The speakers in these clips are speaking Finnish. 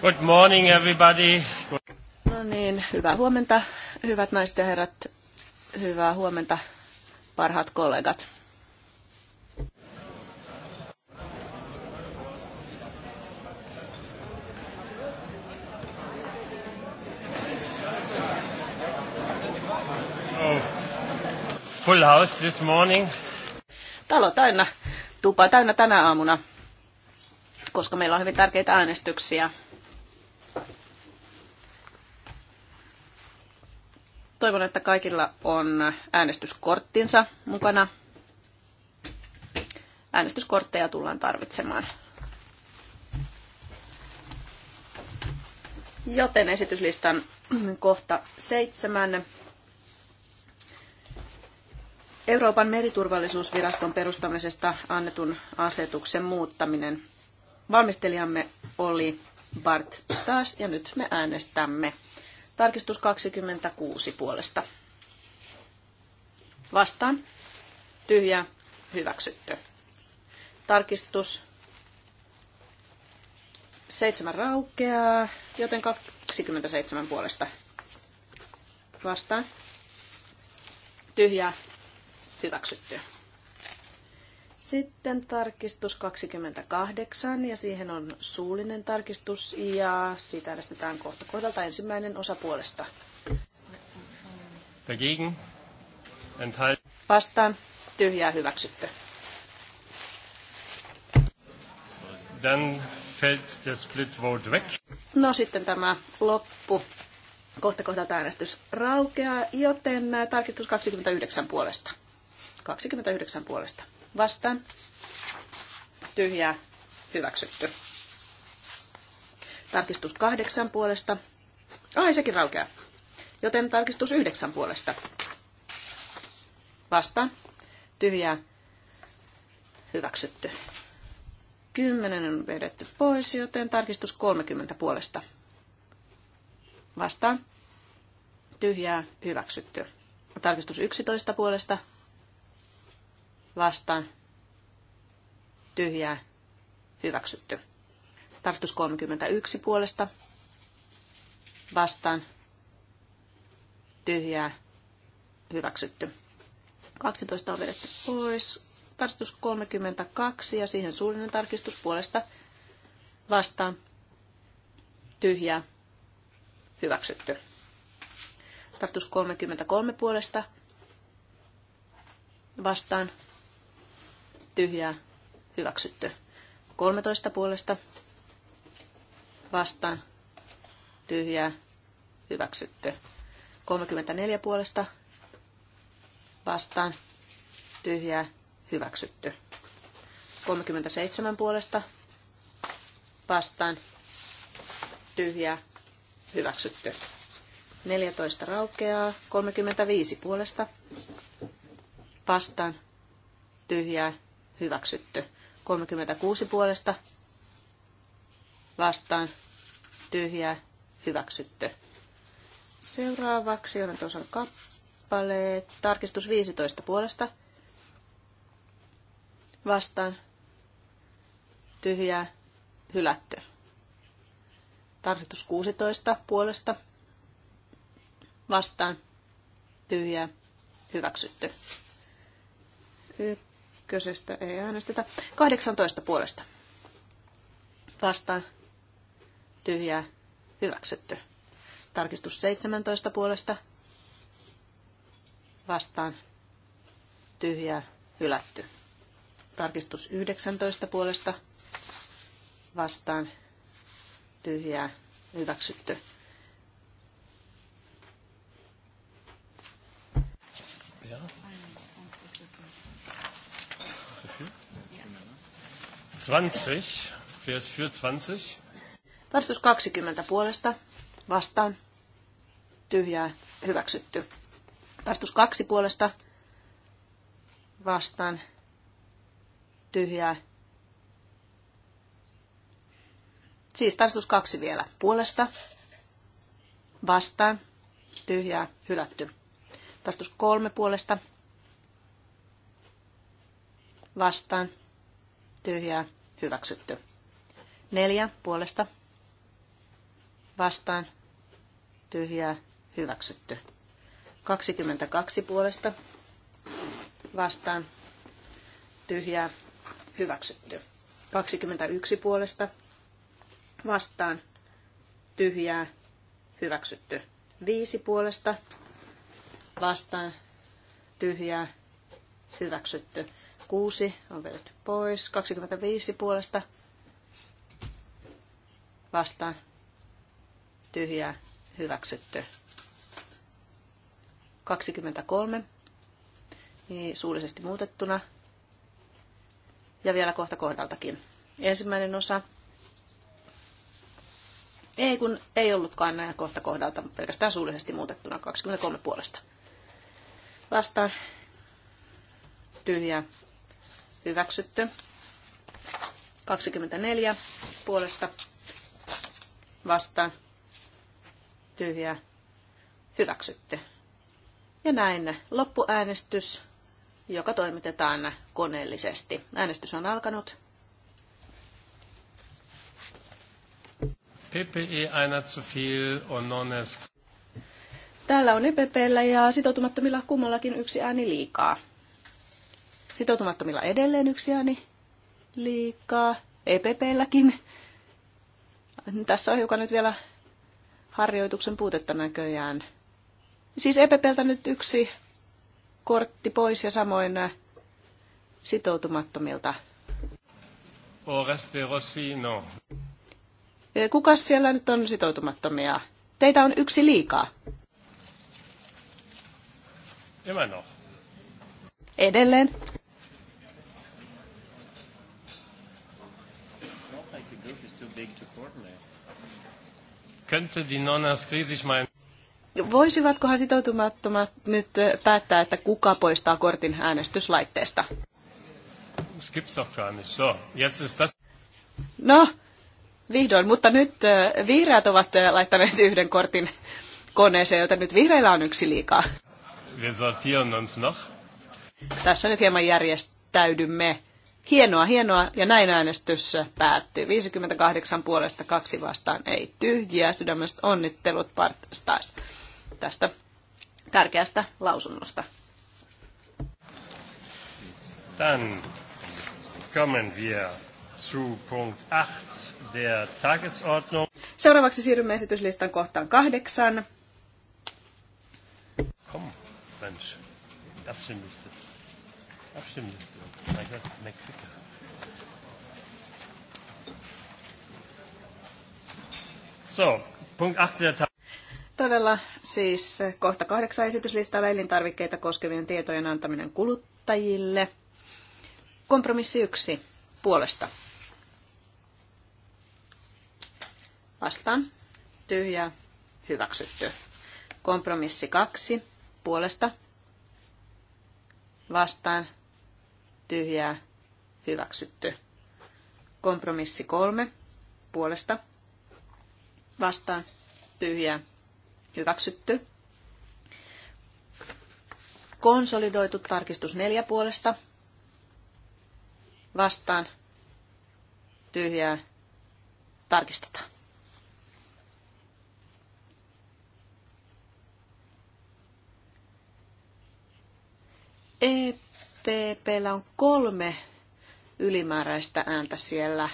Good morning everybody. No niin, hyvää huomenta, hyvät naiset ja herrat. Hyvää huomenta, parhaat kollegat. Oh, full house this morning. Talo täynnä, tupa täynnä tänä aamuna, koska meillä on hyvin tärkeitä äänestyksiä Toivon, että kaikilla on äänestyskorttinsa mukana. Äänestyskortteja tullaan tarvitsemaan. Joten esityslistan kohta seitsemän. Euroopan meriturvallisuusviraston perustamisesta annetun asetuksen muuttaminen. Valmistelijamme oli Bart Stas ja nyt me äänestämme. Tarkistus 26 puolesta. Vastaan. Tyhjä. Hyväksytty. Tarkistus Seitsemän raukeaa, joten 27 puolesta. Vastaan. Tyhjä. Hyväksytty. Sitten tarkistus 28 ja siihen on suullinen tarkistus ja siitä äänestetään kohta kohdalta ensimmäinen osa puolesta. Dagegen. Enthalt. Vastaan. Tyhjää hyväksytty. Dann fällt der split vote weg. No sitten tämä loppu. Kohta kohdalta äänestys raukeaa, joten äh, tarkistus 29 puolesta. 29 puolesta Vastaan. Tyhjää. Hyväksytty. Tarkistus kahdeksan puolesta. Ai, sekin raukeaa. Joten tarkistus yhdeksän puolesta. Vastaan. Tyhjää. Hyväksytty. Kymmenen on vedetty pois, joten tarkistus 30 puolesta. Vastaan. Tyhjää. Hyväksytty. Tarkistus 11 puolesta vastaan tyhjää hyväksytty. Tarkistus 31 puolesta vastaan tyhjää hyväksytty. 12 on vedetty pois. Tarkistus 32 ja siihen suullinen tarkistus puolesta vastaan tyhjää hyväksytty. Tarkistus 33 puolesta vastaan tyhjää, hyväksytty. 13 puolesta vastaan, tyhjää, hyväksytty. 34 puolesta vastaan, tyhjää, hyväksytty. 37 puolesta vastaan, tyhjää, hyväksytty. 14 raukeaa, 35 puolesta vastaan, tyhjää, hyväksytty. 36 puolesta vastaan tyhjää hyväksytty. Seuraavaksi on tuossa kappale. Tarkistus 15 puolesta vastaan tyhjää hylätty. Tarkistus 16 puolesta vastaan tyhjää hyväksytty ykkösestä ei äänestetä. 18 puolesta. Vastaan. Tyhjää. Hyväksytty. Tarkistus 17 puolesta. Vastaan. Tyhjää. Hylätty. Tarkistus 19 puolesta. Vastaan. Tyhjää. Hyväksytty. 20. Wer für 20? Vastus 20 puolesta. Vastaan. Tyhjää. Hyväksytty. Vastus 2 puolesta. Vastaan. Tyhjää. Siis vastus 2 vielä. Puolesta. Vastaan. Tyhjää. Hylätty. Vastus 3 puolesta. Vastaan. Tyhjää Hyväksytty. Neljä puolesta. Vastaan. Tyhjää. Hyväksytty. 22 puolesta. Vastaan. Tyhjää. Hyväksytty. 21 puolesta. Vastaan. Tyhjää. Hyväksytty. 5 puolesta. Vastaan. Tyhjää. Hyväksytty. 6 on vedetty pois. 25 puolesta vastaan tyhjää hyväksytty. 23 niin suullisesti muutettuna ja vielä kohta kohdaltakin. Ensimmäinen osa. Ei kun ei ollutkaan näin kohta kohdalta, pelkästään suullisesti muutettuna 23 puolesta. Vastaan tyhjää Hyväksytty. 24 puolesta vastaan. Tyhjää. Hyväksytty. Ja näin loppuäänestys, joka toimitetaan koneellisesti. Äänestys on alkanut. PPE aina zu viel on Täällä on EPPllä ja sitoutumattomilla kummallakin yksi ääni liikaa sitoutumattomilla edelleen yksi ääni liikaa, EPPlläkin. Tässä on hiukan nyt vielä harjoituksen puutetta näköjään. Siis EPPltä nyt yksi kortti pois ja samoin äh, sitoutumattomilta. Oreste Rossino. Kukas siellä nyt on sitoutumattomia? Teitä on yksi liikaa. Emano. Edelleen. Könnte die Nonna Skriisich Voisivatkohan sitoutumattomat nyt päättää, että kuka poistaa kortin äänestyslaitteesta? gibt's doch gar nicht. So, jetzt ist das... No, vihdoin, mutta nyt vihreät ovat laittaneet yhden kortin koneeseen, joten nyt vihreillä on yksi liikaa. Wir sortieren uns noch. Tässä nyt hieman järjestäydymme. Hienoa, hienoa. Ja näin äänestys päättyy. 58 puolesta kaksi vastaan ei tyhjiä. Sydämestä onnittelut Bart Stas tästä tärkeästä lausunnosta. Dann kommen wir zu Punkt 8 der Tagesordnung. Seuraavaksi siirrymme esityslistan kohtaan kahdeksan. Komm, Mensch, Abstimmliste. Abstimmliste. Todella siis kohta kahdeksan esityslistaa elintarvikkeita koskevien tietojen antaminen kuluttajille. Kompromissi yksi puolesta. Vastaan. Tyhjä. Hyväksytty. Kompromissi kaksi puolesta. Vastaan tyhjää hyväksytty. Kompromissi kolme puolesta vastaan tyhjää hyväksytty. Konsolidoitu tarkistus neljä puolesta vastaan tyhjää tarkistetaan. EP SDPllä on kolme ylimääräistä ääntä siellä.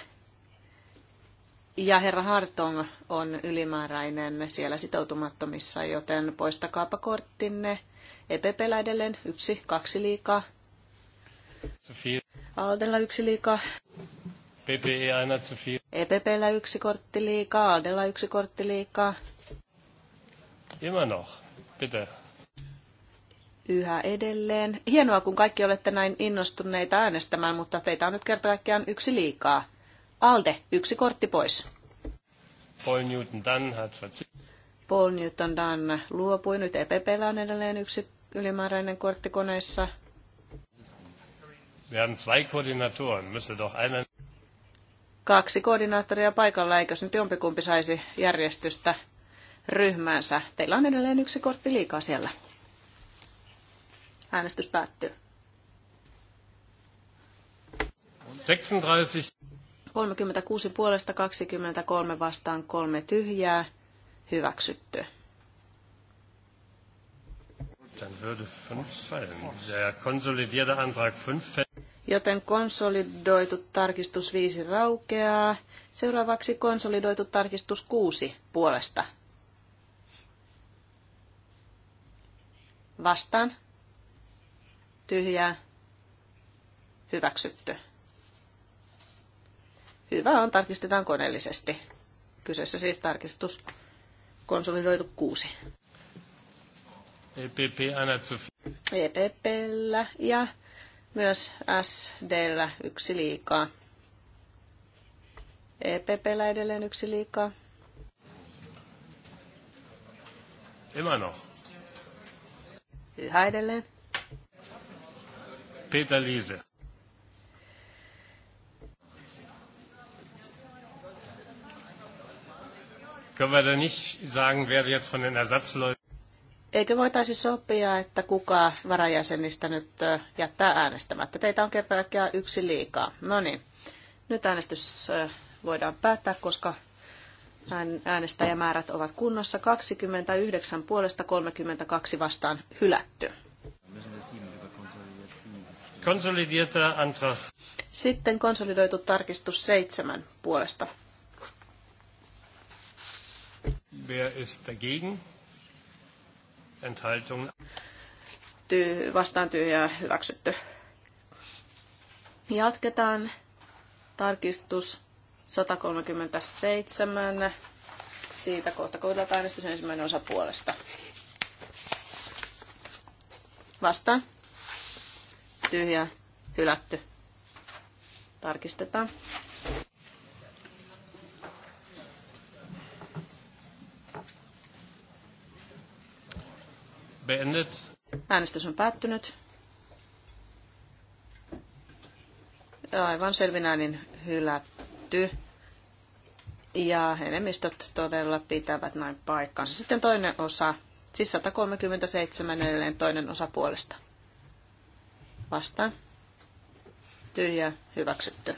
Ja herra Hartong on ylimääräinen siellä sitoutumattomissa, joten poistakaapa korttinne. EPPllä edelleen yksi, kaksi liikaa. Aldella yksi liikaa. PPE aina zu viel. EPPllä yksi kortti liikaa, Aldella yksi kortti liikaa. Immer noch, bitte yhä edelleen. Hienoa, kun kaikki olette näin innostuneita äänestämään, mutta teitä on nyt kerta kaikkiaan yksi liikaa. Alde, yksi kortti pois. Paul Newton Dunn hat Paul Newton Dunn luopui. Nyt EPPllä on edelleen yksi ylimääräinen kortti koneessa. Wir haben zwei Koordinatoren, müsste doch einen... Kaksi koordinaattoria paikalla, eikös nyt jompikumpi saisi järjestystä ryhmäänsä. Teillä on edelleen yksi kortti liikaa siellä. Äänestys päättyy. 36. 36 puolesta 23 vastaan kolme tyhjää. Hyväksytty. Joten konsolidoitu tarkistus 5 raukeaa. Seuraavaksi konsolidoitu tarkistus 6 puolesta. Vastaan tyhjää, hyväksytty. Hyvä on, tarkistetaan koneellisesti. Kyseessä siis tarkistus konsolidoitu kuusi. EPP EPPllä ja myös SDllä yksi liikaa. EPPllä edelleen yksi liikaa. Emano. Yhä edelleen. Peter Liese. Können wir da nicht sagen, wer jetzt von den Ersatzleuten... Eikö voitaisi sopia, että kuka varajäsenistä nyt jättää äänestämättä? Teitä on kertaakaan yksi liikaa. No niin, nyt äänestys voidaan päättää, koska äänestäjämäärät ovat kunnossa. 29 puolesta 32 vastaan hylätty. Sitten konsolidoitu tarkistus seitsemän puolesta. Wer ist dagegen? Enthaltung. Tyy, vastaan tyhjää hyväksytty. Jatketaan. Tarkistus 137. Siitä kohta kohdataan äänestys ensimmäinen osa puolesta. Vastaan tyhjä, hylätty. Tarkistetaan. Beendet. Äänestys on päättynyt. Aivan selvinäänin hylätty. Ja enemmistöt todella pitävät näin paikkansa. Sitten toinen osa, siis 137 edelleen toinen osa puolesta. Vastaan. Tyhjää. Hyväksytty.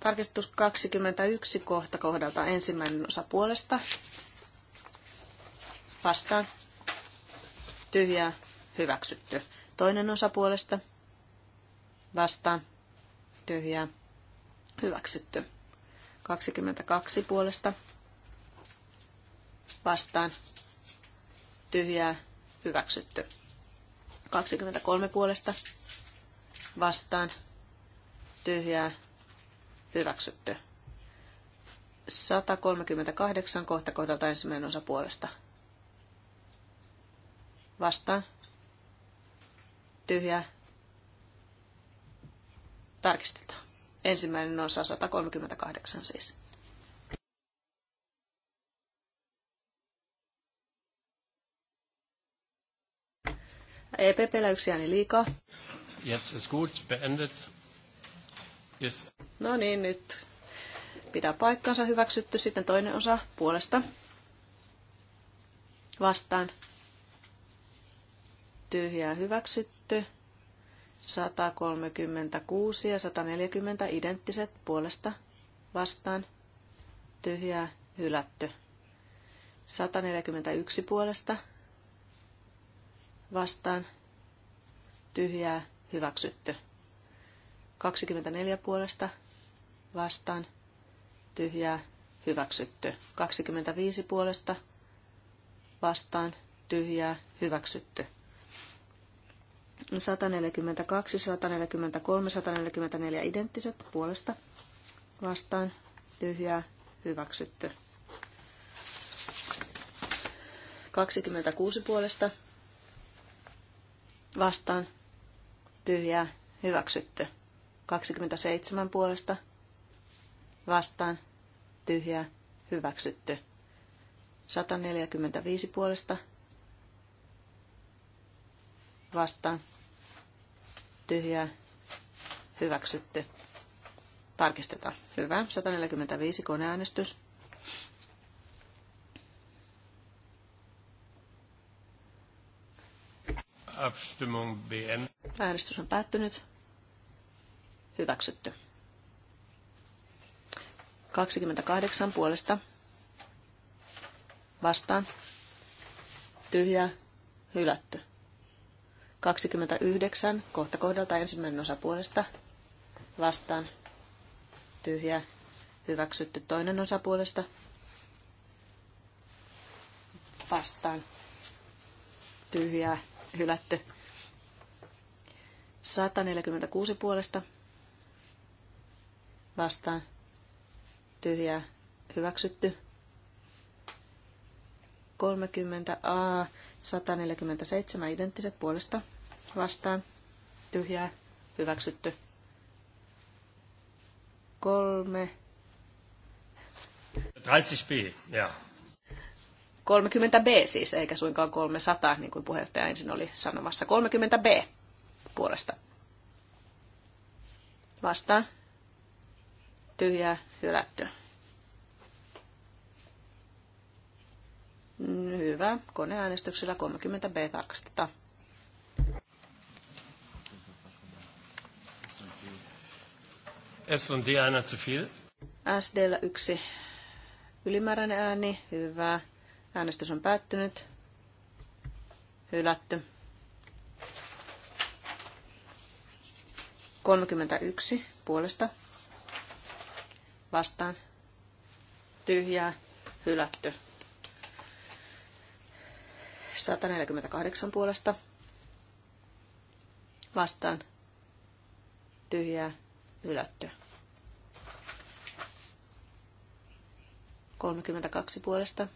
Tarkistus 21 kohta kohdalta ensimmäinen osa puolesta. Vastaan. Tyhjää. Hyväksytty. Toinen osa puolesta. Vastaan. Tyhjää. Hyväksytty. 22 puolesta vastaan tyhjää hyväksytty. 23 puolesta vastaan tyhjää hyväksytty. 138 kohta kohdalta ensimmäinen osa puolesta. Vastaan. Tyhjää. Tarkistetaan. Ensimmäinen osa 138 siis. EPPllä yksi ääni liikaa. Jetzt ist gut, beendet. Yes. No niin, nyt pitää paikkansa hyväksytty. Sitten toinen osa puolesta. Vastaan. Tyhjää hyväksytty. 136 ja 140 identtiset puolesta vastaan. Tyhjää hylätty. 141 puolesta vastaan tyhjää hyväksytty. 24 puolesta vastaan tyhjää hyväksytty. 25 puolesta vastaan tyhjää hyväksytty. 142, 143, 144 identtiset puolesta vastaan tyhjää hyväksytty. 26 puolesta vastaan tyhjää hyväksytty. 27 puolesta vastaan tyhjää hyväksytty. 145 puolesta vastaan tyhjää hyväksytty. Tarkistetaan. Hyvä. 145 koneäänestys. Abstimmung Äänestys on päättynyt. Hyväksytty. 28 puolesta. Vastaan. Tyhjä. Hylätty. 29 kohta kohdalta ensimmäinen osa puolesta. Vastaan. Tyhjä. Hyväksytty toinen osa puolesta. Vastaan. Tyhjää hylätty. 146 puolesta vastaan tyhjää hyväksytty. 30a, 147 identtiset puolesta vastaan tyhjää hyväksytty. 3. 30b, ja. 30b siis, eikä suinkaan 300, niin kuin puheenjohtaja ensin oli sanomassa. 30b puolesta. Vastaan. Tyhjää, hylätty. Hyvä. Koneäänestyksellä 30b tarkastetaan. SD aina yksi ylimääräinen ääni. Hyvä. Äänestys on päättynyt. Hylätty. 31 puolesta. Vastaan. Tyhjää. Hylätty. 148 puolesta. Vastaan. Tyhjää. Hylätty. 32 puolesta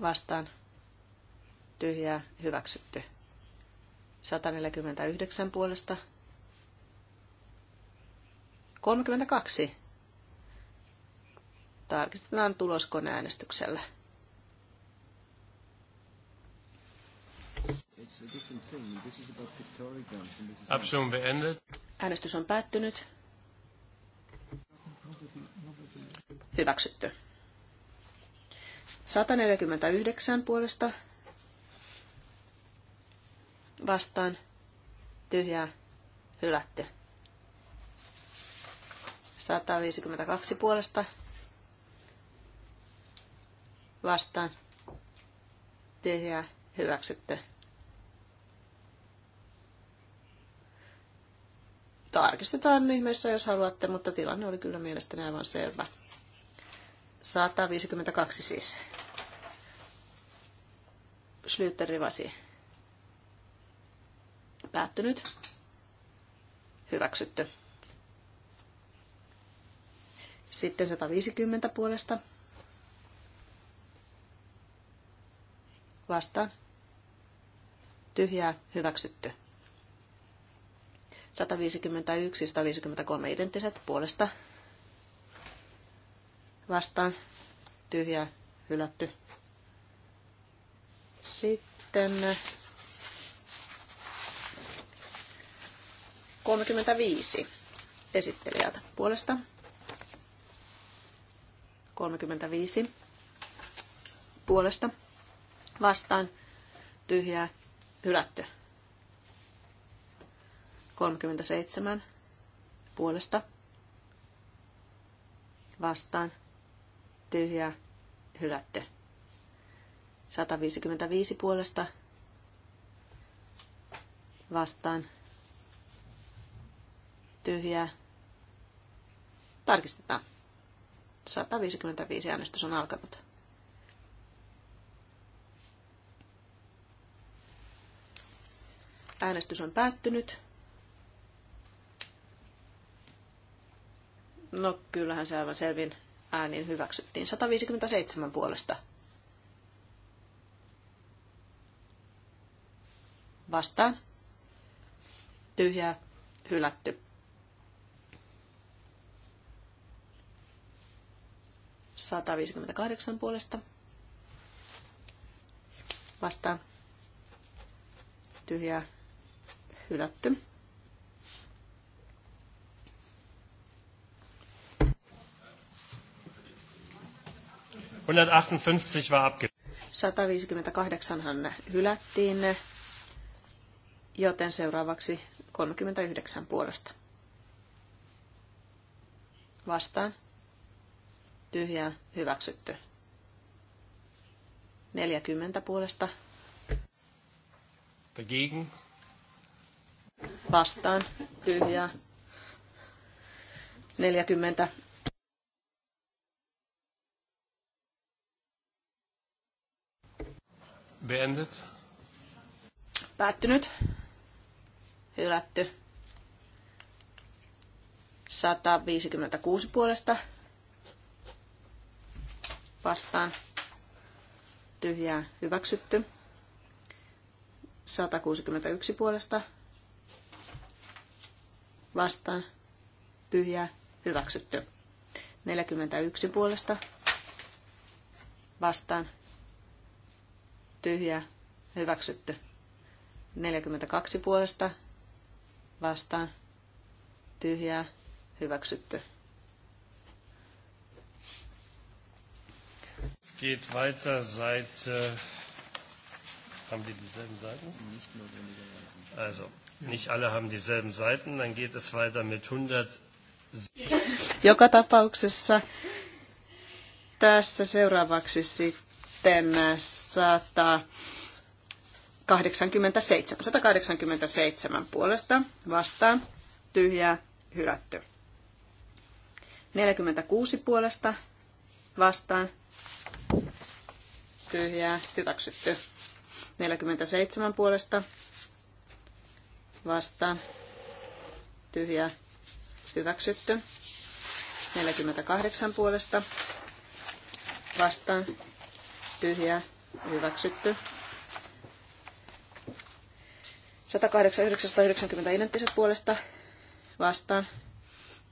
vastaan tyhjää hyväksytty. 149 puolesta 32. Tarkistetaan tuloskoneäänestyksellä. äänestyksellä beendet. Äänestys on päättynyt. Hyväksytty. 149 puolesta vastaan tyhjää hylätty. 152 puolesta vastaan tyhjää hyväksytty. Tarkistetaan ihmeessä, jos haluatte, mutta tilanne oli kyllä mielestäni aivan selvä. 152 siis. Slyterivasi. Päättynyt. Hyväksytty. Sitten 150 puolesta. Vastaan. Tyhjää. Hyväksytty. 151, 153 identtiset puolesta vastaan tyhjää hylätty. Sitten 35 esittelijältä puolesta. 35 puolesta vastaan tyhjää hylätty. 37 puolesta vastaan tyhjää, hylätty. 155 puolesta vastaan, tyhjää. Tarkistetaan. 155 äänestys on alkanut. Äänestys on päättynyt. No kyllähän se aivan selvin äänin hyväksyttiin. 157 puolesta. Vastaan. Tyhjää. Hylätty. Sata puolesta. Vastaan. Tyhjää. Hylätty. 158 var. abgelehnt. 158 hän hylättiin, joten seuraavaksi 39 puolesta. Vastaan. Tyhjää hyväksytty. 40 puolesta. Dagegen. Vastaan. Tyhjää. 40 Beendet. Päättynyt. Hylätty. 156 puolesta vastaan tyhjää hyväksytty. 161 puolesta vastaan tyhjää hyväksytty. 41 puolesta vastaan tyhjä hyväksytty. 42 puolesta vastaan, tyhjää, hyväksytty. Es geht weiter Seite. Haben die dieselben Seiten? Nicht notwendigerweise. Also, nicht alle haben dieselben Seiten. Dann geht es weiter mit 100. Joka tapauksessa tässä seuraavaksi sitten sitten 187, 187 puolesta vastaan, tyhjää, hylätty. 46 puolesta vastaan, tyhjää, hyväksytty. 47 puolesta vastaan, tyhjää, hyväksytty. 48 puolesta vastaan, tyhjää, hyväksytty. 108 identtiset puolesta vastaan,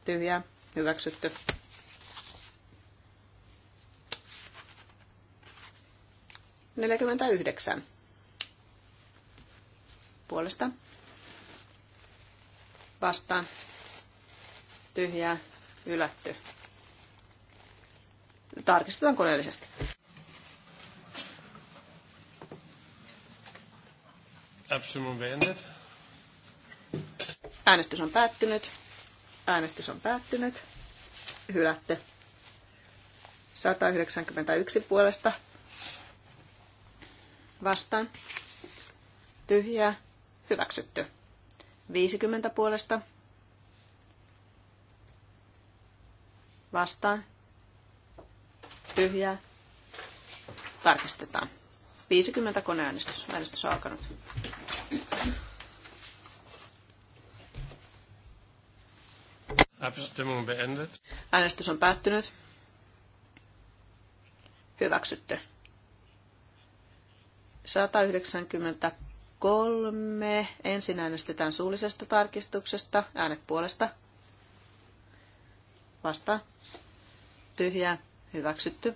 tyhjää, hyväksytty. Neljäkymmentäyhdeksän puolesta vastaan, tyhjää, ylätty. Tarkistetaan koneellisesti. Äänestys on päättynyt. Äänestys on päättynyt. Hylätte. 191 puolesta. Vastaan. Tyhjää. Hyväksytty. 50 puolesta. Vastaan. Tyhjää. Tarkistetaan. 50 koneäänestys. Äänestys on alkanut. Abstimmung beendet. Äänestys on päättynyt. Hyväksytty. 193. Ensin äänestetään suullisesta tarkistuksesta. Äänet puolesta. Vasta. Tyhjä. Hyväksytty.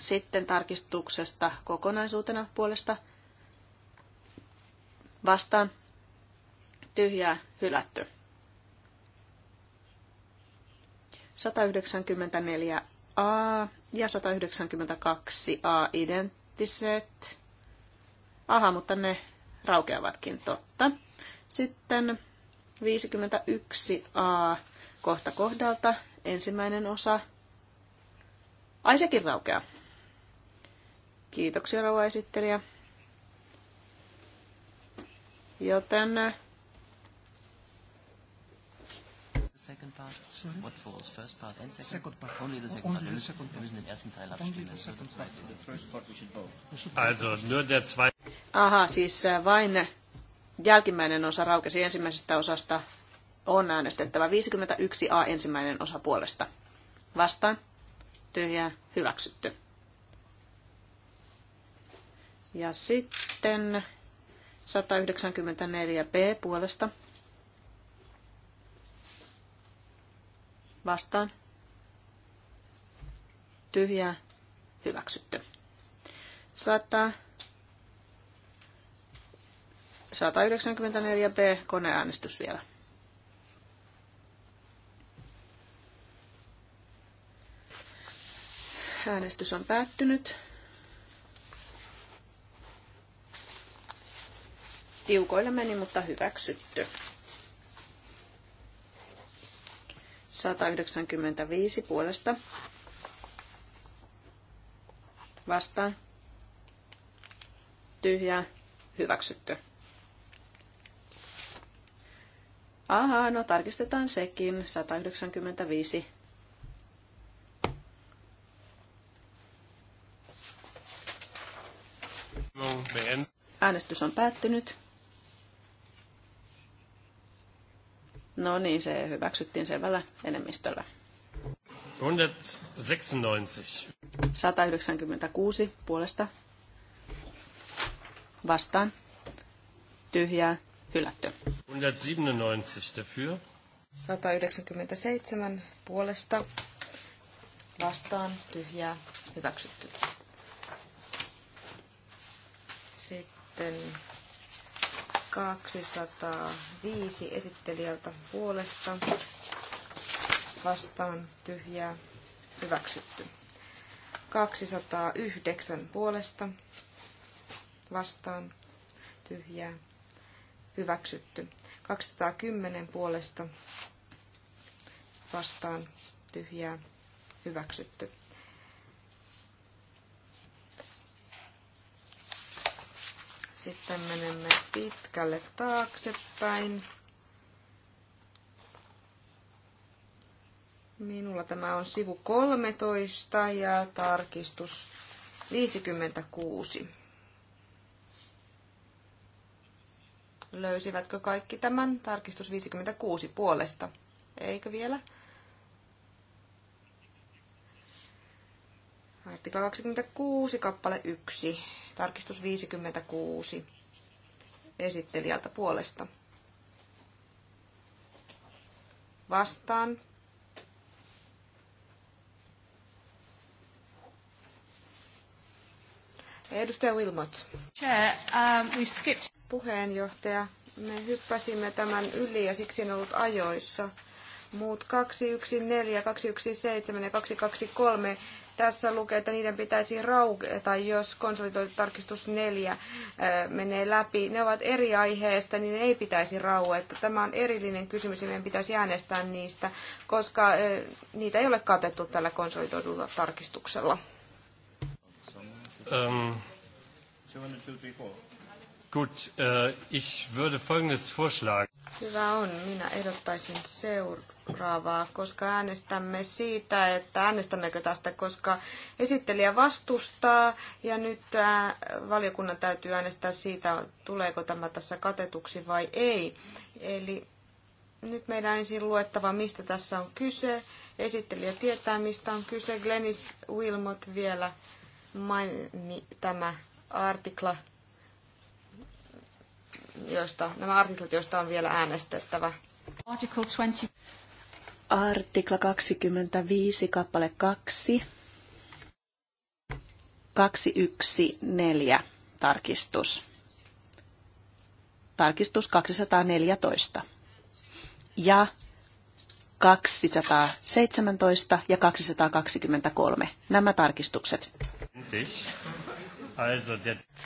Sitten tarkistuksesta kokonaisuutena puolesta vastaan tyhjää hylätty. 194a ja 192a identtiset. Aha, mutta ne raukeavatkin totta. Sitten 51a kohta kohdalta ensimmäinen osa. Ai sekin raukeaa. Kiitoksia rouva esittelijä. Joten äh, second part? Sorry? What falls? First part and second? Second part. Only the second Only The second part. Wir müssen den ersten Teil abstimmen. the first part we should vote. Also nur der Aha, siis äh, vain jälkimmäinen osa raukesi ensimmäisestä osasta on äänestettävä 51a ensimmäinen osa puolesta. Vastaan. Tyhjää. Hyväksytty. Ja sitten 194b puolesta. Vastaan. Tyhjää. Hyväksytty. 100. 194b koneäänestys vielä. Äänestys on päättynyt. Tiukoilla meni, mutta hyväksytty. 195 puolesta. Vastaan. Tyhjää. Hyväksytty. Ahaa, no tarkistetaan sekin. 195. Äänestys on päättynyt. No niin, se hyväksyttiin selvällä enemmistöllä. 196. 196 puolesta vastaan. Tyhjää, hylätty. 197 dafür. 197 puolesta vastaan, tyhjää, hyväksytty. Sitten 205 esittelijältä puolesta vastaan tyhjää hyväksytty. 209 puolesta vastaan tyhjää hyväksytty. 210 puolesta vastaan tyhjää hyväksytty. Sitten menemme pitkälle taaksepäin. Minulla tämä on sivu 13 ja tarkistus 56. Löysivätkö kaikki tämän? Tarkistus 56 puolesta. Eikö vielä? Artikla 26, kappale 1. Tarkistus 56 esittelijältä puolesta. Vastaan. Edustaja Wilmot. Um, Puheenjohtaja, me hyppäsimme tämän yli ja siksi en ollut ajoissa. Muut 214, 217 ja 223 tässä lukee, että niiden pitäisi tai jos konsolidoitu tarkistus ää, menee läpi. Ne ovat eri aiheesta, niin ne ei pitäisi Että Tämä on erillinen kysymys ja meidän pitäisi äänestää niistä, koska niitä ei ole katettu tällä konsolidoidulla tarkistuksella. Um, Gut, äh, ich würde Folgendes vorschlagen. Hyvä on. Minä ehdottaisin seuraavaa, koska äänestämme siitä, että äänestämmekö tästä, koska esittelijä vastustaa ja nyt valiokunnan täytyy äänestää siitä, tuleeko tämä tässä katetuksi vai ei. Eli nyt meidän ensin luettava, mistä tässä on kyse. Esittelijä tietää, mistä on kyse. Glenis Wilmot vielä maini tämä artikla joista, nämä artiklat, joista on vielä äänestettävä. Article 20. Artikla 25, kappale 2. 214 tarkistus. Tarkistus 214. Ja 217 ja 223. Nämä tarkistukset. Entis.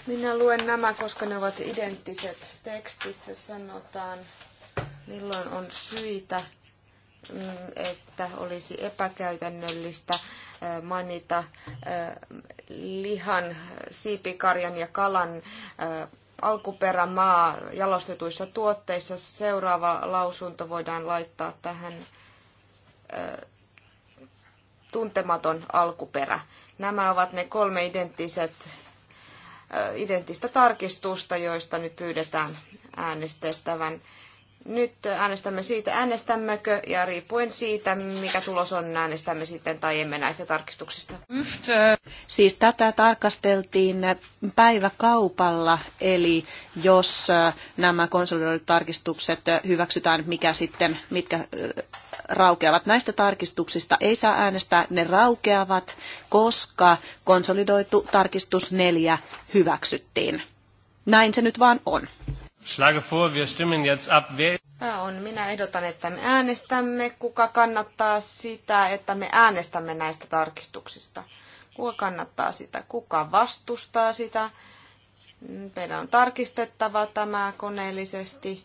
Minä luen nämä, koska ne ovat identtiset. Tekstissä sanotaan, milloin on syitä, mm, että olisi epäkäytännöllistä mainita lihan, siipikarjan ja kalan alkuperämaa jalostetuissa tuotteissa. Seuraava lausunto voidaan laittaa tähän tuntematon alkuperä. Nämä ovat ne kolme identtiset Äh, identtistä tarkistusta, joista nyt pyydetään äänestettävän. Nyt äänestämme siitä, äänestämmekö, ja riippuen siitä, mikä tulos on, äänestämme sitten tai emme näistä tarkistuksista. Siis tätä tarkasteltiin päiväkaupalla, eli jos äh, nämä konsolidoidut tarkistukset äh, hyväksytään, mikä sitten, mitkä äh, raukeavat. Näistä tarkistuksista ei saa äänestää, ne raukeavat, koska konsolidoitu tarkistus neljä hyväksyttiin. Näin se nyt vaan on. Schlage vor, wir stimmen jetzt ab. Wer... Äh, on. Minä ehdotan, että me äänestämme. Kuka kannattaa sitä, että me äänestämme näistä tarkistuksista? Kuka kannattaa sitä? Kuka vastustaa sitä? Meidän on tarkistettava tämä koneellisesti.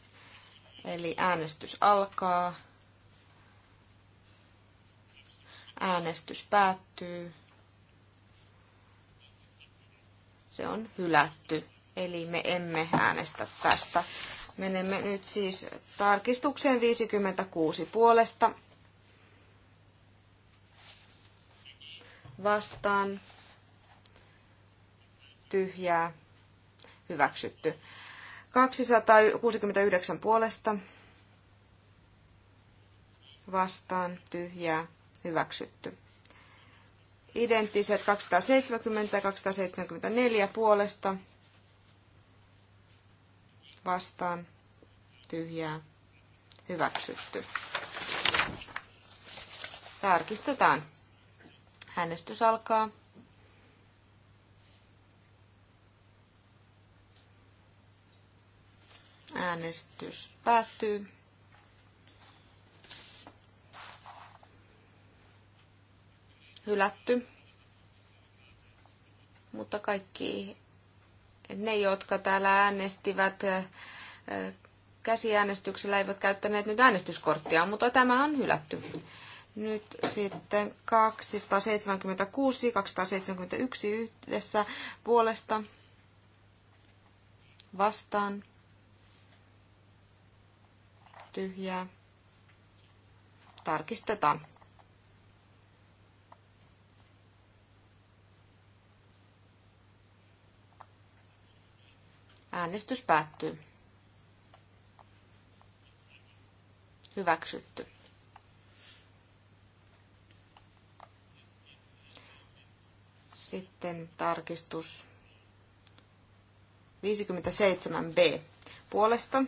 Eli äänestys alkaa. Äänestys päättyy. Se on hylätty. Eli me emme äänestä tästä. Menemme nyt siis tarkistukseen 56 puolesta. Vastaan. Tyhjää. Hyväksytty. 269 puolesta. Vastaan. Tyhjää. Hyväksytty. Identtiset 270 ja 274 puolesta vastaan tyhjää hyväksytty. Tarkistetaan. Äänestys alkaa. Äänestys päättyy. Hylätty. Mutta kaikki ne, jotka täällä äänestivät käsiäänestyksellä, eivät käyttäneet nyt äänestyskorttia, mutta tämä on hylätty. Nyt sitten 276, 271 yhdessä puolesta vastaan tyhjää. Tarkistetaan. Äänestys päättyy. Hyväksytty. Sitten tarkistus 57b puolesta.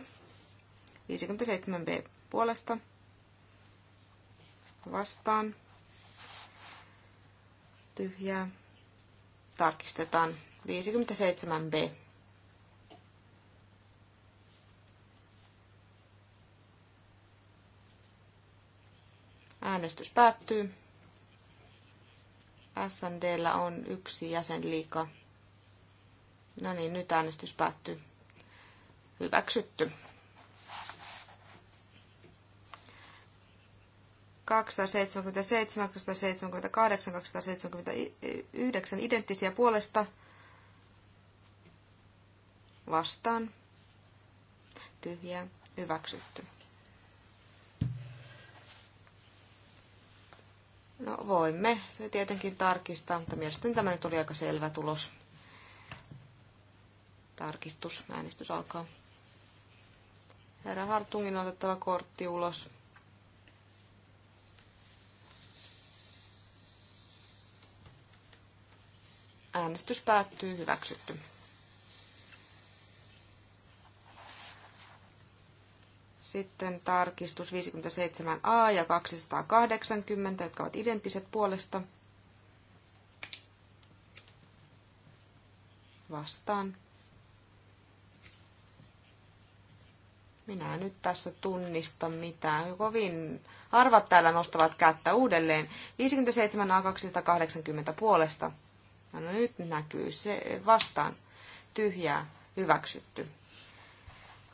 57b puolesta. Vastaan. Tyhjää. Tarkistetaan. 57b. Äänestys päättyy. SNDllä on yksi jäsen liika. No niin, nyt äänestys päättyy. Hyväksytty. 277, 278, 279 identtisiä puolesta vastaan. Tyhjää, hyväksytty. No voimme se tietenkin tarkistaa, mutta mielestäni tämä nyt oli aika selvä tulos. Tarkistus, äänestys alkaa. Herra Hartungin otettava kortti ulos. Äänestys päättyy hyväksytty. Sitten tarkistus 57a ja 280, jotka ovat identtiset puolesta. Vastaan. Minä en nyt tässä tunnista mitään. Kovin harvat täällä nostavat kättä uudelleen. 57 a 280 puolesta. No nyt näkyy se vastaan. Tyhjää. Hyväksytty.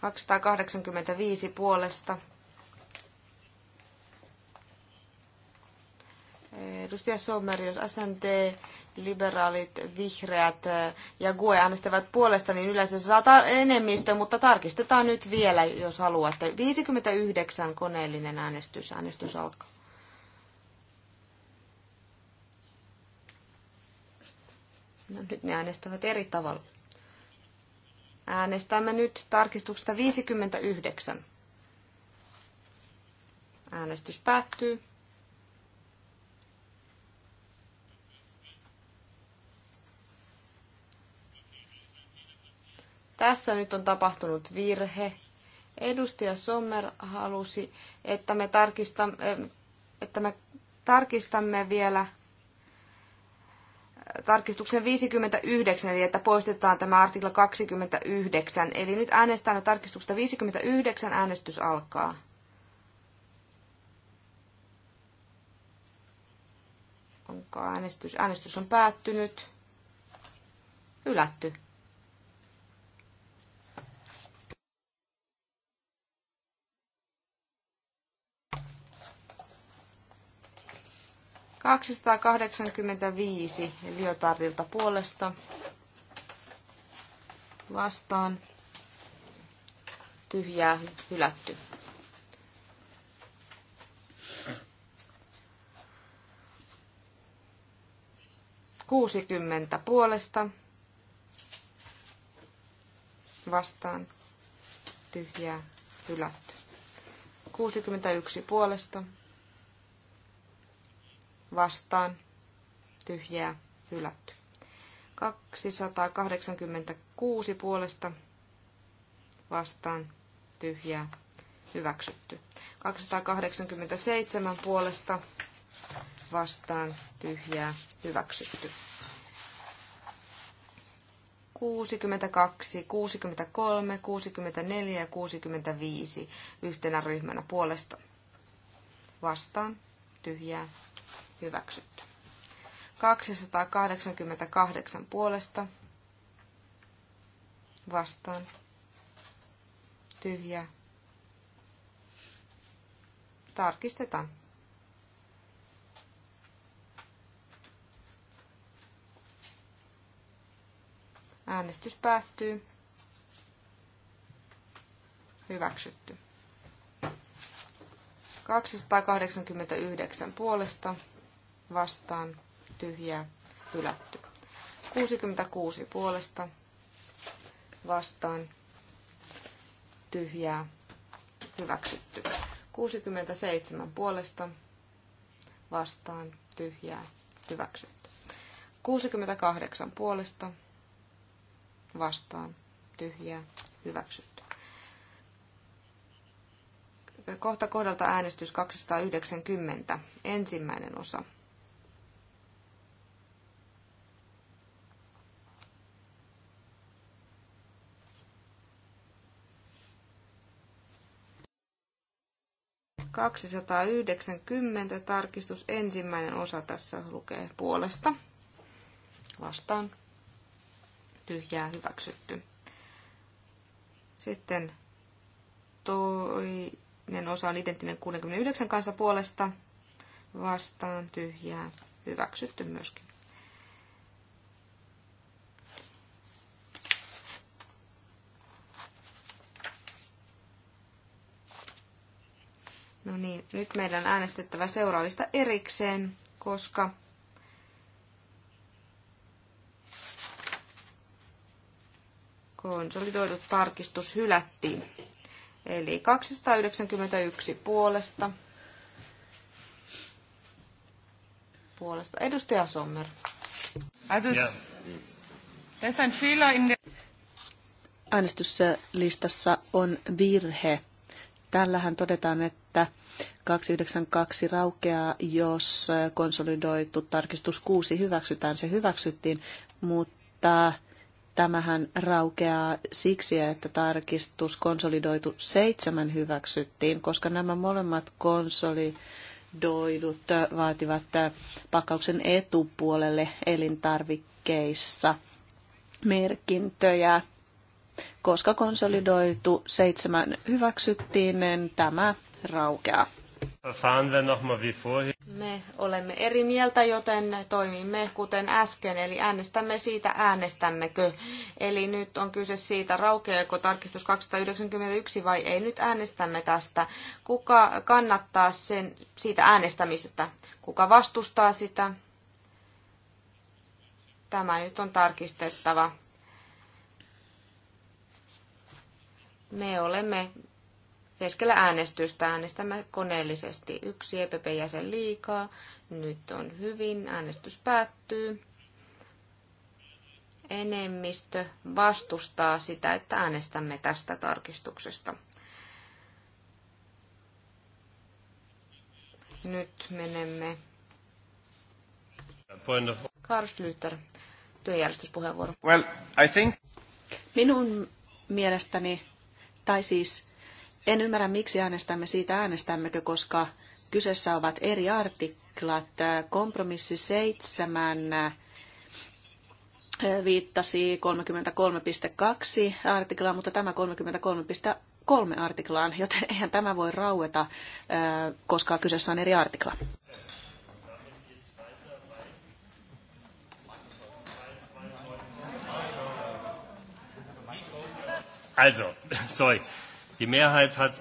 285 puolesta. Edustaja Sommer, jos SNT, liberaalit, vihreät ja GUE äänestävät puolesta, niin yleensä se saa enemmistö, mutta tarkistetaan nyt vielä, jos haluatte. 59 koneellinen äänestys. Äänestys alkaa. No, nyt ne äänestävät eri tavalla. Äänestämme nyt tarkistuksesta 59. Äänestys päättyy. Tässä nyt on tapahtunut virhe. Edustaja Sommer halusi, että me, tarkistamme, eh, että me tarkistamme vielä tarkistuksen 59, eli että poistetaan tämä artikla 29. Eli nyt äänestetään tarkistuksesta 59, äänestys alkaa. Onko äänestys? Äänestys on päättynyt. Hylätty. 285 Liotardilta puolesta vastaan tyhjää hylätty. Kuusikymmentä puolesta vastaan tyhjää hylätty. 61 puolesta vastaan tyhjää hylätty. 286 puolesta vastaan tyhjää hyväksytty. 287 puolesta vastaan tyhjää hyväksytty. 62, 63, 64 ja 65 yhtenä ryhmänä puolesta vastaan tyhjää hyväksytty. 288 puolesta vastaan Tyhjä. Tarkistetaan. Äänestys päättyy. Hyväksytty. 289 puolesta vastaan tyhjää hylätty. 66 puolesta vastaan tyhjää hyväksytty. 67 puolesta vastaan tyhjää hyväksytty. 68 puolesta vastaan tyhjää hyväksytty. Kohta kohdalta äänestys 290. Ensimmäinen osa 290 tarkistus ensimmäinen osa tässä lukee puolesta. Vastaan. Tyhjää hyväksytty. Sitten toinen osa on identtinen 69 kanssa puolesta. Vastaan tyhjää hyväksytty myöskin. No niin, nyt meidän on äänestettävä seuraavista erikseen, koska konsolidoidut tarkistus hylättiin. Eli 291 puolesta. Puolesta. Edustaja Sommer. Äänestyslistassa on virhe. Tällähän todetaan, että että 292 raukeaa, jos konsolidoitu tarkistus 6 hyväksytään. Se hyväksyttiin, mutta tämähän raukeaa siksi, että tarkistus konsolidoitu 7 hyväksyttiin, koska nämä molemmat konsolidoidut vaativat pakkauksen etupuolelle elintarvikkeissa merkintöjä. Koska konsolidoitu seitsemän hyväksyttiin, niin tämä raukeaa. Me olemme eri mieltä, joten toimimme kuten äsken, eli äänestämme siitä, äänestämmekö. Eli nyt on kyse siitä, raukeako tarkistus 291 vai ei. Nyt äänestämme tästä. Kuka kannattaa sen, siitä äänestämisestä? Kuka vastustaa sitä? Tämä nyt on tarkistettava. Me olemme keskellä äänestystä äänestämme koneellisesti. Yksi EPP-jäsen liikaa. Nyt on hyvin. Äänestys päättyy. Enemmistö vastustaa sitä, että äänestämme tästä tarkistuksesta. Nyt menemme. Karl Schlüter, työjärjestyspuheenvuoro. Well, I think... Minun mielestäni, tai siis en ymmärrä, miksi äänestämme siitä, äänestämmekö, koska kyseessä ovat eri artiklat. Kompromissi seitsemän eh, viittasi 33.2 artiklaan, mutta tämä 33.3 artiklaan, joten eihän tämä voi raueta, eh, koska kyseessä on eri artikla. Also, sorry. Die Mehrheit hat...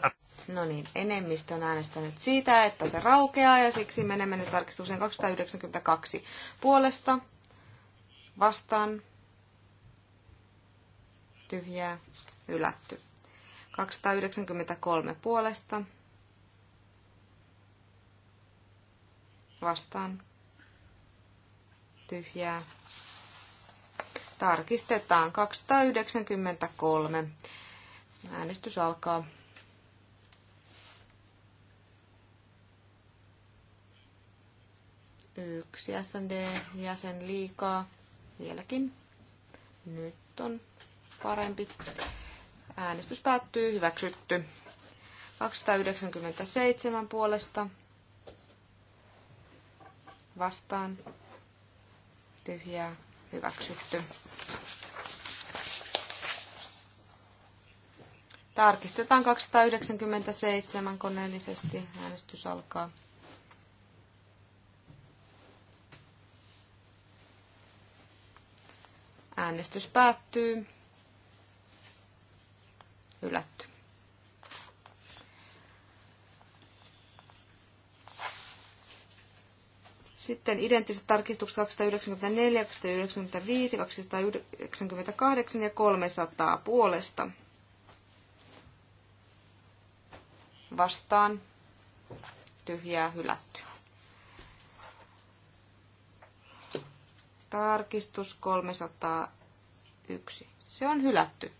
No niin, enemmistö on äänestänyt siitä, että se raukeaa ja siksi menemme nyt tarkistukseen 292 puolesta. Vastaan. Tyhjää. Ylätty. 293 puolesta. Vastaan. Tyhjää. Tarkistetaan 293. Äänestys alkaa. Yksi SND-jäsen liikaa. Vieläkin. Nyt on parempi. Äänestys päättyy. Hyväksytty. 297 puolesta. Vastaan. Tyhjää. Hyväksytty. Tarkistetaan 297 koneellisesti. Äänestys alkaa. Äänestys päättyy. Hylätty. Sitten identtiset tarkistukset 294, 295, 298 ja 300 puolesta vastaan tyhjää hylätty. Tarkistus 301. Se on hylätty.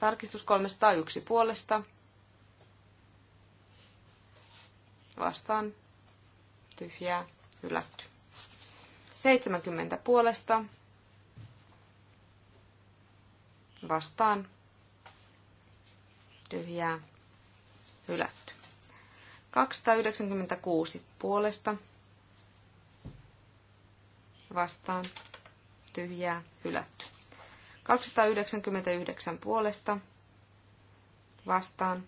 Tarkistus 301 puolesta. Vastaan tyhjää hylätty. 70 puolesta. Vastaan tyhjää, hylätty. 296 puolesta, vastaan, tyhjää, hylätty. 299 puolesta, vastaan,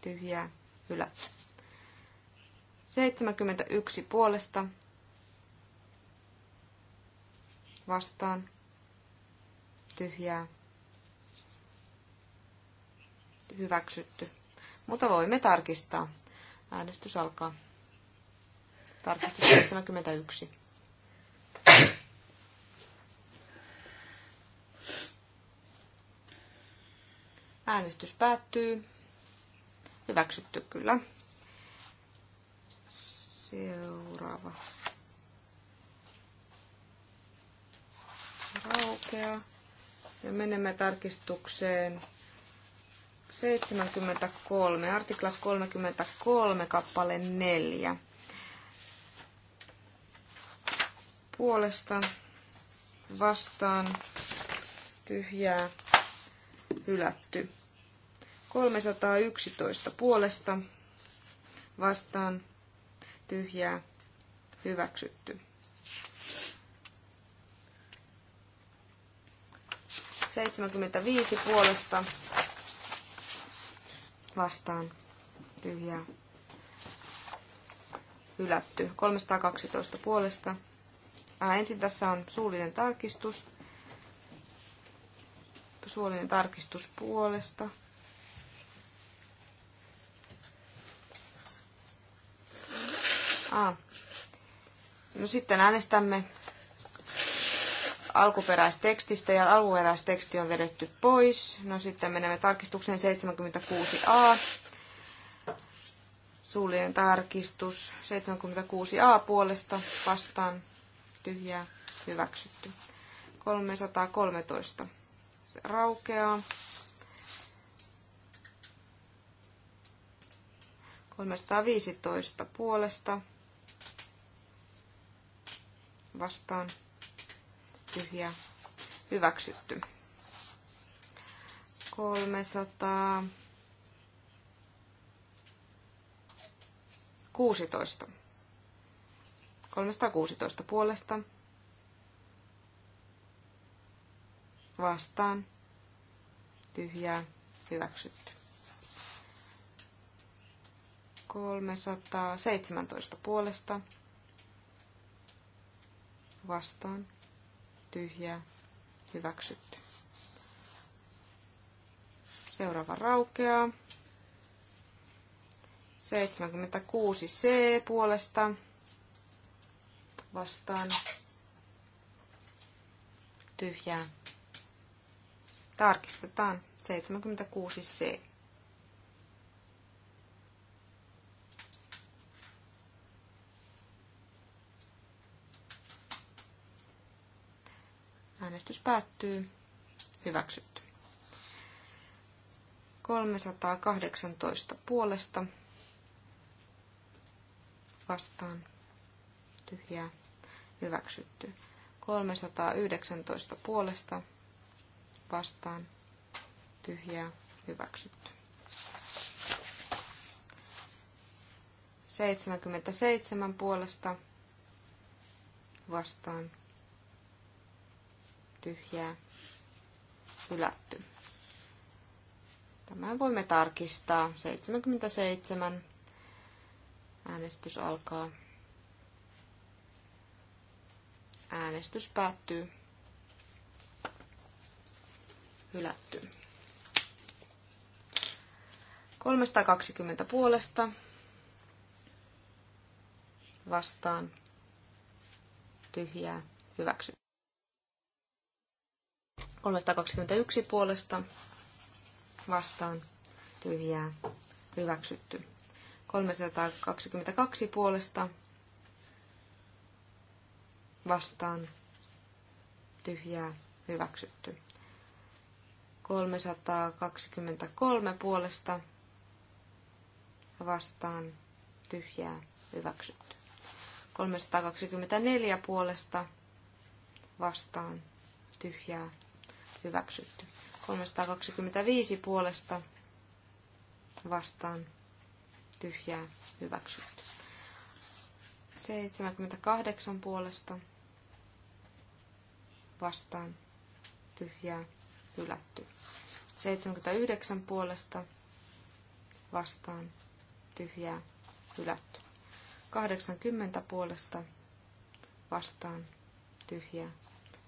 tyhjää, hylätty. 71 puolesta, vastaan, tyhjää, hyväksytty. Mutta voimme tarkistaa. Äänestys alkaa. Tarkistus 71. Äänestys päättyy. Hyväksytty kyllä. Seuraava. Raukea. Ja menemme tarkistukseen 73, artikla 33, kappale 4. Puolesta vastaan tyhjää hylätty. 311 puolesta vastaan tyhjää hyväksytty. 75 puolesta vastaan tyhjää hylätty. 312 puolesta. Ää, ensin tässä on suullinen tarkistus. Suullinen tarkistus puolesta. Ää. No sitten äänestämme alkuperäistekstistä ja alkuperäisteksti on vedetty pois. No sitten menemme tarkistukseen 76a. Suljen tarkistus 76a puolesta vastaan tyhjää hyväksytty. 313 se raukeaa. 315 puolesta vastaan tyhjä, hyväksytty. 300. 16. 316 puolesta vastaan tyhjää hyväksytty. 317 puolesta vastaan tyhjää, hyväksytty. Seuraava raukeaa. 76 C puolesta vastaan tyhjää. Tarkistetaan 76 C. Äänestys päättyy. Hyväksytty. 318 puolesta vastaan tyhjää hyväksytty. 319 puolesta vastaan tyhjää hyväksytty. 77 puolesta vastaan tyhjää, hylätty. Tämän voimme tarkistaa. 77. Äänestys alkaa. Äänestys päättyy. Hylätty. 320 puolesta vastaan tyhjää hyväksy. 321 puolesta vastaan tyhjää hyväksytty. 322 puolesta vastaan tyhjää hyväksytty. 323 puolesta vastaan tyhjää hyväksytty. 324 puolesta vastaan tyhjää hyväksytty. 325 puolesta vastaan tyhjää hyväksytty. 78 puolesta vastaan tyhjää hylätty. 79 puolesta vastaan tyhjää hylätty. 80 puolesta vastaan tyhjää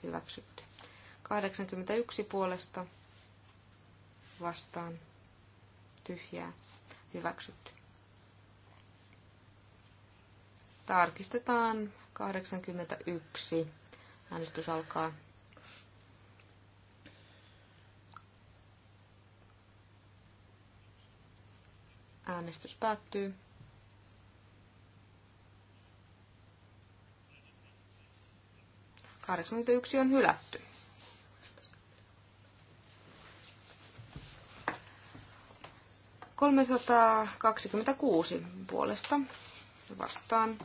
hyväksytty. 81 puolesta vastaan tyhjää hyväksytty. Tarkistetaan 81. Äänestys alkaa. Äänestys päättyy. Kahdeksankymmentäyksi on hylätty. 326 puolesta vastaan.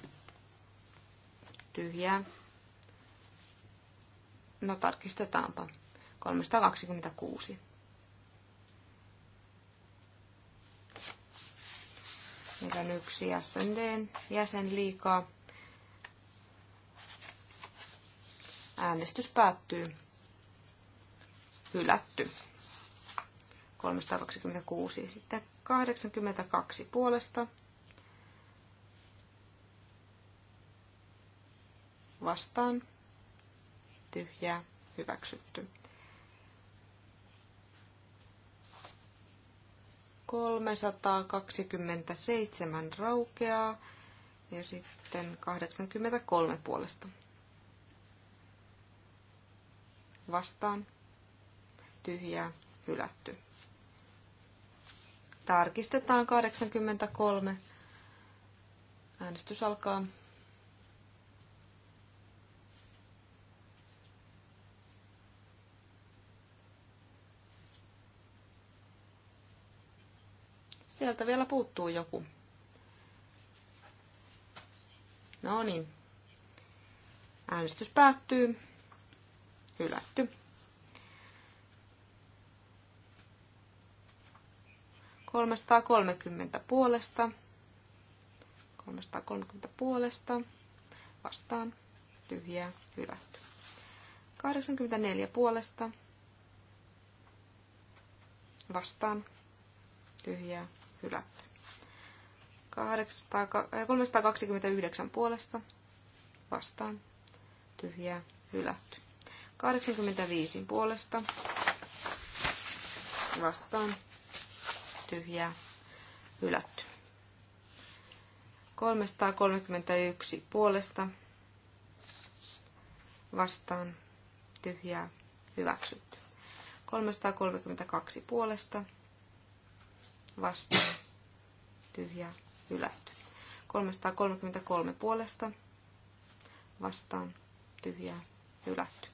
Tyhjää. No tarkistetaanpa. 326. Meillä on yksi SNDn jäsen liikaa. Äänestys päättyy. Hylätty. 326. Sitten 82 puolesta vastaan tyhjää hyväksytty. 327 raukeaa ja sitten 83 puolesta. Vastaan tyhjää hylätty. Tarkistetaan 83. Äänestys alkaa. Sieltä vielä puuttuu joku. No niin. Äänestys päättyy. Hylätty. 330 puolesta. 330 puolesta. Vastaan. Tyhjää. Hylätty. 84 puolesta. Vastaan. Tyhjää. Hylätty. 329 eh, puolesta. Vastaan. Tyhjää. Hylätty. 85 puolesta. Vastaan tyhjää hylätty. 331 puolesta vastaan tyhjää hyväksytty. 332 puolesta vastaan tyhjää hylätty. 333 puolesta vastaan tyhjää hylätty.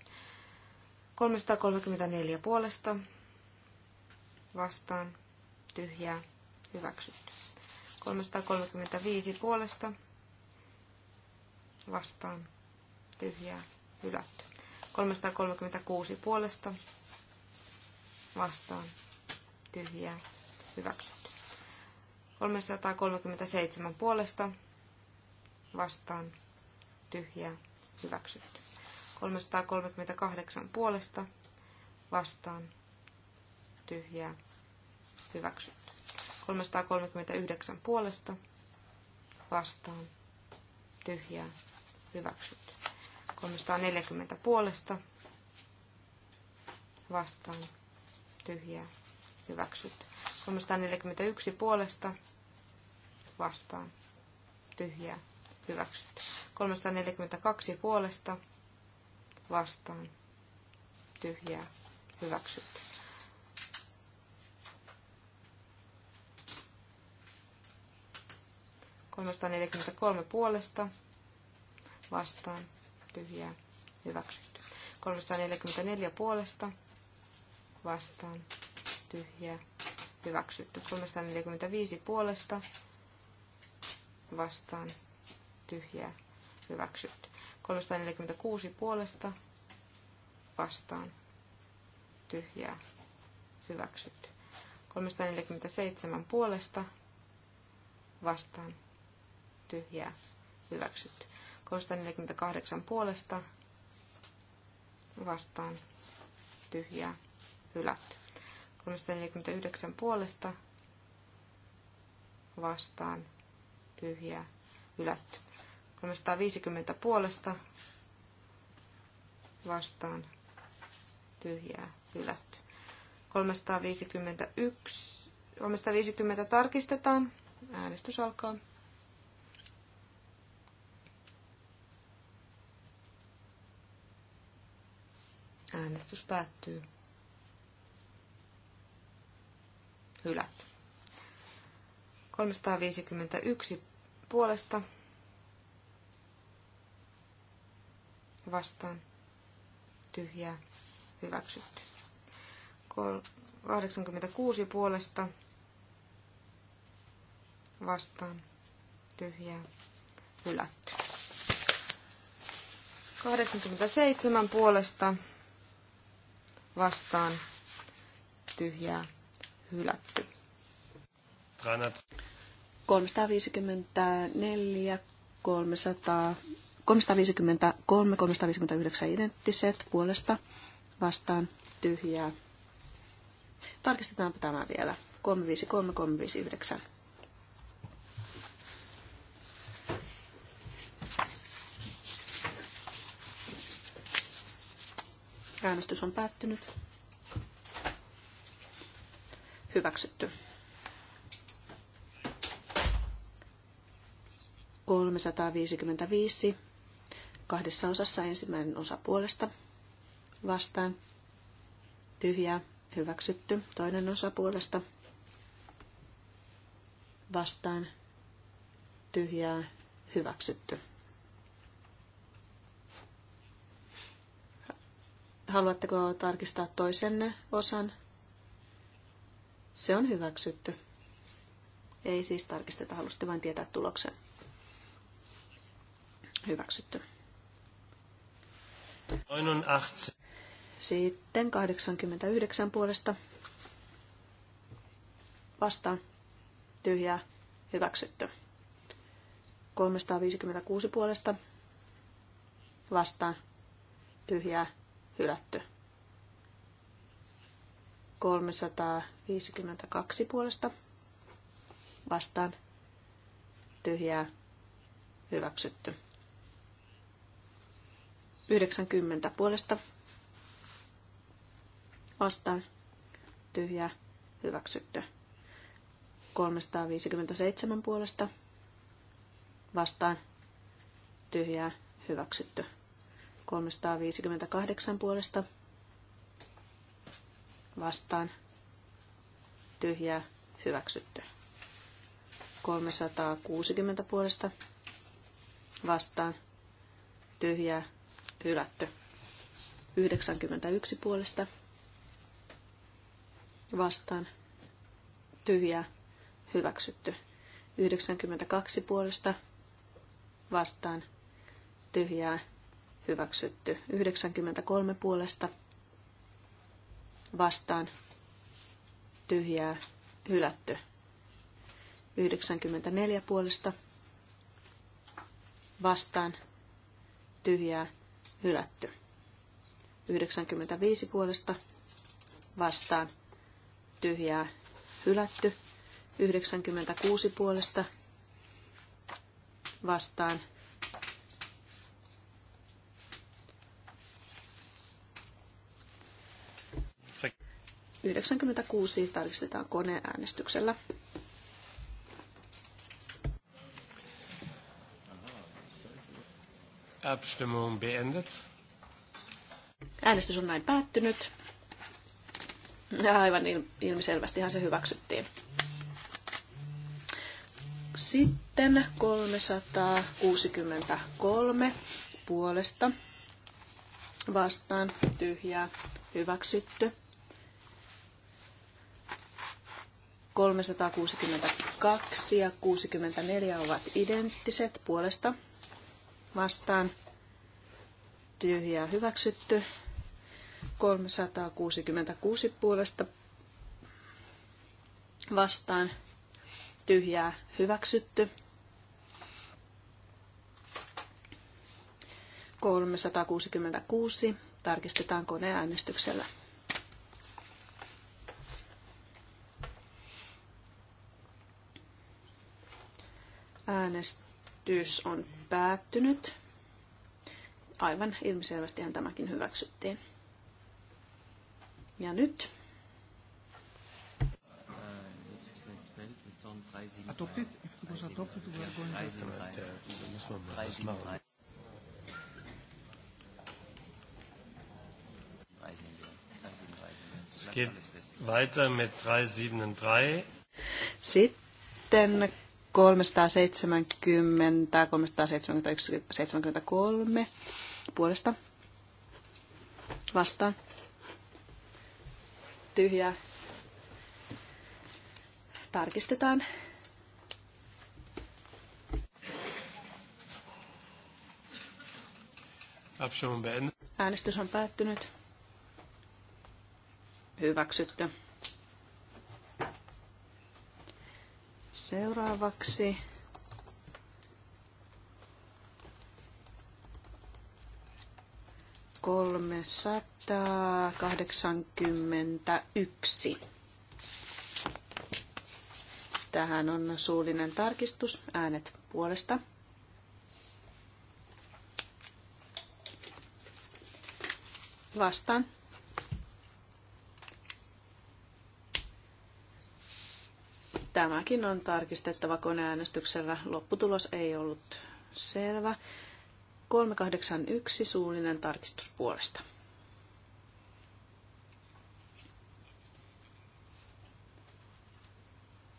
334 puolesta vastaan tyhjää hyväksytty. 335 puolesta vastaan tyhjää hylätty. 336 puolesta vastaan tyhjää hyväksytty. 337 puolesta vastaan tyhjää hyväksytty. 338 puolesta vastaan tyhjää hyväksytty. 339 puolesta vastaan tyhjää hyväksytty. 340 puolesta vastaan tyhjää hyväksytty. 341 puolesta vastaan tyhjää hyväksytty. 342 puolesta vastaan tyhjää hyväksytty. 343 puolesta vastaan tyhjää hyväksytty. 344 puolesta vastaan tyhjää hyväksytty. 345 puolesta vastaan tyhjää hyväksytty. 346 puolesta vastaan tyhjää hyväksytty. 347 puolesta vastaan tyhjää, hyväksytty. 348 puolesta vastaan, tyhjää, hylätty. 349 puolesta vastaan, tyhjää, hylätty. 350 puolesta vastaan, tyhjää, hylätty. 351, 350 tarkistetaan. Äänestys alkaa. Äänestys päättyy. Hylätty. 351 puolesta vastaan tyhjää hyväksytty. 86 puolesta vastaan tyhjää hylätty. 87 puolesta vastaan tyhjää hylätty. 354, 300, 353, 359 identtiset puolesta vastaan tyhjää. Tarkistetaanpa tämä vielä. 353, 359. Äänestys on päättynyt. Hyväksytty. 355. Kahdessa osassa ensimmäinen osa puolesta. Vastaan. Tyhjää. Hyväksytty. Toinen osa puolesta. Vastaan. Tyhjää. Hyväksytty. Haluatteko tarkistaa toisenne osan? Se on hyväksytty. Ei siis tarkisteta, halusitte vain tietää tuloksen. Hyväksytty. 89. Sitten 89 puolesta. Vastaan. Tyhjää. Hyväksytty. 356 puolesta. Vastaan. Tyhjää hylätty. 352 puolesta vastaan tyhjää hyväksytty. 90 puolesta vastaan tyhjää hyväksytty. 357 puolesta vastaan tyhjää hyväksytty. 358 puolesta vastaan tyhjää hyväksytty. 360 puolesta vastaan tyhjää hylätty. 91 puolesta vastaan tyhjää hyväksytty. 92 puolesta vastaan tyhjää hyväksytty. 93 puolesta vastaan tyhjää hylätty. 94 puolesta vastaan tyhjää hylätty. 95 puolesta vastaan tyhjää hylätty. 96 puolesta vastaan tyhjää, 96 tarkistetaan koneäänestyksellä. Abstimmung beendet. Äänestys on näin päättynyt. Aivan ilmiselvästihan se hyväksyttiin. Sitten 363 puolesta vastaan tyhjää hyväksytty. 362 ja 64 ovat identtiset puolesta vastaan. Tyhjää hyväksytty. 366 puolesta vastaan. Tyhjää hyväksytty. 366. Tarkistetaan koneäänestyksellä. Äänestys on päättynyt. Aivan ilmiselvästihän tämäkin hyväksyttiin. Ja nyt Es geht weiter mit Sitten 370, 373 puolesta vastaan. Tyhjää. Tarkistetaan. Äänestys on päättynyt. Hyväksytty. Seuraavaksi kahdeksankymmentä yksi. Tähän on suullinen tarkistus, äänet puolesta. Vastaan. Tämäkin on tarkistettava koneäänestyksellä. Lopputulos ei ollut selvä. 381 suullinen tarkistus puolesta.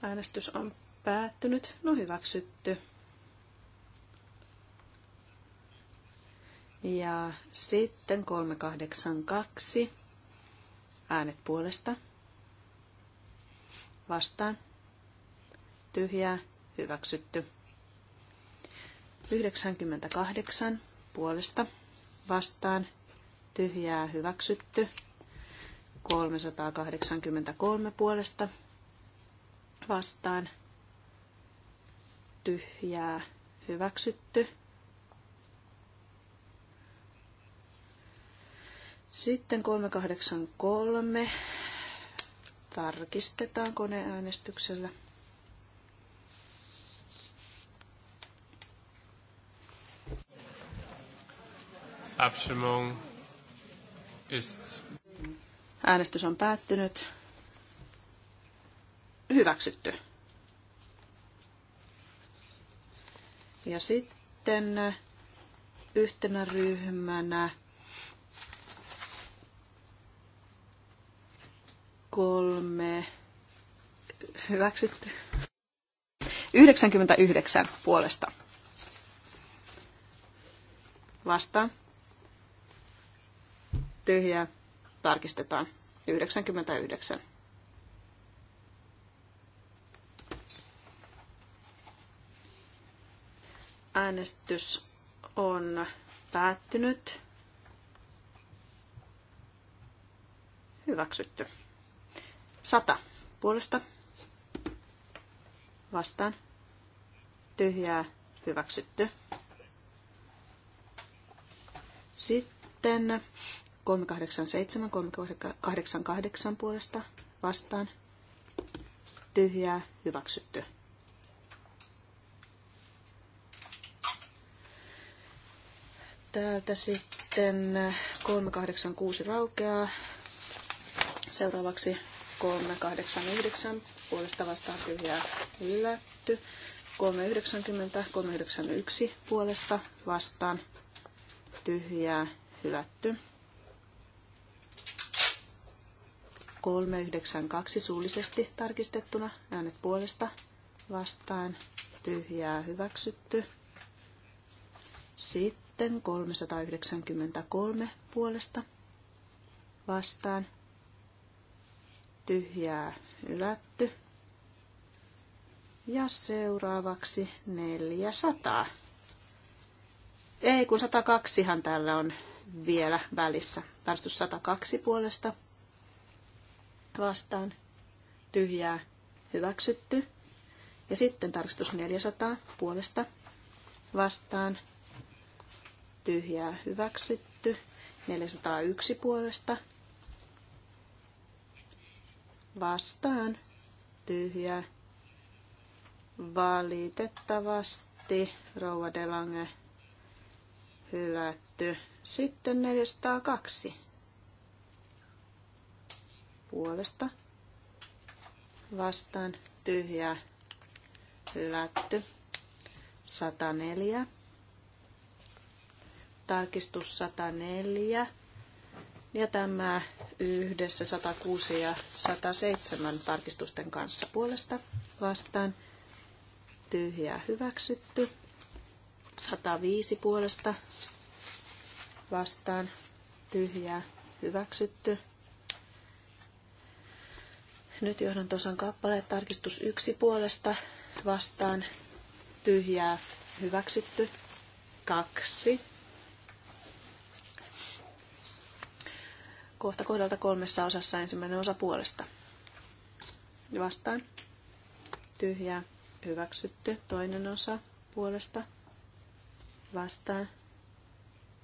Äänestys on päättynyt. No hyväksytty. Ja sitten 382 äänet puolesta vastaan tyhjää, hyväksytty. 98 puolesta vastaan tyhjää hyväksytty. 383 puolesta vastaan tyhjää hyväksytty. Sitten 383 tarkistetaan koneäänestyksellä. Abstimmung ist. Äänestys on päättynyt. Hyväksytty. Ja sitten yhtenä ryhmänä kolme hyväksytty. 99 puolesta. Vastaan tyhjää, tarkistetaan. 99. Äänestys on päättynyt. Hyväksytty. 100 puolesta vastaan. Tyhjää hyväksytty. Sitten 387, 388 puolesta vastaan. Tyhjää, hyväksytty. Täältä sitten 386 raukeaa. Seuraavaksi 389 puolesta vastaan tyhjää yllätty. 390, 391 puolesta vastaan tyhjää hylätty. 392 suullisesti tarkistettuna. Äänet puolesta vastaan. Tyhjää hyväksytty. Sitten 393 puolesta vastaan. Tyhjää hylätty. Ja seuraavaksi 400. Ei, kun 102han täällä on vielä välissä. Päästys 102 puolesta vastaan tyhjää hyväksytty. Ja sitten tarkistus 400 puolesta vastaan tyhjää hyväksytty. 401 puolesta vastaan tyhjää. Valitettavasti Rouva Delange hylätty. Sitten 402 puolesta vastaan tyhjä hylätty. 104. Tarkistus 104. Ja tämä yhdessä 106 ja 107 tarkistusten kanssa puolesta vastaan. Tyhjää hyväksytty. 105 puolesta vastaan. Tyhjää hyväksytty. Nyt johdantosan kappale, tarkistus yksi puolesta vastaan, tyhjää, hyväksytty, kaksi. Kohta kohdalta kolmessa osassa ensimmäinen osa puolesta. Vastaan, tyhjää, hyväksytty, toinen osa puolesta, vastaan,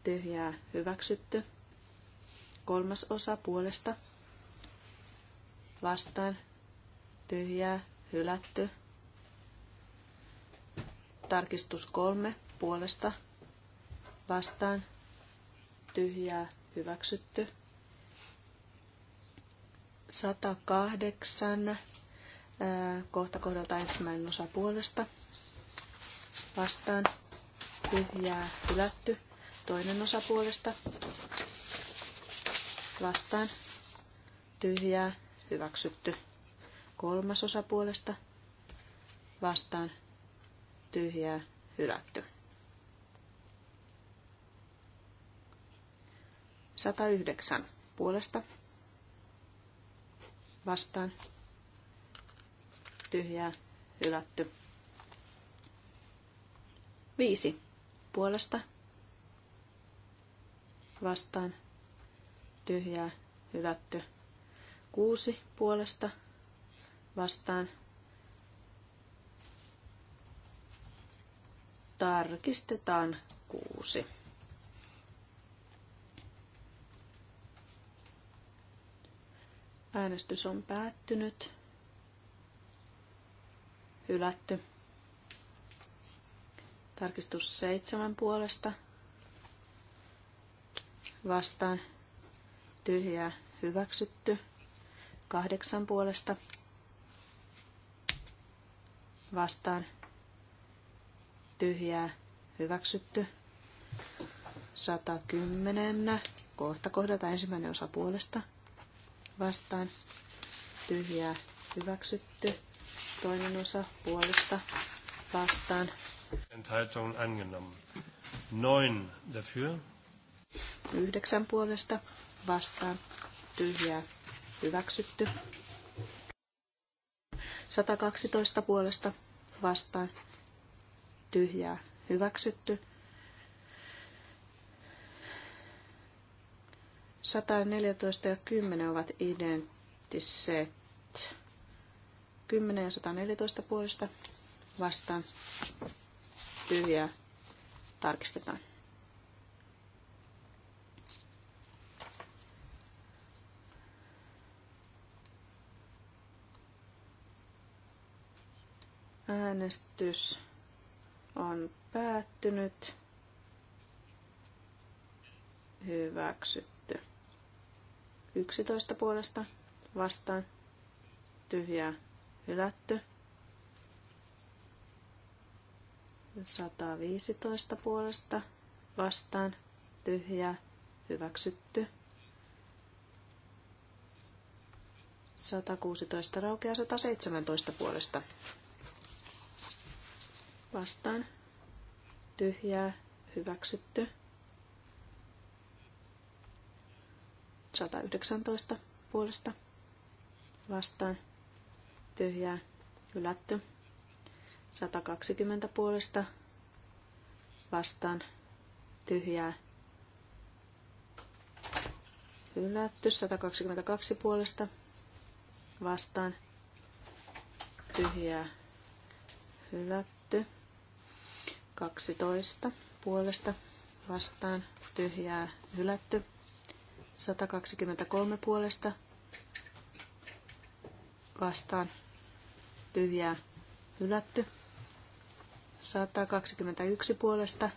tyhjää, hyväksytty, kolmas osa puolesta, vastaan, tyhjää, hylätty. Tarkistus kolme puolesta, vastaan, tyhjää, hyväksytty. 108, äh, kohta kohdalta ensimmäinen osa puolesta, vastaan, tyhjää, hylätty. Toinen osa puolesta, vastaan, tyhjää, hyväksytty. Kolmas osa puolesta vastaan tyhjää hylätty. 109 puolesta vastaan tyhjää hylätty. 5 puolesta vastaan tyhjää hylätty. Kuusi puolesta vastaan. Tarkistetaan kuusi Äänestys on päättynyt. Hylätty. Tarkistus seitsemän puolesta. Vastaan. Tyhjää. Hyväksytty. Kahdeksan puolesta vastaan tyhjää hyväksytty. 110. Kohta kohdata ensimmäinen osa puolesta vastaan tyhjää hyväksytty. Toinen osa puolesta vastaan. Enthaltung angenommen. Neun dafür. Yhdeksän puolesta vastaan tyhjää Hyväksytty. 112 puolesta vastaan. Tyhjää. Hyväksytty. 114 ja 10 ovat identtiset. 10 ja 114 puolesta vastaan. Tyhjää. Tarkistetaan. Äänestys on päättynyt. Hyväksytty. 11 puolesta vastaan. Tyhjää hylätty. 115 puolesta vastaan. Tyhjää hyväksytty. 116 raukeaa 117 puolesta vastaan tyhjää hyväksytty. 119 puolesta vastaan tyhjää hylätty. 120 puolesta vastaan tyhjää hylätty. 122 puolesta vastaan tyhjää hylätty. 12 puolesta vastaan tyhjää hylätty. 123 puolesta vastaan tyhjää hylätty. 121 puolesta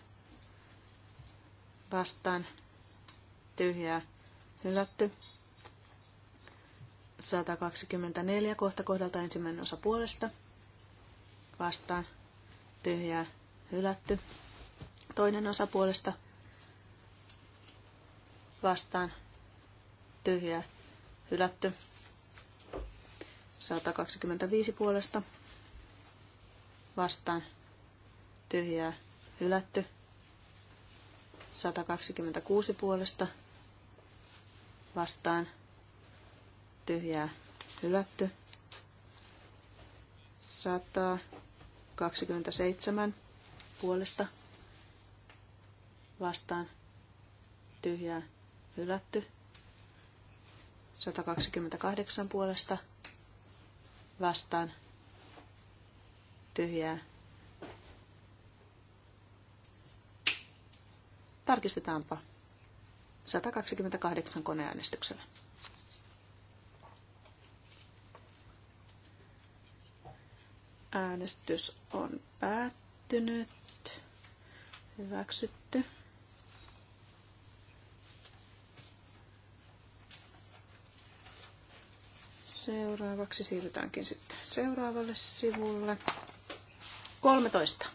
vastaan tyhjää hylätty. 124 kohta kohdalta ensimmäinen osa puolesta vastaan tyhjää hylätty. Toinen osa puolesta vastaan tyhjä hylätty. 125 puolesta vastaan tyhjää hylätty. 126 puolesta vastaan tyhjää hylätty. 127 puolesta vastaan tyhjää hylätty. 128 puolesta vastaan tyhjää. Tarkistetaanpa 128 koneäänestyksellä. Äänestys on päättynyt päättynyt. Hyväksytty. Seuraavaksi siirrytäänkin sitten seuraavalle sivulle. 13.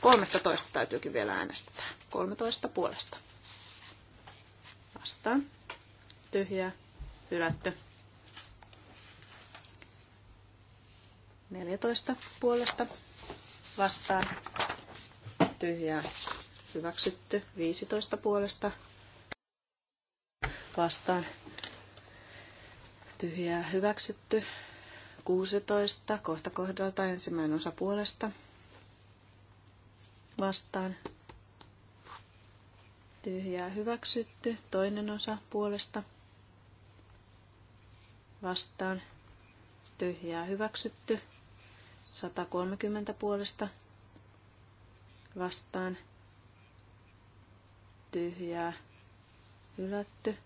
13 täytyykin vielä äänestää. 13 puolesta. Vastaan. Tyhjä. Hylätty. 14 puolesta vastaan tyhjää hyväksytty 15 puolesta vastaan tyhjää hyväksytty 16 kohta kohdalta ensimmäinen osa puolesta vastaan tyhjää hyväksytty toinen osa puolesta vastaan tyhjää hyväksytty 130 puolesta vastaan tyhjää hylätty.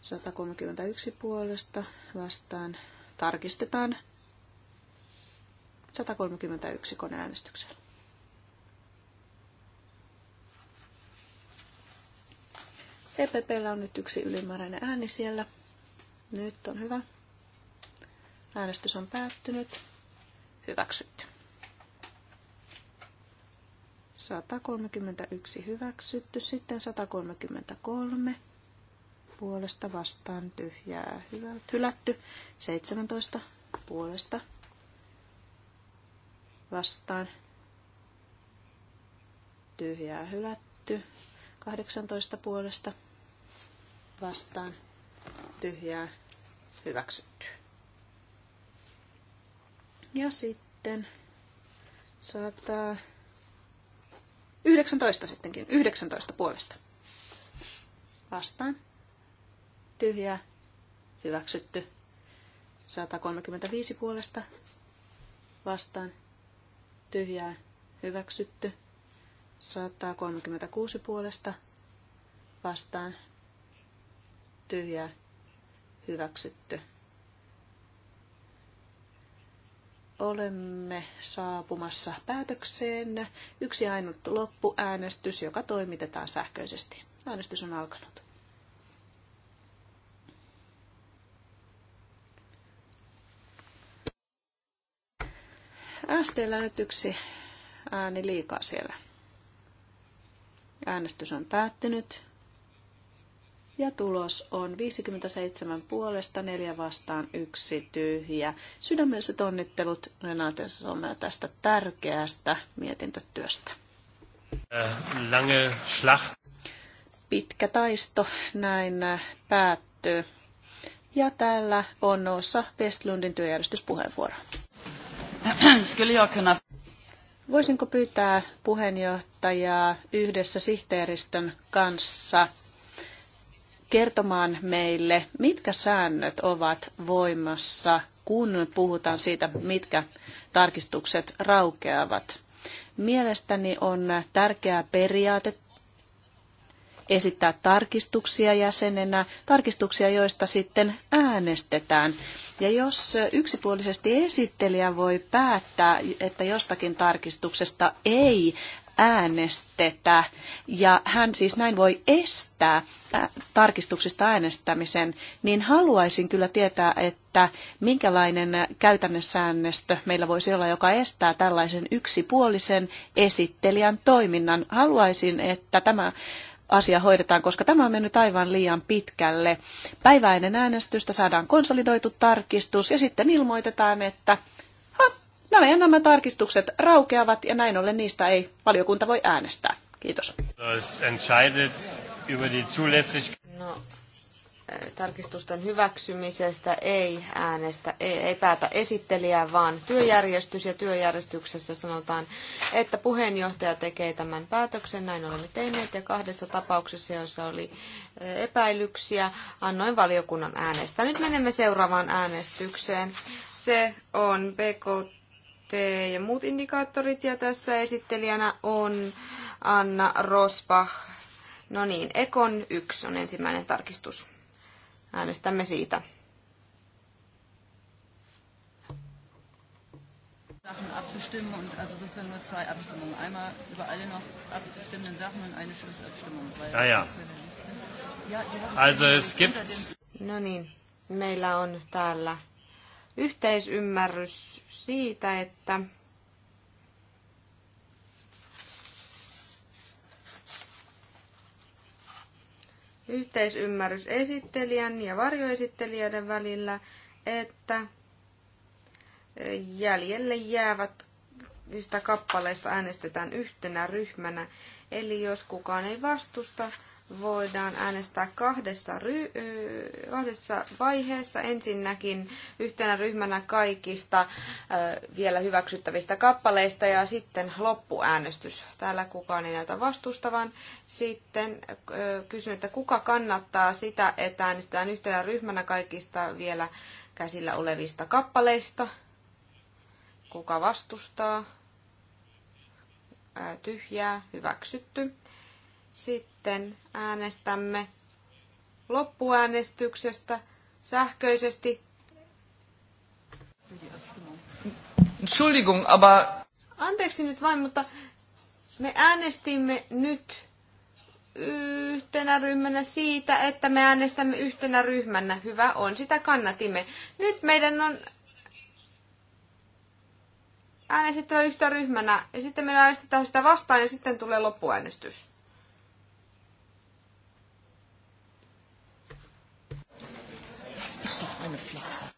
131 puolesta vastaan tarkistetaan 131 koneäänestyksellä. EPP on nyt yksi ylimääräinen ääni siellä. Nyt on hyvä. Äänestys on päättynyt. Hyväksytty. 131 hyväksytty, sitten 133 puolesta vastaan tyhjää hylätty, 17 puolesta vastaan tyhjää hylätty, 18 puolesta vastaan tyhjää hyväksytty. Ja sitten 100... 19 sittenkin. 19 puolesta. Vastaan. Tyhjä. Hyväksytty. 135 puolesta. Vastaan. Tyhjää. Hyväksytty. 136 puolesta. Vastaan. Tyhjää. Hyväksytty. olemme saapumassa päätökseen. Yksi ainut loppuäänestys, joka toimitetaan sähköisesti. Äänestys on alkanut. SDllä nyt yksi ääni liikaa siellä. Äänestys on päättynyt. Ja tulos on 57 puolesta, 4 vastaan, 1 tyhjä. Sydämelliset onnittelut Renate Suomea tästä tärkeästä mietintötyöstä. Äh, lange Schlacht. Pitkä taisto näin äh, päättyy. Ja täällä on osa Westlundin työjärjestyspuheenvuoro. Voisinko pyytää puheenjohtajaa yhdessä sihteeristön kanssa – kertomaan meille, mitkä säännöt ovat voimassa, kun puhutaan siitä, mitkä tarkistukset raukeavat. Mielestäni on tärkeää periaate esittää tarkistuksia jäsenenä, tarkistuksia, joista sitten äänestetään. Ja jos yksipuolisesti esittelijä voi päättää, että jostakin tarkistuksesta ei äänestetä. Ja hän siis näin voi estää tarkistuksista äänestämisen, niin haluaisin kyllä tietää, että minkälainen käytännössäännöstö meillä voisi olla, joka estää tällaisen yksipuolisen esittelijän toiminnan. Haluaisin, että tämä asia hoidetaan, koska tämä on mennyt aivan liian pitkälle. Päiväinen äänestystä saadaan konsolidoitu tarkistus ja sitten ilmoitetaan, että Nämä ja nämä tarkistukset raukeavat ja näin ollen niistä ei valiokunta voi äänestää. Kiitos. No, eh, tarkistusten hyväksymisestä ei äänestä, ei, ei päätä esittelijää, vaan työjärjestys ja työjärjestyksessä sanotaan, että puheenjohtaja tekee tämän päätöksen. Näin olemme tehneet ja kahdessa tapauksessa, joissa oli eh, epäilyksiä, annoin valiokunnan äänestä. Nyt menemme seuraavaan äänestykseen. Se on BKT sitten ja muut indikaattorit. Ja tässä esittelijänä on Anna Rosbach. No niin, Ekon 1 on ensimmäinen tarkistus. Äänestämme siitä. Sachen abzustimmen und also sozusagen nur zwei Abstimmungen. Einmal über alle noch abzustimmenden Sachen und eine Schlussabstimmung. Weil ah, ja. ja also es gibt... No niin, meillä on täällä yhteisymmärrys siitä, että yhteisymmärrys esittelijän ja varjoesittelijöiden välillä, että jäljelle jäävät niistä kappaleista äänestetään yhtenä ryhmänä. Eli jos kukaan ei vastusta, voidaan äänestää kahdessa, ry- kahdessa vaiheessa. Ensinnäkin yhtenä ryhmänä kaikista vielä hyväksyttävistä kappaleista ja sitten loppuäänestys. Täällä kukaan ei näytä vastustavan. Sitten kysyn, että kuka kannattaa sitä, että äänestetään yhtenä ryhmänä kaikista vielä käsillä olevista kappaleista. Kuka vastustaa? Tyhjää, hyväksytty. Sitten äänestämme loppuäänestyksestä sähköisesti. Entschuldigung, aber... Anteeksi nyt vain, mutta me äänestimme nyt yhtenä ryhmänä siitä, että me äänestämme yhtenä ryhmänä. Hyvä on, sitä kannatimme. Nyt meidän on äänestettävä yhtä ryhmänä ja sitten me äänestetään sitä vastaan ja sitten tulee loppuäänestys. conflict.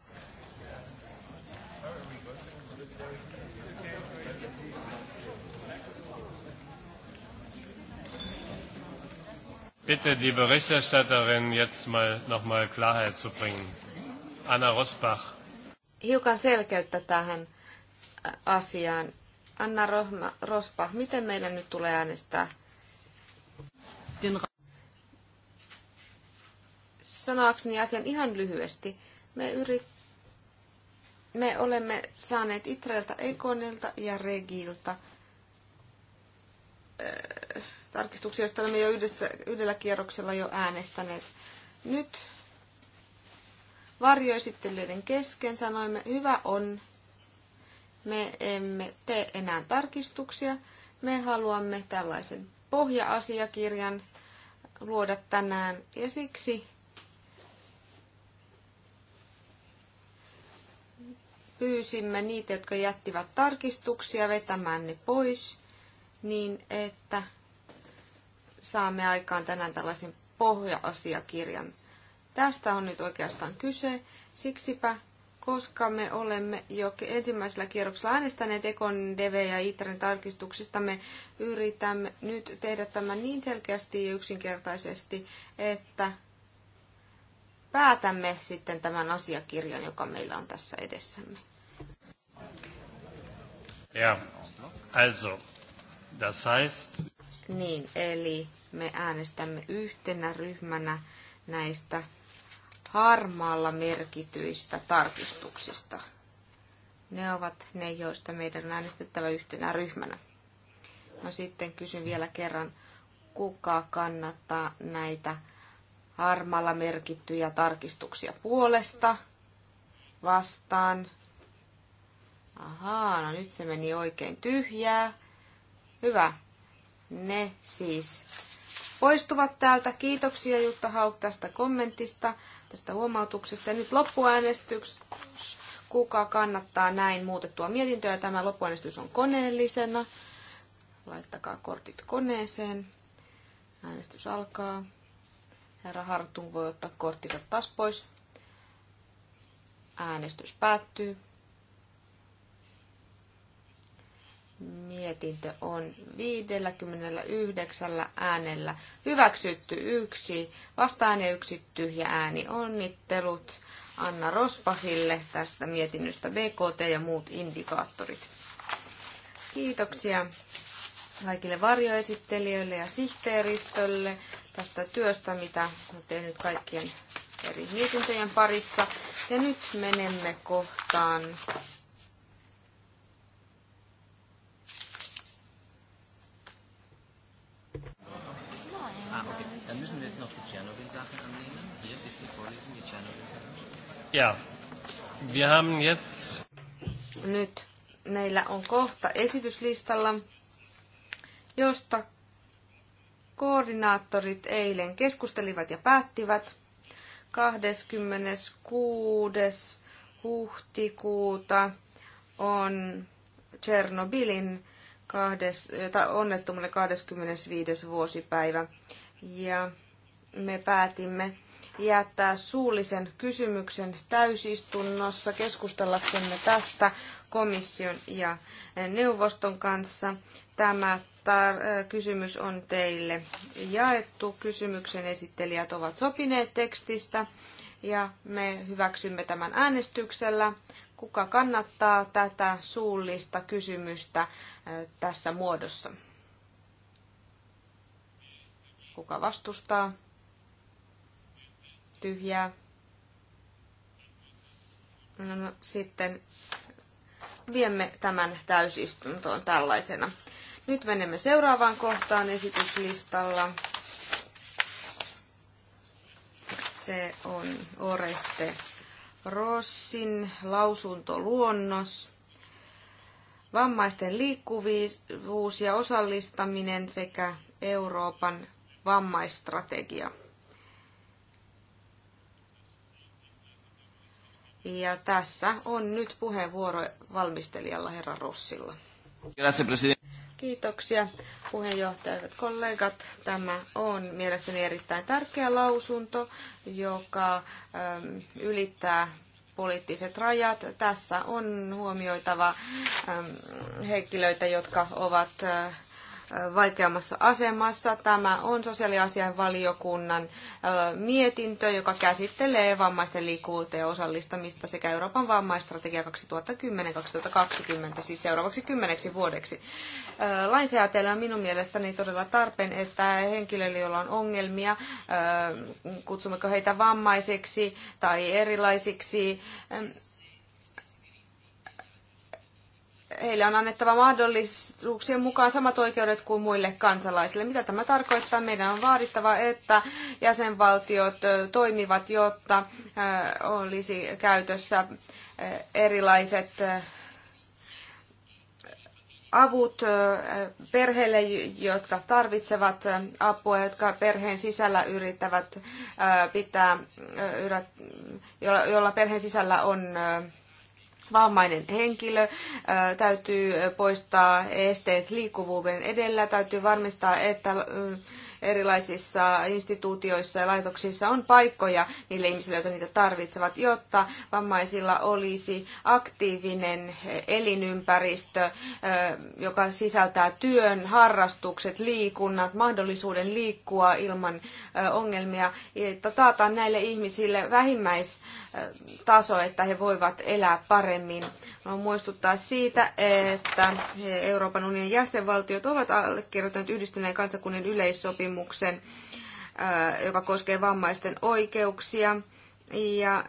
bitte die Berichterstatterin jetzt mal noch mal Klarheit zu bringen. Anna Rosbach. Hiukan selkeyttä tähän äh, asiaan. Anna Rohma, Rosbach, miten meidän nyt tulee äänestää? Sanoakseni asian ihan lyhyesti. Me, yrit... me olemme saaneet Itreltä, Ekonilta ja Regilta tarkistuksia, joista olemme jo yhdessä, yhdellä kierroksella jo äänestäneet. Nyt varjoesittelyiden kesken sanoimme, hyvä on, me emme tee enää tarkistuksia, me haluamme tällaisen pohja-asiakirjan luoda tänään ja siksi pyysimme niitä, jotka jättivät tarkistuksia vetämään ne pois, niin että saamme aikaan tänään tällaisen pohja-asiakirjan. Tästä on nyt oikeastaan kyse. Siksipä, koska me olemme jo ensimmäisellä kierroksella äänestäneet Ekon, DV ja ITREn tarkistuksista, me yritämme nyt tehdä tämän niin selkeästi ja yksinkertaisesti, että päätämme sitten tämän asiakirjan, joka meillä on tässä edessämme. Ja, also, das heißt... Niin, eli me äänestämme yhtenä ryhmänä näistä harmaalla merkityistä tarkistuksista. Ne ovat ne, joista meidän on äänestettävä yhtenä ryhmänä. No sitten kysyn vielä kerran, kuka kannattaa näitä harmaalla merkittyjä tarkistuksia puolesta, vastaan, Ahaa, no nyt se meni oikein tyhjää. Hyvä. Ne siis poistuvat täältä. Kiitoksia Jutta Hauk tästä kommentista, tästä huomautuksesta. Ja nyt loppuäänestys. Kuka kannattaa näin muutettua mietintöä? Tämä loppuäänestys on koneellisena. Laittakaa kortit koneeseen. Äänestys alkaa. Herra Hartung voi ottaa korttinsa taas pois. Äänestys päättyy. mietintö on 59 äänellä hyväksytty yksi vastaan ja yksi tyhjä ääni. Onnittelut Anna Rospahille tästä mietinnöstä BKT ja muut indikaattorit. Kiitoksia kaikille varjoesittelijöille ja sihteeristölle tästä työstä, mitä olen tehnyt kaikkien eri mietintöjen parissa. Ja nyt menemme kohtaan Ja, wir haben jetzt... Nyt meillä on kohta esityslistalla, josta koordinaattorit eilen keskustelivat ja päättivät 26. huhtikuuta on Tchernobylin kahdes, onnettomuuden 25. vuosipäivä. Ja me päätimme jättää suullisen kysymyksen täysistunnossa keskustellaksemme tästä komission ja neuvoston kanssa. Tämä kysymys on teille jaettu. Kysymyksen esittelijät ovat sopineet tekstistä ja me hyväksymme tämän äänestyksellä. Kuka kannattaa tätä suullista kysymystä tässä muodossa? Kuka vastustaa? tyhjää. No, sitten viemme tämän täysistuntoon tällaisena. Nyt menemme seuraavaan kohtaan esityslistalla. Se on Oreste Rossin lausuntoluonnos. Vammaisten liikkuvuus ja osallistaminen sekä Euroopan vammaistrategia. Ja tässä on nyt puheenvuoro valmistelijalla herra Rossilla. Kiitoksia puheenjohtaja, kollegat. Tämä on mielestäni erittäin tärkeä lausunto, joka ähm, ylittää poliittiset rajat. Tässä on huomioitava ähm, henkilöitä, jotka ovat äh, vaikeammassa asemassa. Tämä on sosiaaliasianvaliokunnan mietintö, joka käsittelee vammaisten liikkuvuuteen osallistamista sekä Euroopan vammaistrategia 2010-2020, siis seuraavaksi kymmeneksi vuodeksi. Lainsäätäjällä on minun mielestäni todella tarpeen, että henkilöillä, joilla on ongelmia, kutsummeko heitä vammaiseksi tai erilaisiksi, heille on annettava mahdollisuuksien mukaan samat oikeudet kuin muille kansalaisille. Mitä tämä tarkoittaa? Meidän on vaadittava, että jäsenvaltiot toimivat, jotta olisi käytössä erilaiset avut perheille, jotka tarvitsevat apua, jotka perheen sisällä yrittävät pitää, jolla perheen sisällä on vammainen henkilö, täytyy poistaa esteet liikkuvuuden edellä, täytyy varmistaa, että erilaisissa instituutioissa ja laitoksissa on paikkoja niille ihmisille, jotka niitä tarvitsevat, jotta vammaisilla olisi aktiivinen elinympäristö, joka sisältää työn, harrastukset, liikunnat, mahdollisuuden liikkua ilman ongelmia, että taataan näille ihmisille vähimmäistaso, että he voivat elää paremmin. Haluan muistuttaa siitä, että Euroopan unionin jäsenvaltiot ovat allekirjoittaneet yhdistyneen kansakunnan yleissopimuksen sopimuksen, joka koskee vammaisten oikeuksia. Ja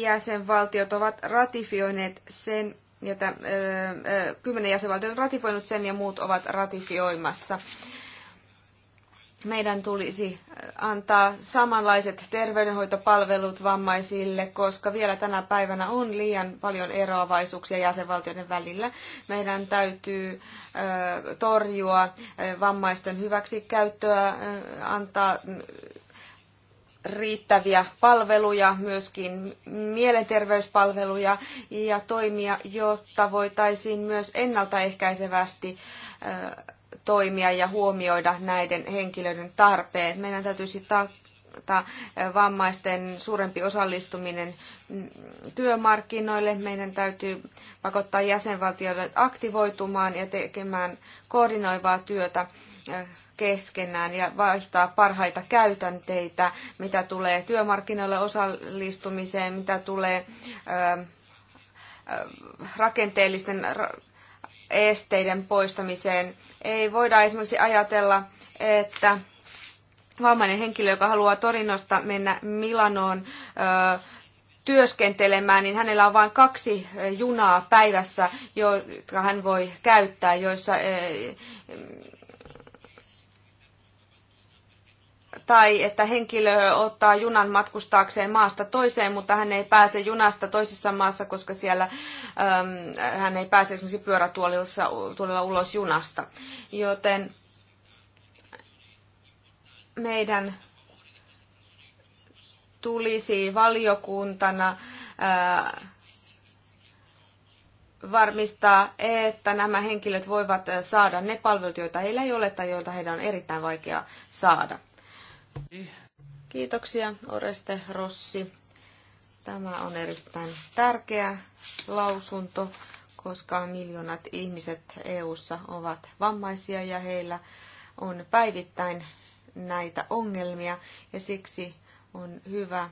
jäsenvaltiot ovat ratifioineet sen, ja kymmenen jäsenvaltiota on ratifioinut sen ja muut ovat ratifioimassa meidän tulisi äh, antaa samanlaiset terveydenhoitopalvelut vammaisille, koska vielä tänä päivänä on liian paljon eroavaisuuksia jäsenvaltioiden välillä. Meidän täytyy äh, torjua äh, vammaisten hyväksikäyttöä, antaa mm, riittäviä palveluja, myöskin mielenterveyspalveluja ja toimia, jotta voitaisiin myös ennaltaehkäisevästi toimia ja huomioida näiden henkilöiden tarpeet. Meidän täytyisi taata vammaisten suurempi osallistuminen mm, työmarkkinoille. Meidän täytyy pakottaa jäsenvaltioille aktivoitumaan ja tekemään koordinoivaa työtä keskenään ja vaihtaa parhaita käytänteitä, mitä tulee työmarkkinoille osallistumiseen, mitä tulee rakenteellisten esteiden poistamiseen. Ei voida esimerkiksi ajatella, että vammainen henkilö, joka haluaa Torinosta mennä Milanoon työskentelemään, niin hänellä on vain kaksi junaa päivässä, jotka hän voi käyttää, joissa tai että henkilö ottaa junan matkustaakseen maasta toiseen, mutta hän ei pääse junasta toisessa maassa, koska siellä äm, hän ei pääse esimerkiksi pyörätuolilla ulos junasta. Joten meidän tulisi valiokuntana ää, äh, varmistaa, että nämä henkilöt voivat saada ne palvelut, joita heillä ei ole tai joita heidän on erittäin vaikea saada. Kiitoksia Oreste Rossi. Tämä on erittäin tärkeä lausunto, koska miljoonat ihmiset EU:ssa ovat vammaisia ja heillä on päivittäin näitä ongelmia ja siksi on hyvä,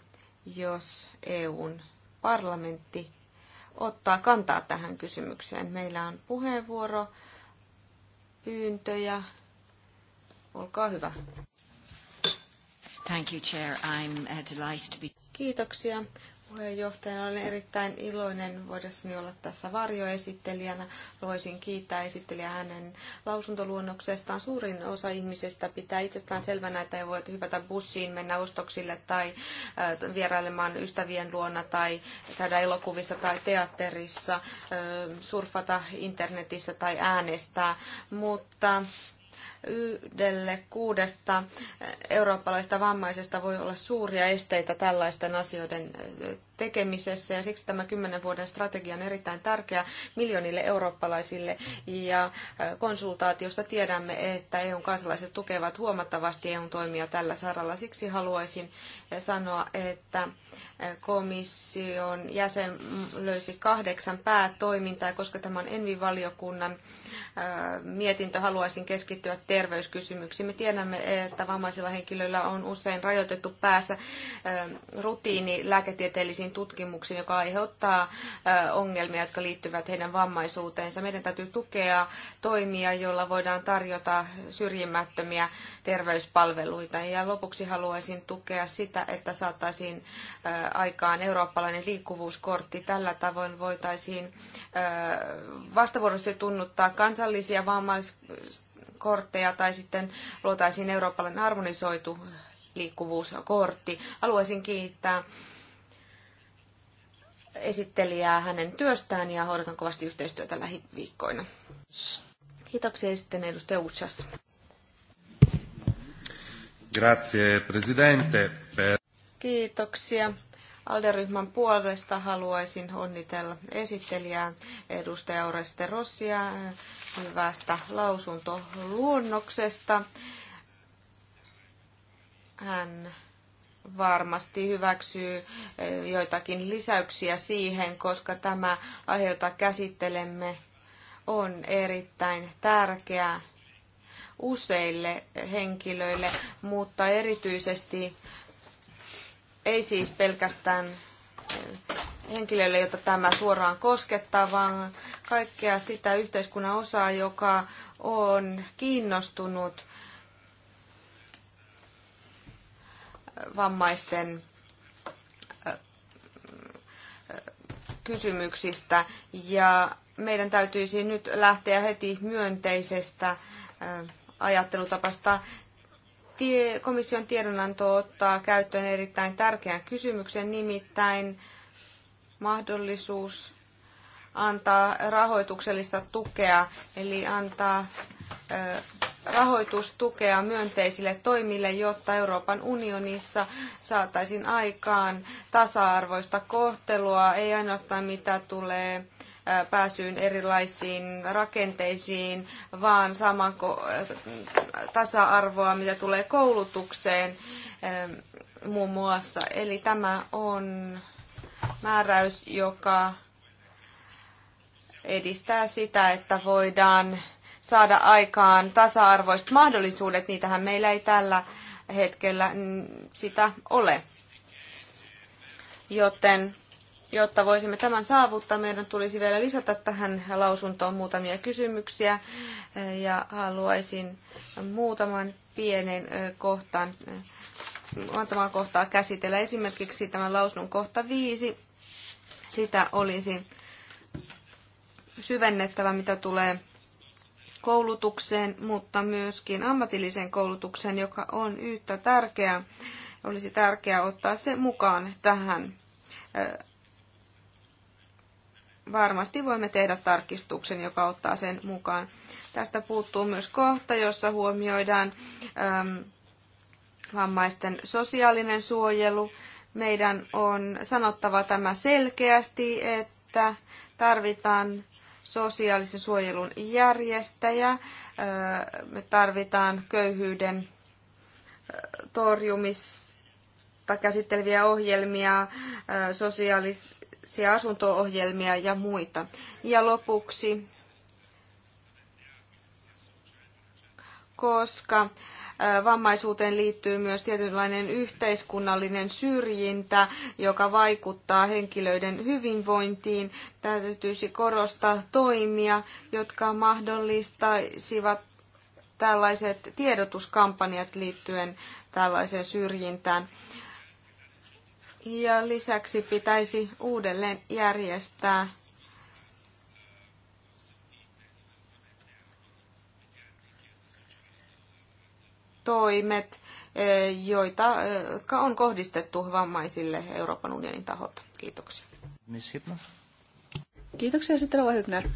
jos EUn parlamentti ottaa kantaa tähän kysymykseen. Meillä on puheenvuoro, pyyntöjä. Olkaa hyvä. Thank you, Chair. I'm uh, delighted to be... Kiitoksia puheenjohtajana. Olen erittäin iloinen voidessani olla tässä varjoesittelijänä. Voisin kiittää esittelijää hänen lausuntoluonnoksestaan. Suurin osa ihmisistä pitää itsestään selvänä, että he voivat hypätä bussiin, mennä ostoksille tai äh, vierailemaan ystävien luona tai käydä elokuvissa tai teatterissa, äh, surfata internetissä tai äänestää. Mutta yhdelle kuudesta eurooppalaista vammaisesta voi olla suuria esteitä tällaisten asioiden tekemisessä ja siksi tämä kymmenen vuoden strategia on erittäin tärkeä miljoonille eurooppalaisille ja äh, konsultaatiosta tiedämme, että EUn kansalaiset tukevat huomattavasti EUn toimia tällä saralla. Siksi haluaisin sanoa, että äh, komission jäsen löysi kahdeksan päätoimintaa, koska tämä on Envi-valiokunnan äh, mietintö, haluaisin keskittyä terveyskysymyksiin. Me tiedämme, että vammaisilla henkilöillä on usein rajoitettu päässä rutiini lääketieteellisiin kliinisiin tutkimuksiin, joka aiheuttaa ongelmia, jotka liittyvät heidän vammaisuuteensa. Meidän täytyy tukea toimia, joilla voidaan tarjota syrjimättömiä terveyspalveluita. Ja lopuksi haluaisin tukea sitä, että saataisiin aikaan eurooppalainen liikkuvuuskortti. Tällä tavoin voitaisiin vastavuoroisesti tunnuttaa kansallisia vammaiskortteja tai sitten luotaisiin eurooppalainen harmonisoitu liikkuvuuskortti. Haluaisin kiittää esittelijää hänen työstään ja odotan kovasti yhteistyötä lähiviikkoina. Kiitoksia sitten edustaja Uchas. Grazie, presidente. Per... Kiitoksia. Alderyhmän puolesta haluaisin onnitella esittelijää edustaja Oreste Rossia hyvästä lausuntoluonnoksesta. Hän varmasti hyväksyy eh, joitakin lisäyksiä siihen, koska tämä aihe, jota käsittelemme, on erittäin tärkeä useille henkilöille, mutta erityisesti ei siis pelkästään eh, henkilöille, jota tämä suoraan koskettaa, vaan kaikkea sitä yhteiskunnan osaa, joka on kiinnostunut vammaisten kysymyksistä ja meidän täytyisi nyt lähteä heti myönteisestä ajattelutapasta. Komission tiedonanto ottaa käyttöön erittäin tärkeän kysymyksen, nimittäin mahdollisuus antaa rahoituksellista tukea, eli antaa rahoitustukea myönteisille toimille, jotta Euroopan unionissa saataisiin aikaan tasa-arvoista kohtelua, ei ainoastaan mitä tulee pääsyyn erilaisiin rakenteisiin, vaan saman tasa-arvoa, mitä tulee koulutukseen muun muassa. Eli tämä on määräys, joka edistää sitä, että voidaan saada aikaan tasa-arvoiset mahdollisuudet, niitähän meillä ei tällä hetkellä sitä ole. Joten jotta voisimme tämän saavuttaa, meidän tulisi vielä lisätä tähän lausuntoon muutamia kysymyksiä ja haluaisin muutaman pienen kohtaan, muutaman kohtaa käsitellä. Esimerkiksi tämän lausunnon kohta viisi, sitä olisi syvennettävä, mitä tulee koulutukseen, mutta myöskin ammatilliseen koulutukseen, joka on yhtä tärkeää. Olisi tärkeää ottaa se mukaan tähän. Varmasti voimme tehdä tarkistuksen, joka ottaa sen mukaan. Tästä puuttuu myös kohta, jossa huomioidaan vammaisten sosiaalinen suojelu. Meidän on sanottava tämä selkeästi, että tarvitaan sosiaalisen suojelun järjestäjä. Me tarvitaan köyhyyden torjumista käsitteleviä ohjelmia, sosiaalisia asunto-ohjelmia ja muita. Ja lopuksi, koska Vammaisuuteen liittyy myös tietynlainen yhteiskunnallinen syrjintä, joka vaikuttaa henkilöiden hyvinvointiin. Täytyisi korostaa toimia, jotka mahdollistaisivat tällaiset tiedotuskampanjat liittyen tällaiseen syrjintään. Ja lisäksi pitäisi uudelleen järjestää toimet, eh, joita eh, on kohdistettu vammaisille Euroopan unionin taholta. Kiitoksia. Miss Kiitoksia sitten Rova Hybner.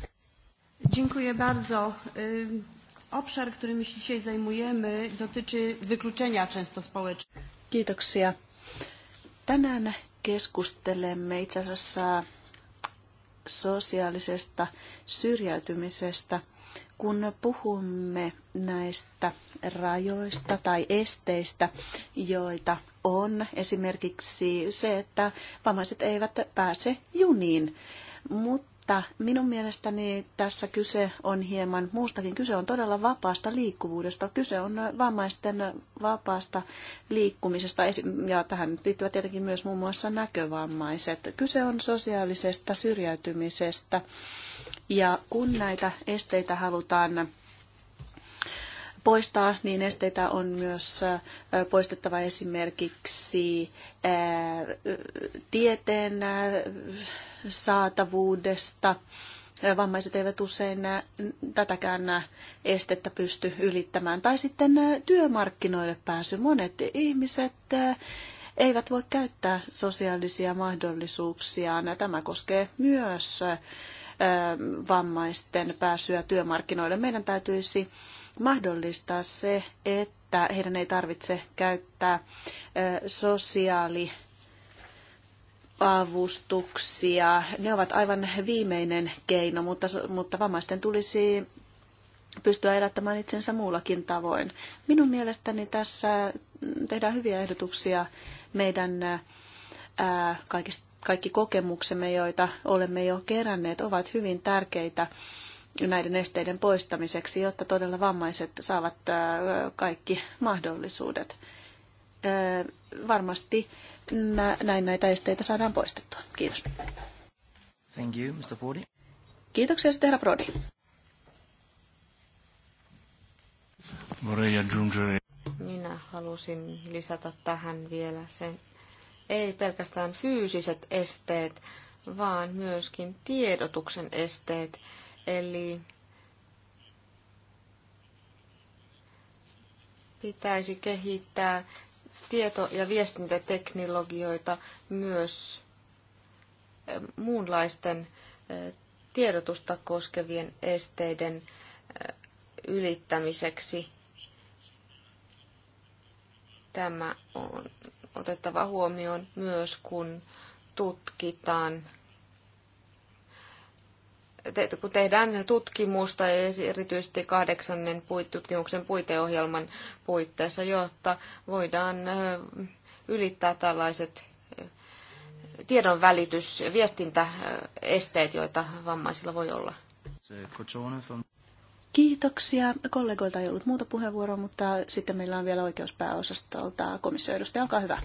Dziękuję bardzo. Obszar, którym się dzisiaj zajmujemy, dotyczy wykluczenia często społecznego. Kiitoksia. Tänään keskustelemme itse asiassa sosiaalisesta syrjäytymisestä – kun puhumme näistä rajoista tai esteistä, joita on esimerkiksi se, että vammaiset eivät pääse juniin. Mutta minun mielestäni tässä kyse on hieman muustakin. Kyse on todella vapaasta liikkuvuudesta. Kyse on vammaisten vapaasta liikkumisesta ja tähän liittyvät tietenkin myös muun muassa näkövammaiset. Kyse on sosiaalisesta syrjäytymisestä ja kun näitä esteitä halutaan poistaa, niin esteitä on myös poistettava esimerkiksi tieteen saatavuudesta. Vammaiset eivät usein tätäkään estettä pysty ylittämään. Tai sitten työmarkkinoille pääsy. Monet ihmiset eivät voi käyttää sosiaalisia mahdollisuuksiaan. Tämä koskee myös vammaisten pääsyä työmarkkinoille. Meidän täytyisi mahdollistaa se, että heidän ei tarvitse käyttää sosiaali avustuksia. Ne ovat aivan viimeinen keino, mutta, mutta vammaisten tulisi pystyä elättämään itsensä muullakin tavoin. Minun mielestäni tässä tehdään hyviä ehdotuksia meidän ää, kaikista kaikki kokemuksemme, joita olemme jo keränneet, ovat hyvin tärkeitä näiden esteiden poistamiseksi, jotta todella vammaiset saavat kaikki mahdollisuudet. Varmasti näin näitä esteitä saadaan poistettua. Kiitos. Thank you, Mr. Brody. Kiitoksia herra Brody. Minä halusin lisätä tähän vielä sen, ei pelkästään fyysiset esteet, vaan myöskin tiedotuksen esteet. Eli pitäisi kehittää tieto- ja viestintäteknologioita myös eh, muunlaisten eh, tiedotusta koskevien esteiden eh, ylittämiseksi. Tämä on otettava huomioon myös, kun tutkitaan te, kun tehdään tutkimusta erityisesti kahdeksannen tutkimuksen puiteohjelman puitteissa, jotta voidaan ylittää tällaiset tiedon välitys- ja viestintäesteet, joita vammaisilla voi olla. Kiitoksia. Kollegoilta ei ollut muuta puheenvuoroa, mutta sitten meillä on vielä oikeuspääosastolta komission edustaja. Olkaa hyvä.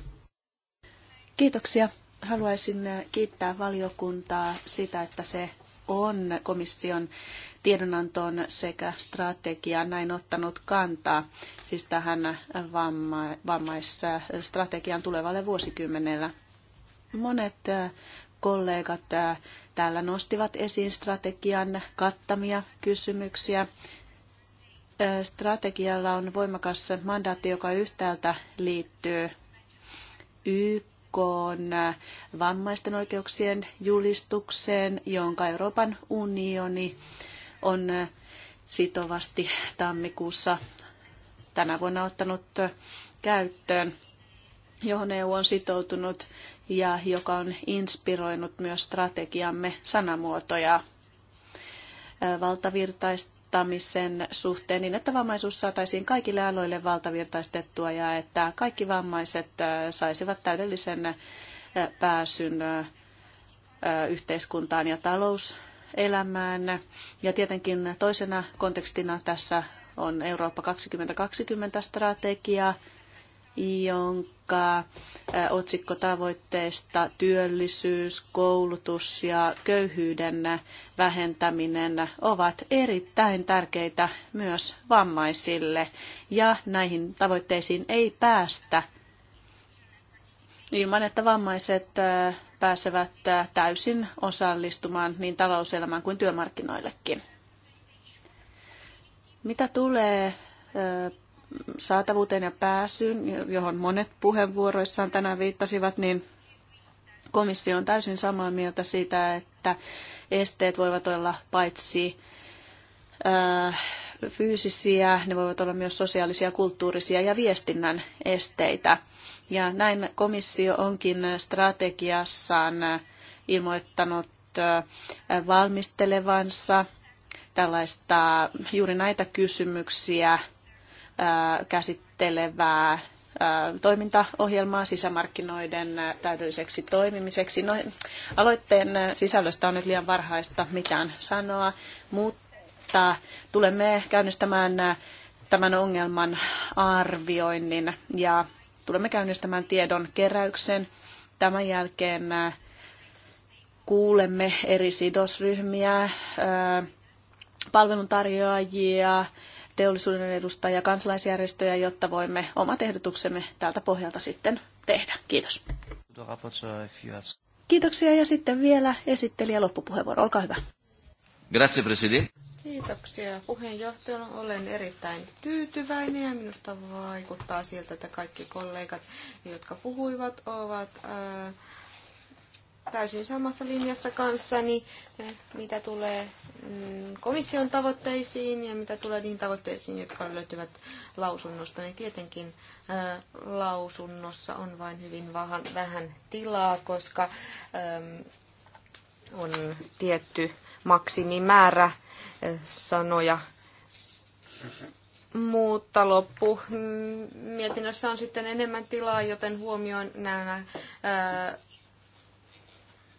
Kiitoksia. Haluaisin kiittää valiokuntaa sitä, että se on komission tiedonantoon sekä strategiaan näin ottanut kantaa, siis tähän vamma- vammaisstrategian tulevalle vuosikymmenellä. Monet kollegat täällä nostivat esiin strategian kattamia kysymyksiä. Strategialla on voimakas mandaatti, joka yhtäältä liittyy YK vammaisten oikeuksien julistukseen, jonka Euroopan unioni on sitovasti tammikuussa tänä vuonna ottanut käyttöön, johon EU on sitoutunut ja joka on inspiroinut myös strategiamme sanamuotoja valtavirtaistamisen suhteen niin, että vammaisuus saataisiin kaikille aloille valtavirtaistettua ja että kaikki vammaiset saisivat täydellisen pääsyn yhteiskuntaan ja talouselämään. Ja tietenkin toisena kontekstina tässä on Eurooppa 2020 strategia, jonka matkaa otsikkotavoitteista työllisyys, koulutus ja köyhyyden vähentäminen ovat erittäin tärkeitä myös vammaisille. Ja näihin tavoitteisiin ei päästä ilman, että vammaiset pääsevät täysin osallistumaan niin talouselämään kuin työmarkkinoillekin. Mitä tulee saatavuuteen ja pääsyyn, johon monet puheenvuoroissaan tänään viittasivat, niin komissio on täysin samaa mieltä siitä, että esteet voivat olla paitsi äh, fyysisiä, ne voivat olla myös sosiaalisia, kulttuurisia ja viestinnän esteitä. Ja näin komissio onkin strategiassaan ilmoittanut äh, valmistelevansa tällaista juuri näitä kysymyksiä käsittelevää toimintaohjelmaa sisämarkkinoiden täydelliseksi toimimiseksi. No, aloitteen sisällöstä on nyt liian varhaista mitään sanoa, mutta tulemme käynnistämään tämän ongelman arvioinnin ja tulemme käynnistämään tiedon keräyksen. Tämän jälkeen kuulemme eri sidosryhmiä, palveluntarjoajia, teollisuuden edustajia, kansalaisjärjestöjä, jotta voimme omat ehdotuksemme tältä pohjalta sitten tehdä. Kiitos. Kiitoksia ja sitten vielä esittelijä loppupuheenvuoro. Olkaa hyvä. Grazie, presidente. Kiitoksia puheenjohtaja. Olen erittäin tyytyväinen ja minusta vaikuttaa siltä, että kaikki kollegat, jotka puhuivat, ovat äh, täysin samassa linjassa kanssani, eh, mitä tulee mm, komission tavoitteisiin ja mitä tulee niihin tavoitteisiin, jotka löytyvät lausunnosta. Niin tietenkin eh, lausunnossa on vain hyvin vähän tilaa, koska on tietty maksimimäärä eh, sanoja mutta loppu mm, mietinnössä on sitten enemmän tilaa, joten huomioin nämä ää,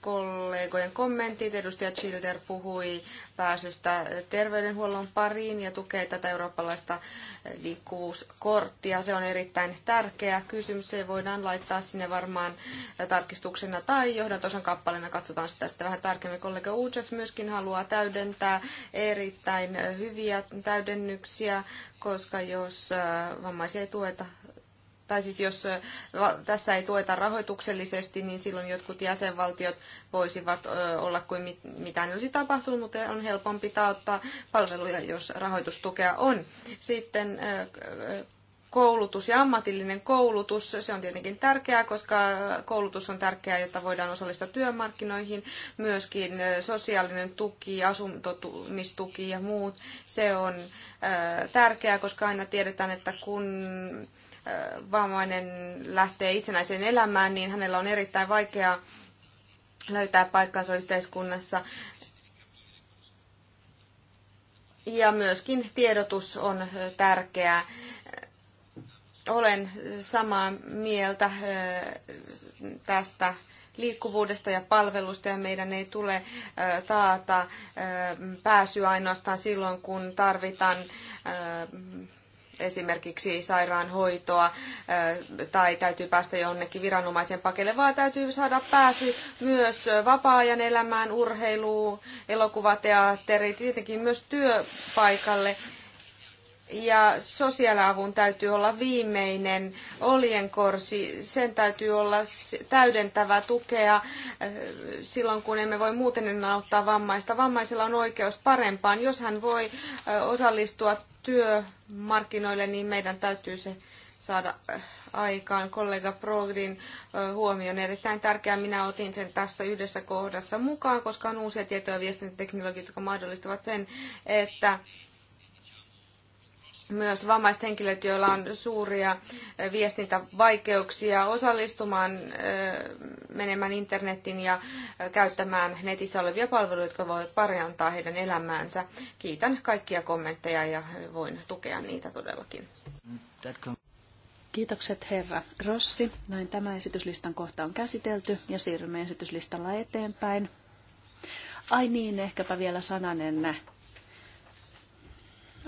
kollegojen kommentit. Edustaja Childer puhui pääsystä terveydenhuollon pariin ja tukee tätä eurooppalaista liikkuvuuskorttia. Se on erittäin tärkeä kysymys. Se voidaan laittaa sinne varmaan tarkistuksena tai johdantosan kappaleena. Katsotaan sitä sitten vähän tarkemmin. Kollega Uutses myöskin haluaa täydentää erittäin hyviä täydennyksiä, koska jos vammaisia ei tueta tai siis jos tässä ei tueta rahoituksellisesti, niin silloin jotkut jäsenvaltiot voisivat olla kuin mitään ei olisi tapahtunut, mutta on helpompi ottaa palveluja, jos rahoitustukea on. Sitten koulutus ja ammatillinen koulutus, se on tietenkin tärkeää, koska koulutus on tärkeää, jotta voidaan osallistua työmarkkinoihin, myöskin sosiaalinen tuki, asuntotumistuki ja muut, se on tärkeää, koska aina tiedetään, että kun vammainen lähtee itsenäiseen elämään, niin hänellä on erittäin vaikeaa löytää paikkansa yhteiskunnassa. Ja myöskin tiedotus on tärkeää. Olen samaa mieltä tästä liikkuvuudesta ja palvelusta ja meidän ei tule taata pääsyä ainoastaan silloin, kun tarvitaan esimerkiksi sairaanhoitoa tai täytyy päästä jonnekin viranomaisen pakelle, vaan täytyy saada pääsy myös vapaa-ajan elämään, urheiluun, elokuvateatteriin, tietenkin myös työpaikalle. Ja sosiaaliavun täytyy olla viimeinen oljenkorsi, sen täytyy olla täydentävää tukea silloin, kun emme voi muuten enää auttaa vammaista. Vammaisella on oikeus parempaan, jos hän voi osallistua työmarkkinoille, niin meidän täytyy se saada äh, aikaan. Kollega Progdin äh, huomio on erittäin tärkeää. Minä otin sen tässä yhdessä kohdassa mukaan, koska on uusia tietoja ja viestintäteknologioita, jotka mahdollistavat sen, että myös vammaiset henkilöt, joilla on suuria eh, viestintävaikeuksia osallistumaan, eh, menemään internetin ja eh, käyttämään netissä olevia palveluita, jotka voivat parantaa heidän elämäänsä. Kiitän kaikkia kommentteja ja voin tukea niitä todellakin. Kiitokset herra Rossi. Näin tämä esityslistan kohta on käsitelty ja siirrymme esityslistalla eteenpäin. Ai niin, ehkäpä vielä sananen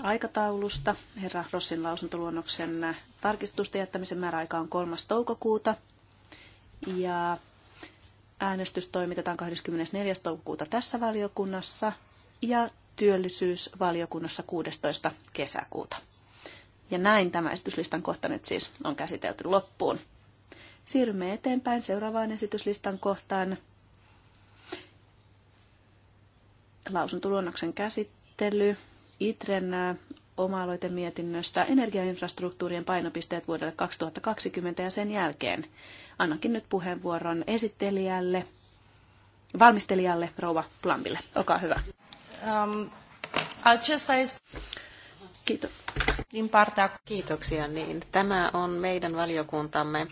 aikataulusta. Herra Rossin lausuntoluonnoksen tarkistusten jättämisen määräaika on 3. toukokuuta. Ja äänestys toimitetaan 24. toukokuuta tässä valiokunnassa ja työllisyysvaliokunnassa 16. kesäkuuta. Ja näin tämä esityslistan kohta nyt siis on käsitelty loppuun. Siirrymme eteenpäin seuraavaan esityslistan kohtaan. Lausuntoluonnoksen käsittely. ITREN oma-aloitemietinnöstä energiainfrastruktuurien painopisteet vuodelle 2020 ja sen jälkeen. Annakin nyt puheenvuoron esittelijälle, valmistelijalle Rouva Plambille. Olkaa hyvä. Um, Kiitos. Kiitoksia. Niin, tämä on meidän valiokuntamme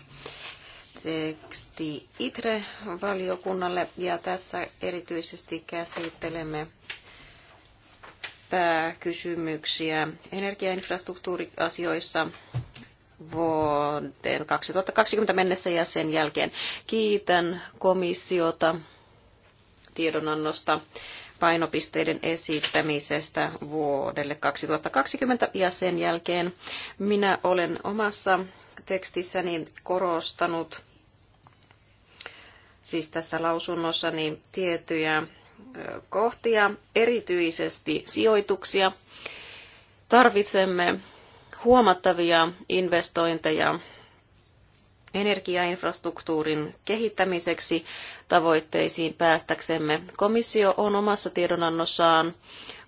teksti ITRE-valiokunnalle ja tässä erityisesti käsittelemme pääkysymyksiä energiainfrastruktuuriasioissa vuoteen 2020 mennessä ja sen jälkeen. Kiitän komissiota tiedonannosta painopisteiden esittämisestä vuodelle 2020 ja sen jälkeen minä olen omassa tekstissäni korostanut siis tässä lausunnossa niin tiettyjä kohtia, erityisesti sijoituksia. Tarvitsemme huomattavia investointeja energiainfrastruktuurin kehittämiseksi tavoitteisiin päästäksemme. Komissio on omassa tiedonannossaan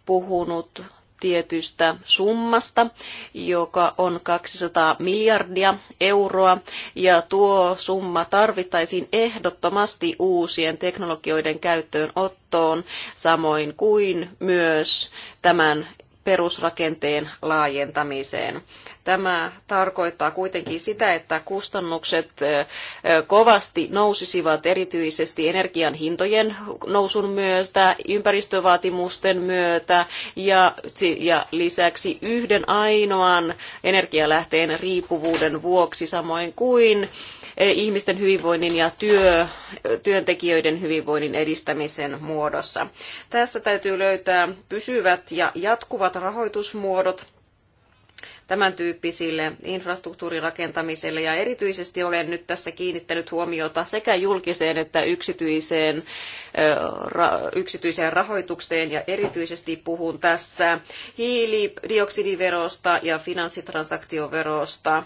puhunut tietystä summasta, joka on 200 miljardia euroa, ja tuo summa tarvittaisiin ehdottomasti uusien teknologioiden käyttöönottoon, samoin kuin myös tämän perusrakenteen laajentamiseen. Tämä tarkoittaa kuitenkin sitä, että kustannukset kovasti nousisivat erityisesti energian hintojen nousun myötä, ympäristövaatimusten myötä ja, ja lisäksi yhden ainoan energialähteen riippuvuuden vuoksi, samoin kuin ihmisten hyvinvoinnin ja työ, työntekijöiden hyvinvoinnin edistämisen muodossa. Tässä täytyy löytää pysyvät ja jatkuvat rahoitusmuodot tämän tyyppisille infrastruktuurirakentamiselle. Ja erityisesti olen nyt tässä kiinnittänyt huomiota sekä julkiseen että yksityiseen, yksityiseen rahoitukseen. Ja erityisesti puhun tässä hiilidioksidiverosta ja finanssitransaktioverosta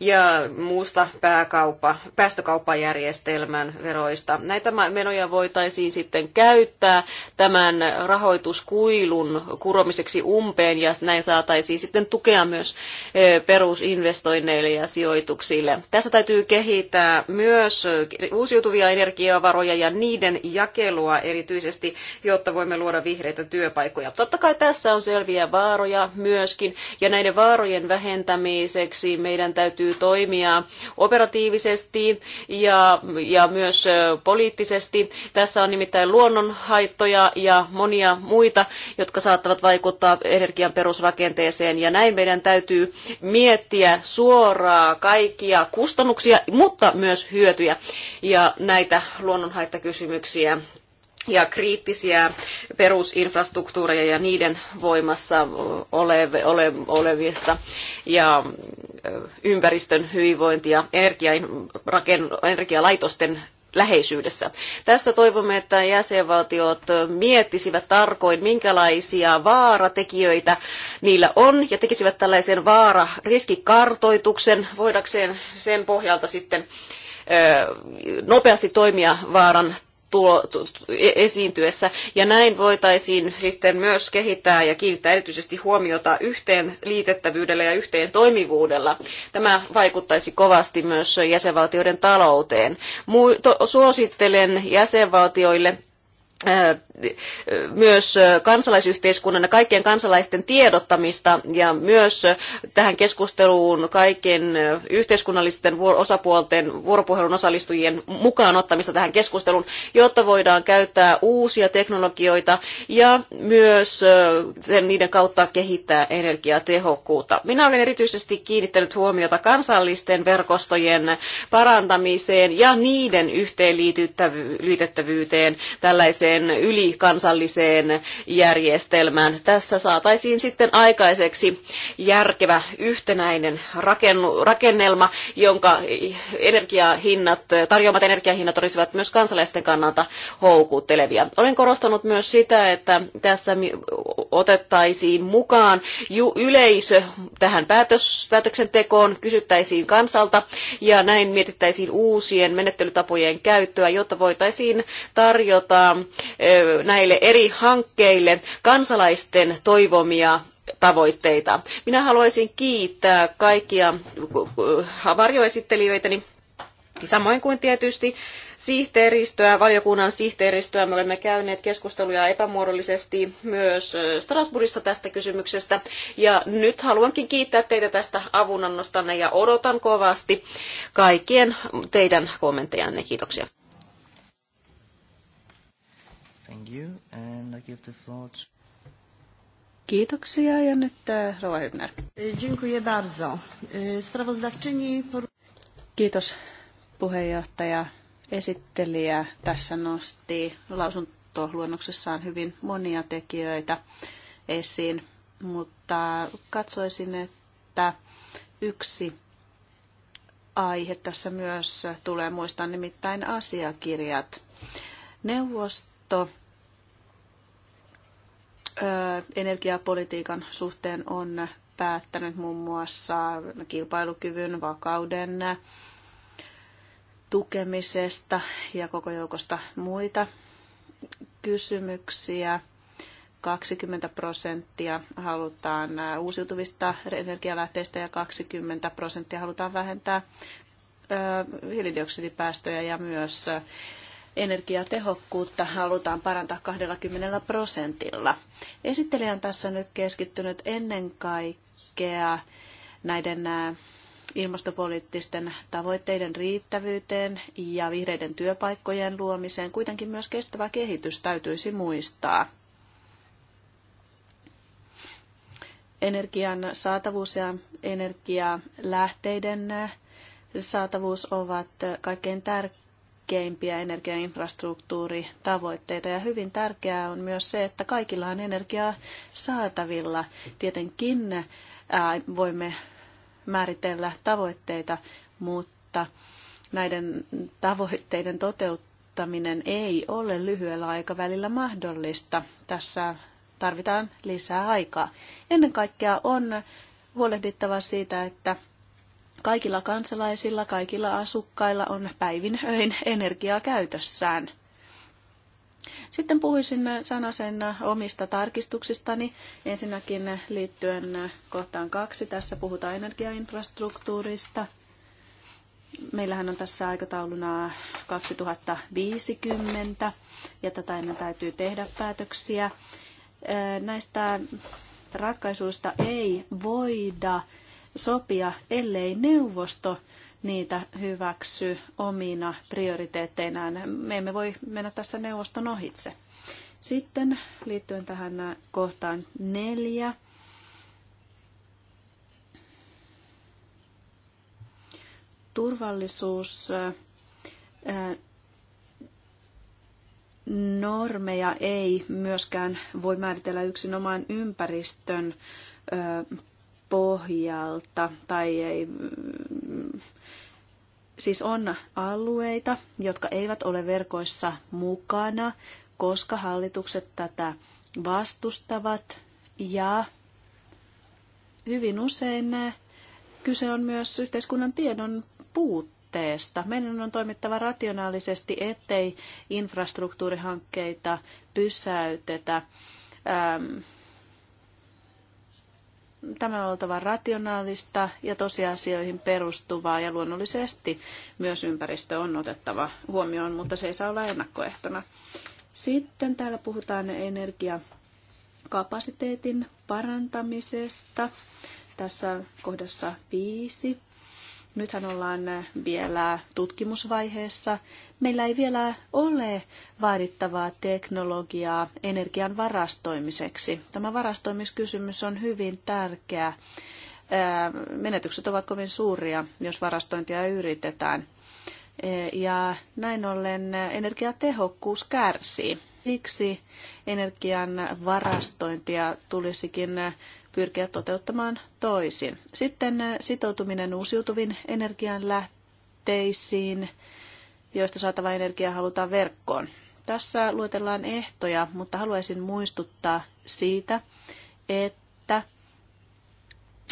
ja muusta pääkauppa, päästökauppajärjestelmän veroista. Näitä menoja voitaisiin sitten käyttää tämän rahoituskuilun kuromiseksi umpeen ja näin saataisiin sitten tukea myös e, perusinvestoinneille ja sijoituksille. Tässä täytyy kehittää myös uusiutuvia energiavaroja ja niiden jakelua erityisesti, jotta voimme luoda vihreitä työpaikkoja. Totta kai tässä on selviä vaaroja myöskin ja näiden vaarojen vähentämiseksi meidän täytyy täytyy toimia operatiivisesti ja, ja myös poliittisesti. Tässä on nimittäin luonnonhaittoja ja monia muita, jotka saattavat vaikuttaa energian perusrakenteeseen ja näin meidän täytyy miettiä suoraan kaikkia kustannuksia, mutta myös hyötyjä ja näitä luonnonhaittakysymyksiä ja kriittisiä perusinfrastruktuureja ja niiden voimassa olevista ja ympäristön hyvinvointia energialaitosten läheisyydessä. Tässä toivomme, että jäsenvaltiot miettisivät tarkoin, minkälaisia vaaratekijöitä niillä on, ja tekisivät tällaisen vaarariskikartoituksen, voidakseen sen pohjalta sitten nopeasti toimia vaaran tulo, tu, e, esiintyessä. Ja näin voitaisiin sitten myös kehittää ja kiinnittää erityisesti huomiota yhteen liitettävyydellä ja yhteen toimivuudella. Tämä vaikuttaisi kovasti myös jäsenvaltioiden talouteen. Mu- suosittelen jäsenvaltioille myös kansalaisyhteiskunnan ja kaikkien kansalaisten tiedottamista ja myös tähän keskusteluun kaikkien yhteiskunnallisten osapuolten, vuoropuhelun osallistujien mukaan ottamista tähän keskusteluun, jotta voidaan käyttää uusia teknologioita ja myös sen niiden kautta kehittää energiatehokkuutta. Minä olen erityisesti kiinnittänyt huomiota kansallisten verkostojen parantamiseen ja niiden yhteenliitettävyyteen tällaiseen tällaiseen ylikansalliseen järjestelmään. Tässä saataisiin sitten aikaiseksi järkevä yhtenäinen rakennu, rakennelma, jonka energiahinnat, tarjoamat energiahinnat olisivat myös kansalaisten kannalta houkuttelevia. Olen korostanut myös sitä, että tässä otettaisiin mukaan yleisö tähän päätös, päätöksentekoon, kysyttäisiin kansalta ja näin mietittäisiin uusien menettelytapojen käyttöä, jotta voitaisiin tarjota näille eri hankkeille kansalaisten toivomia tavoitteita. Minä haluaisin kiittää kaikkia varjoesittelijöitäni, samoin kuin tietysti sihteeristöä, valiokunnan sihteeristöä. Me olemme käyneet keskusteluja epämuodollisesti myös Strasbourgissa tästä kysymyksestä. Ja nyt haluankin kiittää teitä tästä avunannostanne ja odotan kovasti kaikkien teidän kommenttejanne. Kiitoksia. you, and I give the floor to... Kiitoksia ja nyt äh, Rova Hybner. Dziękuję bardzo. Sprawozdawczyni... Kiitos puheenjohtaja esittelijä tässä nosti lausuntoluonnoksessaan hyvin monia tekijöitä esiin, mutta katsoisin, että yksi aihe tässä myös tulee muistaa nimittäin asiakirjat. Neuvosto energiapolitiikan suhteen on päättänyt muun muassa kilpailukyvyn, vakauden tukemisesta ja koko joukosta muita kysymyksiä. 20 prosenttia halutaan uusiutuvista energialähteistä ja 20 prosenttia halutaan vähentää hiilidioksidipäästöjä ja myös energiatehokkuutta halutaan parantaa 20 prosentilla. Esittelijä on tässä nyt keskittynyt ennen kaikkea näiden ilmastopoliittisten tavoitteiden riittävyyteen ja vihreiden työpaikkojen luomiseen. Kuitenkin myös kestävä kehitys täytyisi muistaa. Energian saatavuus ja energialähteiden saatavuus ovat kaikkein tärkeimpiä tärkeimpiä energiainfrastruktuuritavoitteita. Ja hyvin tärkeää on myös se, että kaikilla on energiaa saatavilla. Tietenkin ää, voimme määritellä tavoitteita, mutta näiden tavoitteiden toteuttaminen ei ole lyhyellä aikavälillä mahdollista. Tässä tarvitaan lisää aikaa. Ennen kaikkea on huolehdittava siitä, että Kaikilla kansalaisilla, kaikilla asukkailla on päivin öin energiaa käytössään. Sitten puhuisin sanasen omista tarkistuksistani. Ensinnäkin liittyen kohtaan kaksi. Tässä puhutaan energiainfrastruktuurista. Meillähän on tässä aikatauluna 2050 ja tätä ennen täytyy tehdä päätöksiä. Näistä ratkaisuista ei voida sopia, ellei neuvosto niitä hyväksy omina prioriteetteinaan. Me emme voi mennä tässä neuvoston ohitse. Sitten liittyen tähän kohtaan neljä. Turvallisuus normeja ei myöskään voi määritellä yksinomaan ympäristön pohjalta tai ei, mm, siis on alueita, jotka eivät ole verkoissa mukana, koska hallitukset tätä vastustavat ja hyvin usein kyse on myös yhteiskunnan tiedon puutteesta. Meidän on toimittava rationaalisesti, ettei infrastruktuurihankkeita pysäytetä. Ähm, Tämä on oltava rationaalista ja tosiasioihin perustuvaa ja luonnollisesti myös ympäristö on otettava huomioon, mutta se ei saa olla ennakkoehtona. Sitten täällä puhutaan energiakapasiteetin parantamisesta. Tässä kohdassa viisi Nythän ollaan vielä tutkimusvaiheessa. Meillä ei vielä ole vaadittavaa teknologiaa energian varastoimiseksi. Tämä varastoimiskysymys on hyvin tärkeä. Menetykset ovat kovin suuria, jos varastointia yritetään. Ja näin ollen energiatehokkuus kärsii. Siksi energian varastointia tulisikin pyrkiä toteuttamaan toisin. Sitten sitoutuminen uusiutuvin energian lähteisiin, joista saatava energia halutaan verkkoon. Tässä luetellaan ehtoja, mutta haluaisin muistuttaa siitä, että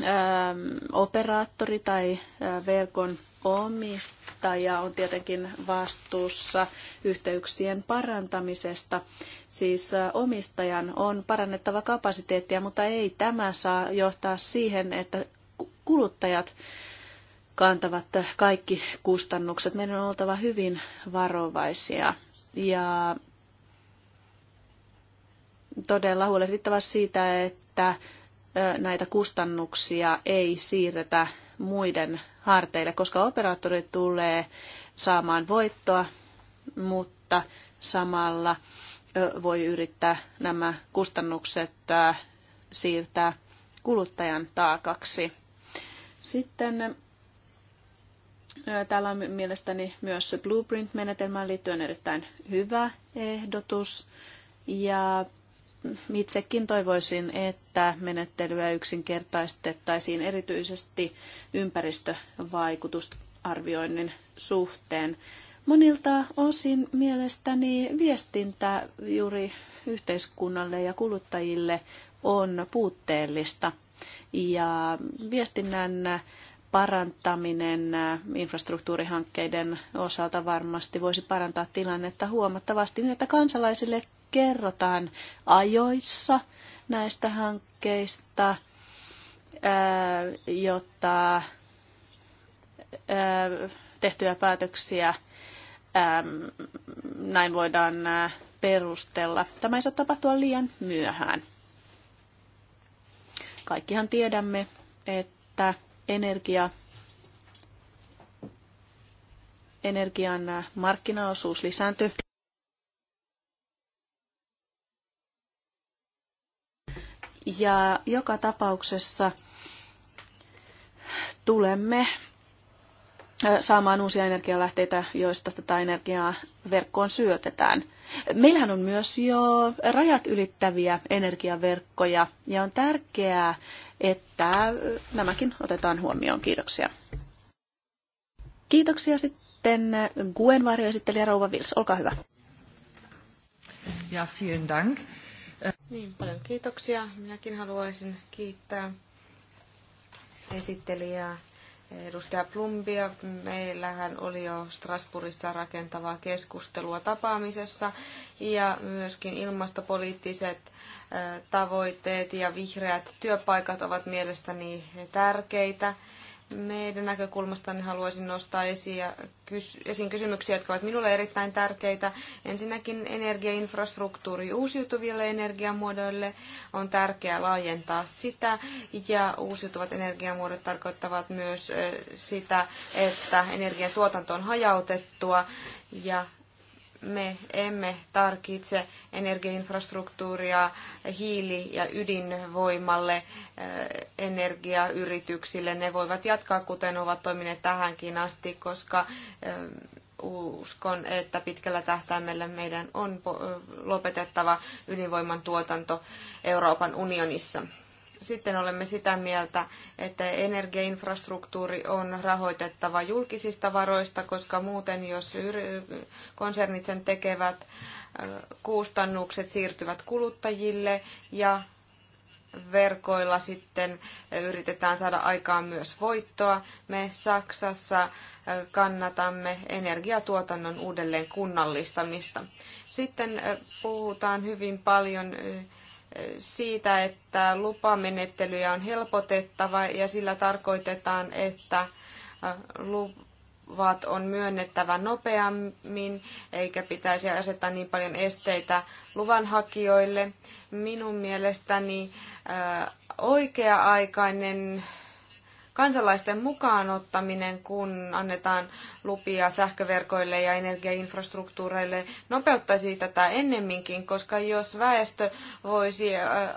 Ähm, operaattori tai äh, verkon omistaja on tietenkin vastuussa yhteyksien parantamisesta. Siis äh, omistajan on parannettava kapasiteettia, mutta ei tämä saa johtaa siihen, että kuluttajat kantavat kaikki kustannukset. Meidän on oltava hyvin varovaisia ja todella huolehdittava siitä, että näitä kustannuksia ei siirretä muiden harteille, koska operaattori tulee saamaan voittoa, mutta samalla voi yrittää nämä kustannukset siirtää kuluttajan taakaksi. Sitten täällä on mielestäni myös blueprint-menetelmään liittyen erittäin hyvä ehdotus. Ja itsekin toivoisin, että menettelyä yksinkertaistettaisiin erityisesti ympäristövaikutusarvioinnin suhteen. Monilta osin mielestäni viestintä juuri yhteiskunnalle ja kuluttajille on puutteellista. Ja viestinnän parantaminen infrastruktuurihankkeiden osalta varmasti voisi parantaa tilannetta huomattavasti niin, että kansalaisille kerrotaan ajoissa näistä hankkeista, jotta tehtyjä päätöksiä näin voidaan perustella. Tämä ei saa tapahtua liian myöhään. Kaikkihan tiedämme, että energia, energian markkinaosuus lisääntyy. Ja joka tapauksessa tulemme saamaan uusia energialähteitä, joista tätä energiaa verkkoon syötetään. Meillähän on myös jo rajat ylittäviä energiaverkkoja ja on tärkeää, että nämäkin otetaan huomioon. Kiitoksia. Kiitoksia sitten Guen varjoesittelijä Rouva Vils. Olkaa hyvä. Ja, vielen dank. Niin, paljon kiitoksia. Minäkin haluaisin kiittää esittelijää edustaja Plumbia. Meillähän oli jo Strasbourgissa rakentavaa keskustelua tapaamisessa ja myöskin ilmastopoliittiset tavoitteet ja vihreät työpaikat ovat mielestäni tärkeitä meidän niin haluaisin nostaa esiin, esiin kysymyksiä, jotka ovat minulle erittäin tärkeitä. Ensinnäkin energiainfrastruktuuri uusiutuville energiamuodoille on tärkeää laajentaa sitä, ja uusiutuvat energiamuodot tarkoittavat myös sitä, että energiatuotanto on hajautettua, ja me emme tarkitse energiainfrastruktuuria hiili- ja ydinvoimalle, äh, energiayrityksille. Ne voivat jatkaa, kuten ovat toimineet tähänkin asti, koska äh, uskon, että pitkällä tähtäimellä meidän on äh, lopetettava ydinvoiman tuotanto Euroopan unionissa sitten olemme sitä mieltä, että energiainfrastruktuuri on rahoitettava julkisista varoista, koska muuten jos konsernit sen tekevät, kustannukset siirtyvät kuluttajille ja verkoilla sitten yritetään saada aikaan myös voittoa. Me Saksassa kannatamme energiatuotannon uudelleen kunnallistamista. Sitten puhutaan hyvin paljon siitä, että lupamenettelyjä on helpotettava ja sillä tarkoitetaan, että luvat on myönnettävä nopeammin eikä pitäisi asettaa niin paljon esteitä luvanhakijoille. Minun mielestäni oikea-aikainen kansalaisten mukaan ottaminen, kun annetaan lupia sähköverkoille ja energiainfrastruktuureille, nopeuttaisi tätä ennemminkin, koska jos väestö voisi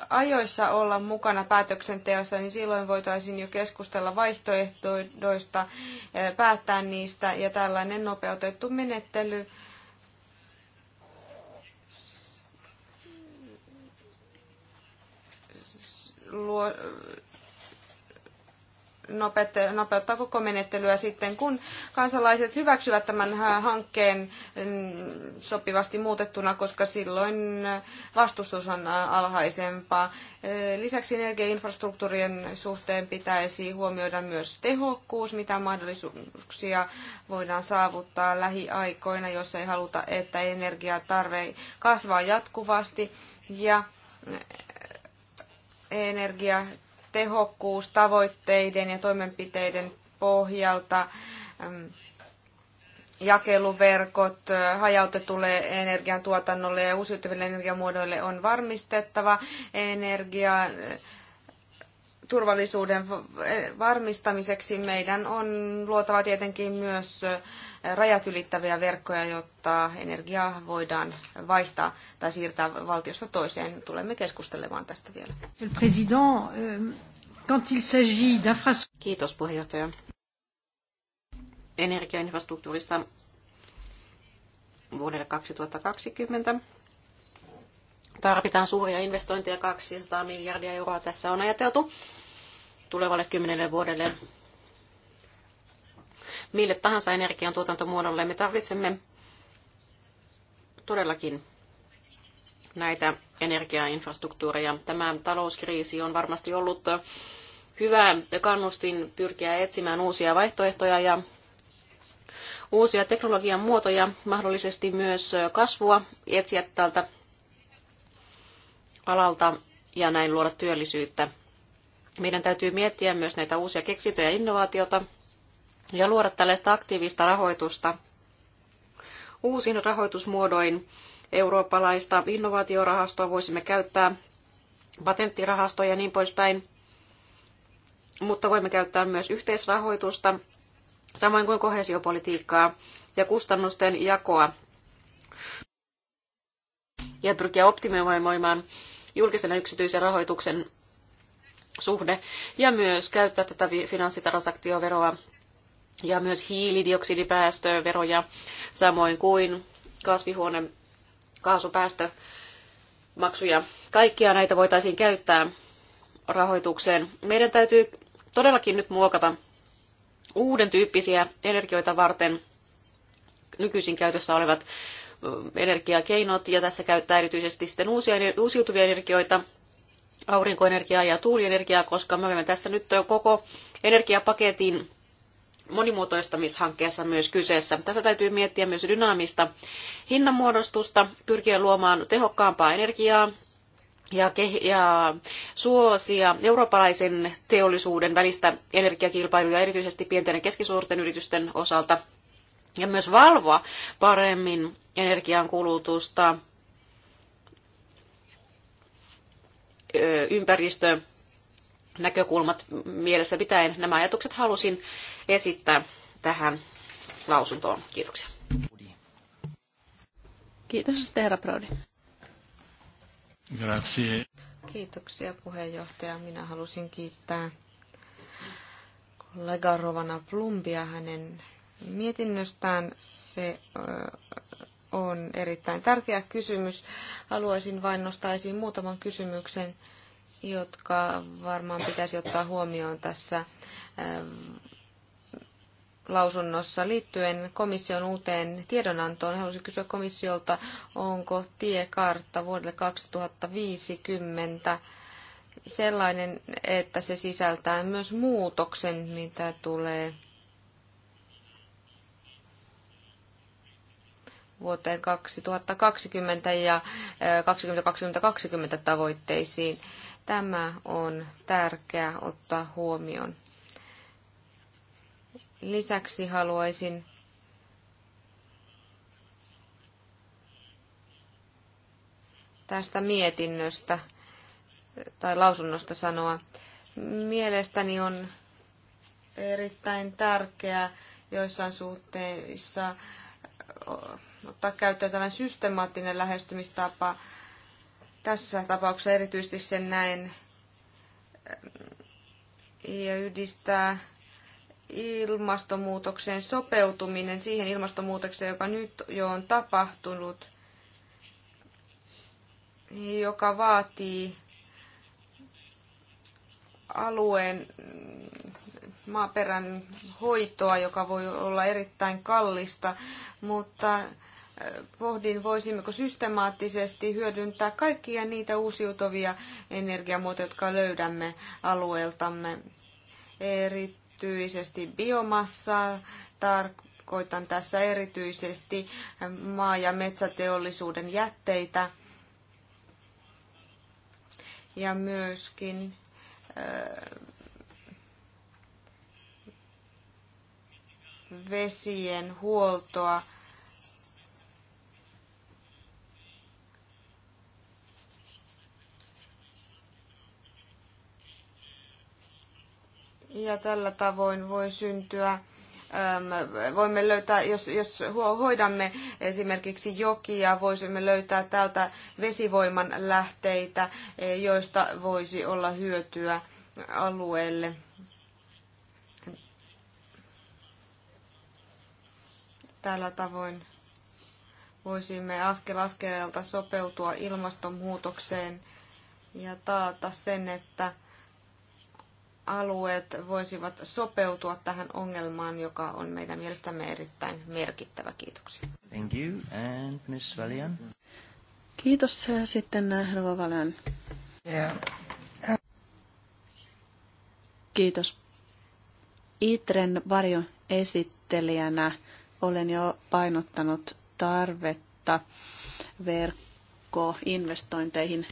ajoissa olla mukana päätöksenteossa, niin silloin voitaisiin jo keskustella vaihtoehdoista, päättää niistä ja tällainen nopeutettu menettely luo, nopeuttaa koko menettelyä sitten, kun kansalaiset hyväksyvät tämän hankkeen mm, sopivasti muutettuna, koska silloin vastustus on alhaisempaa. Lisäksi energiainfrastruktuurien suhteen pitäisi huomioida myös tehokkuus, mitä mahdollisuuksia voidaan saavuttaa lähiaikoina, jos ei haluta, että energiatarve kasvaa jatkuvasti. Ja energia tehokkuus tavoitteiden ja toimenpiteiden pohjalta, jakeluverkot hajautetulle energiantuotannolle ja uusiutuville energiamuodoille on varmistettava. Energia, turvallisuuden varmistamiseksi meidän on luotava tietenkin myös rajat ylittäviä verkkoja, jotta energiaa voidaan vaihtaa tai siirtää valtiosta toiseen. Tulemme keskustelemaan tästä vielä. Euh, Kiitos puheenjohtaja. Energiainfrastruktuurista vuodelle 2020 tarvitaan suuria investointeja, 200 miljardia euroa tässä on ajateltu tulevalle kymmenelle vuodelle mille tahansa energiantuotantomuodolle. Me tarvitsemme todellakin näitä energiainfrastruktuureja. Tämä talouskriisi on varmasti ollut hyvä kannustin pyrkiä etsimään uusia vaihtoehtoja ja uusia teknologian muotoja, mahdollisesti myös kasvua etsiä tältä alalta ja näin luoda työllisyyttä. Meidän täytyy miettiä myös näitä uusia keksintöjä ja innovaatiota ja luoda tällaista aktiivista rahoitusta uusin rahoitusmuodoin. Eurooppalaista innovaatiorahastoa voisimme käyttää, patenttirahastoja ja niin poispäin, mutta voimme käyttää myös yhteisrahoitusta, samoin kuin kohesiopolitiikkaa ja kustannusten jakoa ja pyrkiä optimoimaan julkisen ja yksityisen rahoituksen suhde ja myös käyttää tätä finanssitransaktioveroa ja myös hiilidioksidipäästöveroja, samoin kuin kasvihuonekaasupäästömaksuja. Kaikkia näitä voitaisiin käyttää rahoitukseen. Meidän täytyy todellakin nyt muokata uuden tyyppisiä energioita varten nykyisin käytössä olevat energiakeinot, ja tässä käyttää erityisesti sitten uusia, uusiutuvia energioita, aurinkoenergiaa ja tuulienergiaa, koska me olemme tässä nyt koko energiapaketin monimuotoistamishankkeessa myös kyseessä. Tässä täytyy miettiä myös dynaamista hinnanmuodostusta, pyrkiä luomaan tehokkaampaa energiaa, ja, ja suosia eurooppalaisen teollisuuden välistä energiakilpailua erityisesti pienten ja keskisuurten yritysten osalta ja myös valvoa paremmin energiankulutusta, ympäristö- näkökulmat mielessä pitäen nämä ajatukset halusin esittää tähän lausuntoon. Kiitoksia. Kiitos, sitten Brody. Grazie. Kiitoksia puheenjohtaja. Minä halusin kiittää kollega Rovana Plumbia hänen mietinnöstään. Se on erittäin tärkeä kysymys. Haluaisin vain nostaa esiin muutaman kysymyksen, jotka varmaan pitäisi ottaa huomioon tässä äh, lausunnossa liittyen komission uuteen tiedonantoon. Haluaisin kysyä komissiolta, onko tiekartta vuodelle 2050 sellainen, että se sisältää myös muutoksen, mitä tulee vuoteen 2020 ja 2020-2020 äh, tavoitteisiin. Tämä on tärkeää ottaa huomioon. Lisäksi haluaisin tästä mietinnöstä tai lausunnosta sanoa. Mielestäni on erittäin tärkeää joissain suhteissa ottaa käyttöön tällainen systemaattinen lähestymistapa tässä tapauksessa erityisesti sen näin ähm, ja yhdistää ilmastonmuutokseen sopeutuminen siihen ilmastonmuutokseen, joka nyt jo on tapahtunut, joka vaatii alueen maaperän hoitoa, joka voi olla erittäin kallista, mutta pohdin, voisimmeko systemaattisesti hyödyntää kaikkia niitä uusiutuvia energiamuotoja, jotka löydämme alueeltamme. Erityisesti biomassaa, tarkoitan tässä erityisesti maa- ja metsäteollisuuden jätteitä ja myöskin vesien huoltoa Ja tällä tavoin voi syntyä voimme löytää, jos, jos hoidamme esimerkiksi jokia, voisimme löytää täältä vesivoiman lähteitä, e, joista voisi olla hyötyä alueelle. Tällä tavoin voisimme askel askeleelta sopeutua ilmastonmuutokseen ja taata sen, että alueet voisivat sopeutua tähän ongelmaan, joka on meidän mielestämme erittäin merkittävä. Kiitoksia. Thank you. And Ms. Valian. Kiitos. Sitten äh, Rova Valian. Yeah. Kiitos. Itren esittelijänä olen jo painottanut tarvetta verkkoinvestointeihin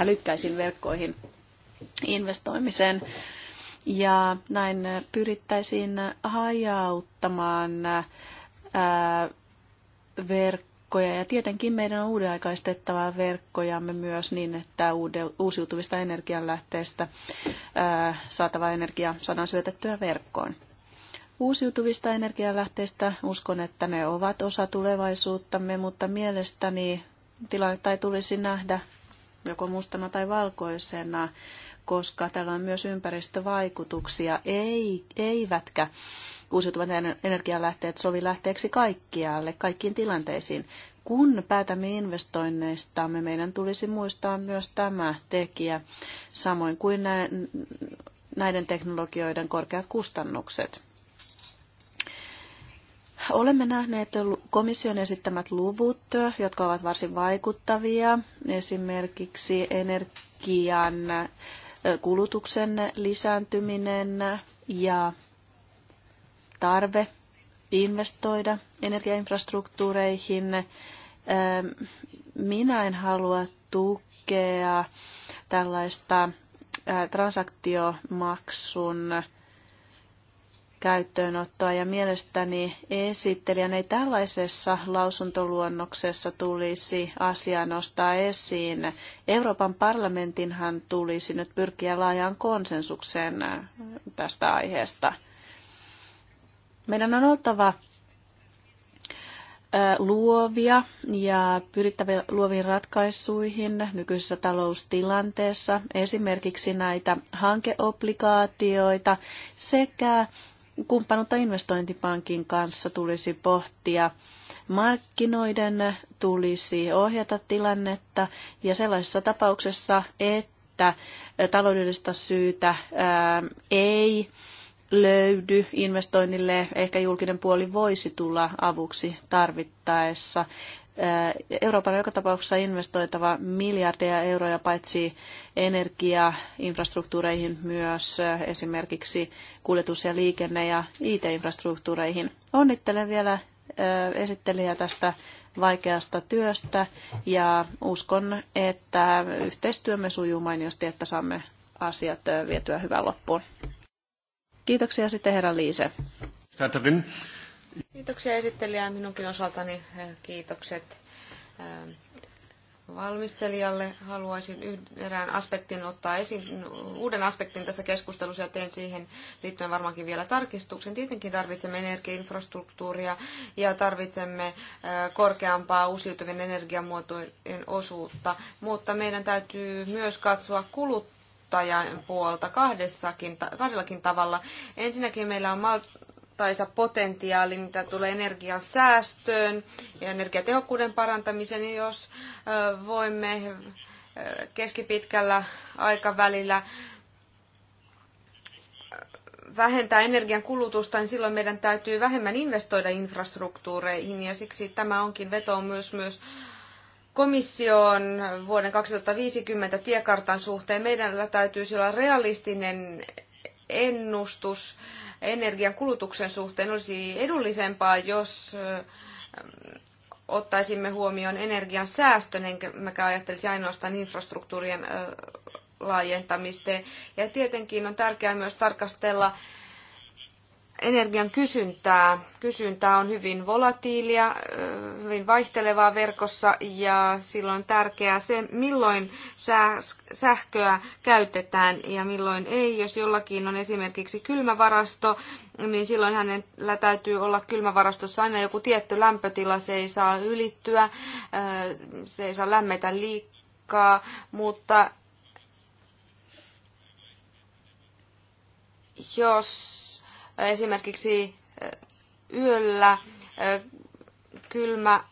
älykkäisiin verkkoihin investoimiseen. Ja näin pyrittäisiin hajauttamaan verkkoja ja tietenkin meidän on uudenaikaistettava verkkojamme myös niin, että uusiutuvista energianlähteistä saatava energia saadaan syötettyä verkkoon. Uusiutuvista energialähteistä uskon, että ne ovat osa tulevaisuuttamme, mutta mielestäni tilannetta ei tulisi nähdä joko mustana tai valkoisena, koska tällä on myös ympäristövaikutuksia, Ei, eivätkä uusiutuvat energialähteet sovi lähteeksi kaikkialle, kaikkiin tilanteisiin. Kun päätämme investoinneistamme, meidän tulisi muistaa myös tämä tekijä, samoin kuin näiden teknologioiden korkeat kustannukset. Olemme nähneet komission esittämät luvut, jotka ovat varsin vaikuttavia, esimerkiksi energian kulutuksen lisääntyminen ja tarve investoida energiainfrastruktuureihin. Minä en halua tukea tällaista transaktiomaksun käyttöönottoa ja mielestäni esittelijän ei tällaisessa lausuntoluonnoksessa tulisi asiaa nostaa esiin. Euroopan parlamentinhan tulisi nyt pyrkiä laajaan konsensukseen äh, tästä aiheesta. Meidän on oltava äh, luovia ja pyrittävä luoviin ratkaisuihin nykyisessä taloustilanteessa, esimerkiksi näitä hankeobligaatioita sekä kumppanuutta investointipankin kanssa tulisi pohtia. Markkinoiden tulisi ohjata tilannetta ja sellaisessa tapauksessa, että taloudellista syytä ää, ei löydy investoinnille, ehkä julkinen puoli voisi tulla avuksi tarvittaessa. Euroopan on joka tapauksessa investoitava miljardeja euroja paitsi energiainfrastruktuureihin myös esimerkiksi kuljetus- ja liikenne- ja IT-infrastruktuureihin. Onnittelen vielä esittelijä tästä vaikeasta työstä ja uskon, että yhteistyömme sujuu mainiosti, että saamme asiat vietyä hyvään loppuun. Kiitoksia sitten herra Liise. Katrin. Kiitoksia esittelijä minunkin osaltani. Eh, kiitokset eh, valmistelijalle. Haluaisin erään aspektin ottaa esiin, uuden aspektin tässä keskustelussa ja teen siihen liittyen varmaankin vielä tarkistuksen. Tietenkin tarvitsemme energiainfrastruktuuria ja tarvitsemme eh, korkeampaa uusiutuvien energiamuotojen osuutta, mutta meidän täytyy myös katsoa kuluttajan puolta kahdessakin, kahdellakin tavalla. Ensinnäkin meillä on valtaisa potentiaali, mitä tulee energian säästöön ja energiatehokkuuden parantamiseen, niin jos voimme keskipitkällä aikavälillä vähentää energian kulutusta, niin silloin meidän täytyy vähemmän investoida infrastruktuureihin ja siksi tämä onkin veto myös, myös komission vuoden 2050 tiekartan suhteen. Meidän täytyisi olla realistinen ennustus energian kulutuksen suhteen olisi edullisempaa, jos ottaisimme huomioon energian säästön, enkä ajattelisi ainoastaan infrastruktuurien laajentamista. Ja tietenkin on tärkeää myös tarkastella energian kysyntää. Kysyntä on hyvin volatiilia, hyvin vaihtelevaa verkossa ja silloin on tärkeää se, milloin sähköä käytetään ja milloin ei. Jos jollakin on esimerkiksi kylmävarasto, niin silloin hänellä täytyy olla kylmävarastossa aina joku tietty lämpötila. Se ei saa ylittyä, se ei saa lämmetä liikaa, mutta jos Esimerkiksi eh, yöllä eh, kylmä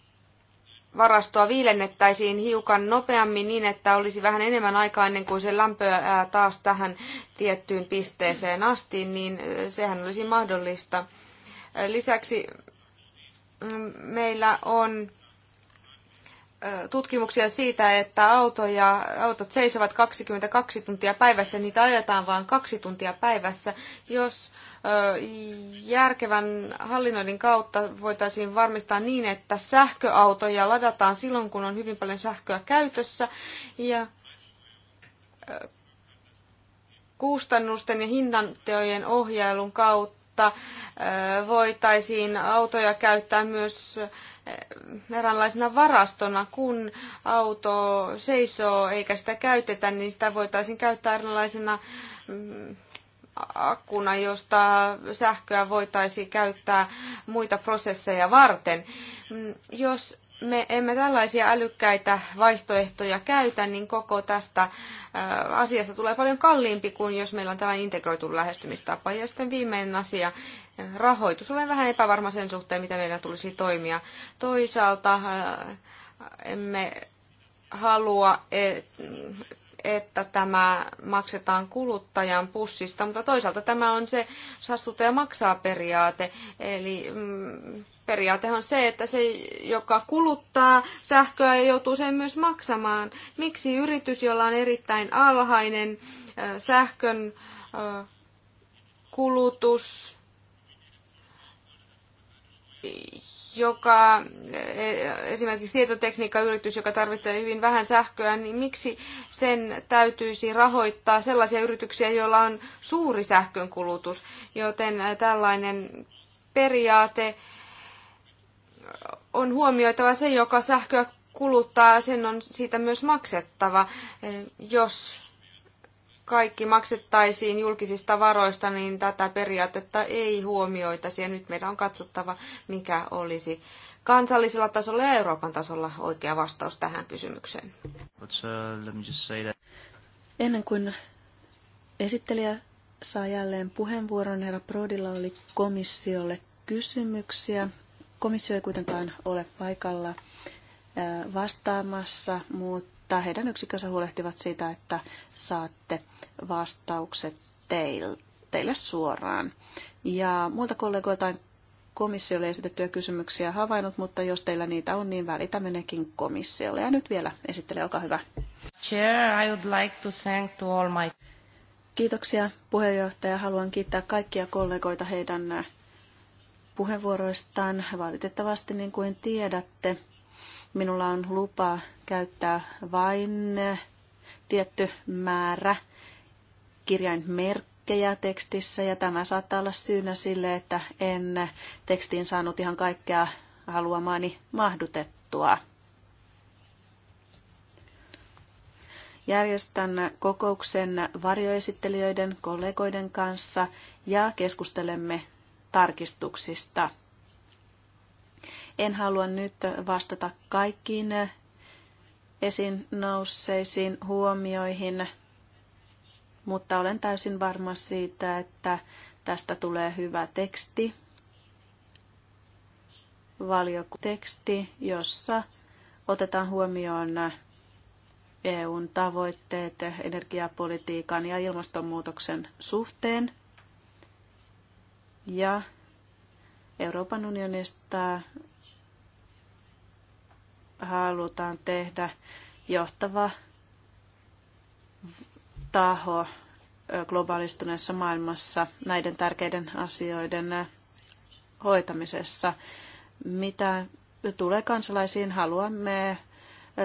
varastoa viilennettäisiin hiukan nopeammin niin, että olisi vähän enemmän aikaa ennen kuin se lämpöä eh, taas tähän tiettyyn pisteeseen asti, niin sehän olisi mahdollista. Lisäksi mm, meillä on tutkimuksia siitä, että autoja, autot seisovat 22 tuntia päivässä, niitä ajetaan vain kaksi tuntia päivässä. Jos järkevän hallinnoinnin kautta voitaisiin varmistaa niin, että sähköautoja ladataan silloin, kun on hyvin paljon sähköä käytössä ja kustannusten ja hinnanteojen ohjailun kautta voitaisiin autoja käyttää myös eräänlaisena varastona, kun auto seisoo eikä sitä käytetä, niin sitä voitaisiin käyttää eräänlaisena mm, akkuna, josta sähköä voitaisiin käyttää muita prosesseja varten. Mm, jos me emme tällaisia älykkäitä vaihtoehtoja käytä, niin koko tästä äh, asiasta tulee paljon kalliimpi kuin jos meillä on tällainen integroitu lähestymistapa. Ja sitten viimeinen asia, rahoitus. Olen vähän epävarma sen suhteen, mitä meidän tulisi toimia. Toisaalta äh, emme halua, että tämä maksetaan kuluttajan pussista, mutta toisaalta tämä on se sastuttaja maksaa periaate. Eli mm, periaate on se, että se, joka kuluttaa sähköä, joutuu sen myös maksamaan. Miksi yritys, jolla on erittäin alhainen äh, sähkön äh, kulutus, joka e, esimerkiksi tietotekniikkayritys, joka tarvitsee hyvin vähän sähköä, niin miksi sen täytyisi rahoittaa sellaisia yrityksiä, joilla on suuri sähkönkulutus, joten tällainen periaate on huomioitava se, joka sähköä kuluttaa, sen on siitä myös maksettava. E, jos kaikki maksettaisiin julkisista varoista, niin tätä periaatetta ei huomioitaisi. Ja nyt meidän on katsottava, mikä olisi kansallisella tasolla ja Euroopan tasolla oikea vastaus tähän kysymykseen. Uh, Ennen kuin esittelijä saa jälleen puheenvuoron, herra Prodilla oli komissiolle kysymyksiä. Komissio ei kuitenkaan ole paikalla äh, vastaamassa, mutta että heidän yksikönsä huolehtivat siitä, että saatte vastaukset teille suoraan. Ja muilta kollegoilta on komissiolle esitettyjä kysymyksiä havainnut, mutta jos teillä niitä on, niin välitämme nekin komissiolle. Ja nyt vielä esittele, olkaa hyvä. Chair, I would like to thank to all my... Kiitoksia puheenjohtaja. Haluan kiittää kaikkia kollegoita heidän puheenvuoroistaan. Valitettavasti, niin kuin tiedätte, Minulla on lupa käyttää vain tietty määrä kirjainmerkkejä tekstissä ja tämä saattaa olla syynä sille, että en tekstiin saanut ihan kaikkea haluamaani mahdutettua. Järjestän kokouksen varjoesittelijöiden kollegoiden kanssa ja keskustelemme tarkistuksista – en halua nyt vastata kaikkiin esiin nousseisiin huomioihin, mutta olen täysin varma siitä, että tästä tulee hyvä teksti, valiokunteksti, jossa otetaan huomioon EUn tavoitteet energiapolitiikan ja ilmastonmuutoksen suhteen. Ja Euroopan unionista halutaan tehdä johtava taho globaalistuneessa maailmassa näiden tärkeiden asioiden hoitamisessa. Mitä tulee kansalaisiin, haluamme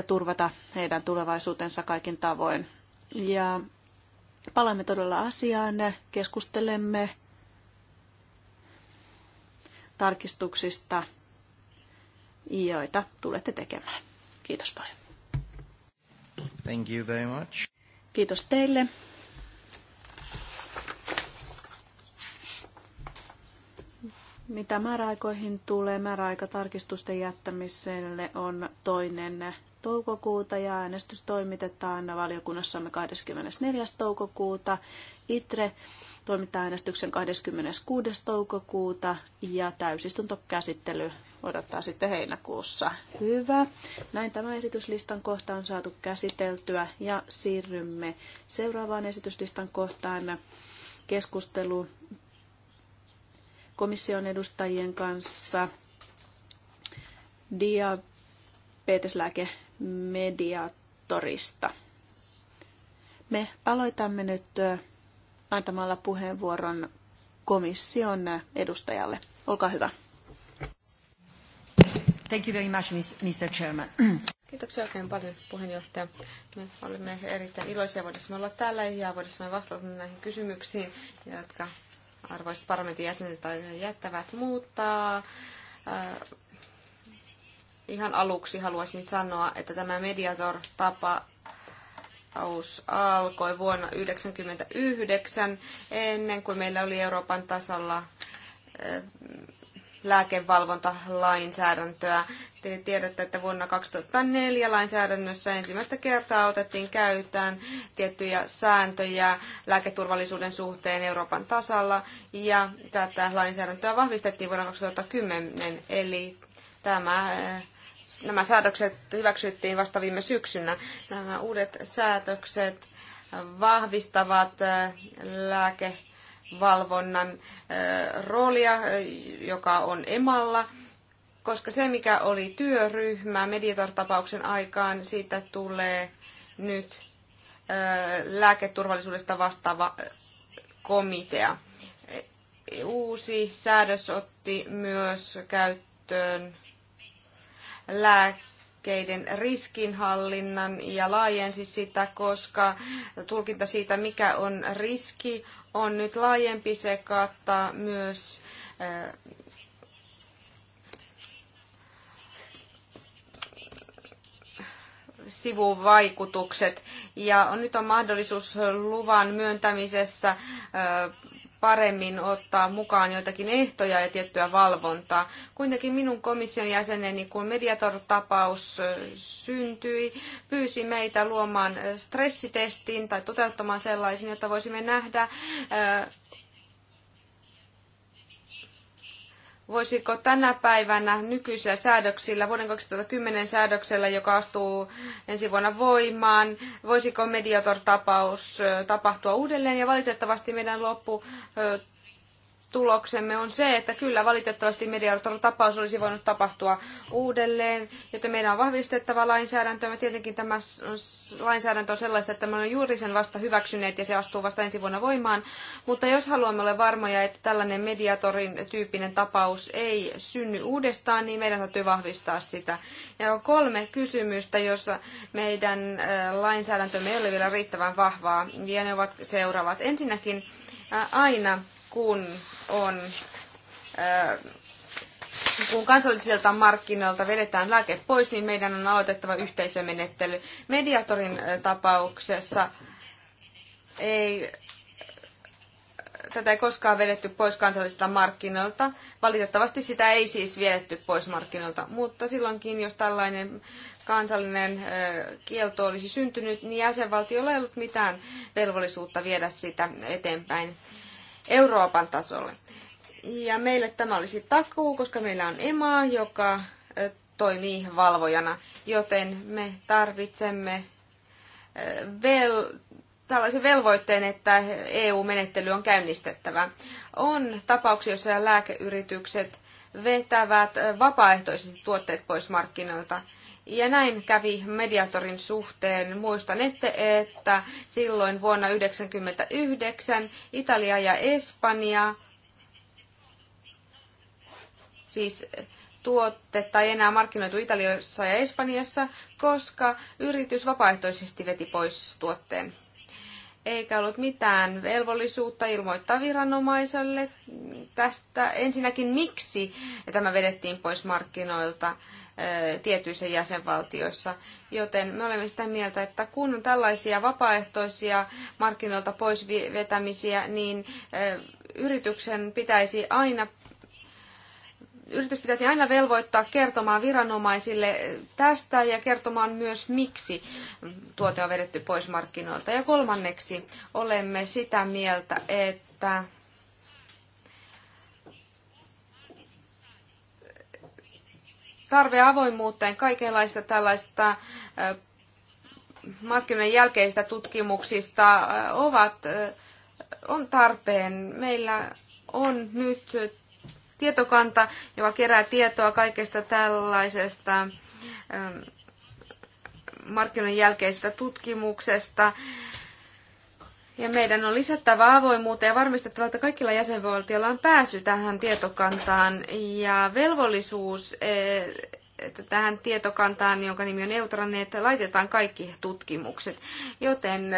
turvata heidän tulevaisuutensa kaikin tavoin. Ja palaamme todella asiaan, keskustelemme tarkistuksista – joita tulette tekemään. Kiitos paljon. Thank you very much. Kiitos teille. Mitä määräaikoihin tulee, määräaika tarkistusten jättämiselle on toinen toukokuuta ja äänestys toimitetaan valiokunnassamme 24. toukokuuta. ITRE toimittaa äänestyksen 26. toukokuuta ja täysistuntokäsittely odottaa sitten heinäkuussa. Hyvä. Näin tämä esityslistan kohta on saatu käsiteltyä ja siirrymme seuraavaan esityslistan kohtaan keskustelu komission edustajien kanssa diabeteslääkemediatorista. Me aloitamme nyt antamalla puheenvuoron komission edustajalle. Olkaa hyvä. Thank you very much, Mr. Chairman. Kiitoksia oikein paljon, puheenjohtaja. Me olemme erittäin iloisia, voidaan olla täällä ja voidaan vastata näihin kysymyksiin, jotka arvoiset parlamentin jäsenet jättävät, mutta äh, ihan aluksi haluaisin sanoa, että tämä Mediator-tapa alkoi vuonna 1999, ennen kuin meillä oli Euroopan tasalla äh, lääkevalvontalainsäädäntöä. Te tiedätte, että vuonna 2004 lainsäädännössä ensimmäistä kertaa otettiin käyttöön tiettyjä sääntöjä lääketurvallisuuden suhteen Euroopan tasalla ja tätä lainsäädäntöä vahvistettiin vuonna 2010, eli tämä eh, Nämä säädökset hyväksyttiin vasta viime syksynä. Nämä uudet säädökset vahvistavat eh, lääke valvonnan roolia, joka on emalla, koska se, mikä oli työryhmä Mediator-tapauksen aikaan, siitä tulee nyt lääketurvallisuudesta vastaava komitea. Uusi säädös otti myös käyttöön lääkkeiden riskinhallinnan ja laajensi sitä, koska tulkinta siitä, mikä on riski, on nyt laajempi, se kattaa myös eh, sivuvaikutukset. Ja nyt on mahdollisuus luvan myöntämisessä eh, paremmin ottaa mukaan joitakin ehtoja ja tiettyä valvontaa. Kuitenkin minun komission jäseneni, kun Mediator-tapaus syntyi, pyysi meitä luomaan stressitestin tai toteuttamaan sellaisen, jotta voisimme nähdä voisiko tänä päivänä nykyisillä säädöksillä, vuoden 2010 säädöksellä, joka astuu ensi vuonna voimaan, voisiko mediator-tapaus tapahtua uudelleen. Ja valitettavasti meidän loppu tuloksemme on se, että kyllä valitettavasti mediator-tapaus olisi voinut tapahtua uudelleen, joten meidän on vahvistettava lainsäädäntöä. tietenkin tämä lainsäädäntö on sellaista, että me olemme juuri sen vasta hyväksyneet ja se astuu vasta ensi vuonna voimaan. Mutta jos haluamme olla varmoja, että tällainen mediatorin tyyppinen tapaus ei synny uudestaan, niin meidän täytyy vahvistaa sitä. Ja on kolme kysymystä, joissa meidän lainsäädäntömme ei ole vielä riittävän vahvaa, ja ne ovat seuraavat. Ensinnäkin aina kun on äh, kun kansallisilta markkinoilta vedetään lääke pois, niin meidän on aloitettava yhteisömenettely. Mediatorin äh, tapauksessa ei, äh, tätä ei koskaan vedetty pois kansallisilta markkinoilta. Valitettavasti sitä ei siis vedetty pois markkinoilta, mutta silloinkin, jos tällainen kansallinen kielto olisi syntynyt, niin jäsenvaltiolla ei ollut mitään velvollisuutta viedä sitä eteenpäin. Euroopan tasolle. Ja meille tämä olisi takuu, koska meillä on EMA, joka toimii valvojana, joten me tarvitsemme vel- tällaisen velvoitteen, että EU-menettely on käynnistettävä. On tapauksia, joissa lääkeyritykset vetävät vapaaehtoisesti tuotteet pois markkinoilta – ja näin kävi Mediatorin suhteen. Muistan ette, että silloin vuonna 1999 Italia ja Espanja, siis tuotte tai enää markkinoitu Italiassa ja Espanjassa, koska yritys vapaaehtoisesti veti pois tuotteen. Eikä ollut mitään velvollisuutta ilmoittaa viranomaiselle tästä ensinnäkin, miksi tämä vedettiin pois markkinoilta tietyissä jäsenvaltioissa. Joten me olemme sitä mieltä, että kun on tällaisia vapaaehtoisia markkinoilta pois vetämisiä, niin yrityksen pitäisi aina yritys pitäisi aina velvoittaa kertomaan viranomaisille tästä ja kertomaan myös, miksi tuote on vedetty pois markkinoilta. Ja kolmanneksi olemme sitä mieltä, että tarve avoimuuteen kaikenlaista tällaista markkinoiden jälkeisistä tutkimuksista ovat, on tarpeen. Meillä on nyt tietokanta, joka kerää tietoa kaikesta tällaisesta markkinoiden jälkeisestä tutkimuksesta. Ja meidän on lisättävä avoimuutta ja varmistettava, että kaikilla jäsenvaltioilla on pääsy tähän tietokantaan ja velvollisuus e, että tähän tietokantaan, jonka nimi on niin että laitetaan kaikki tutkimukset. Joten e,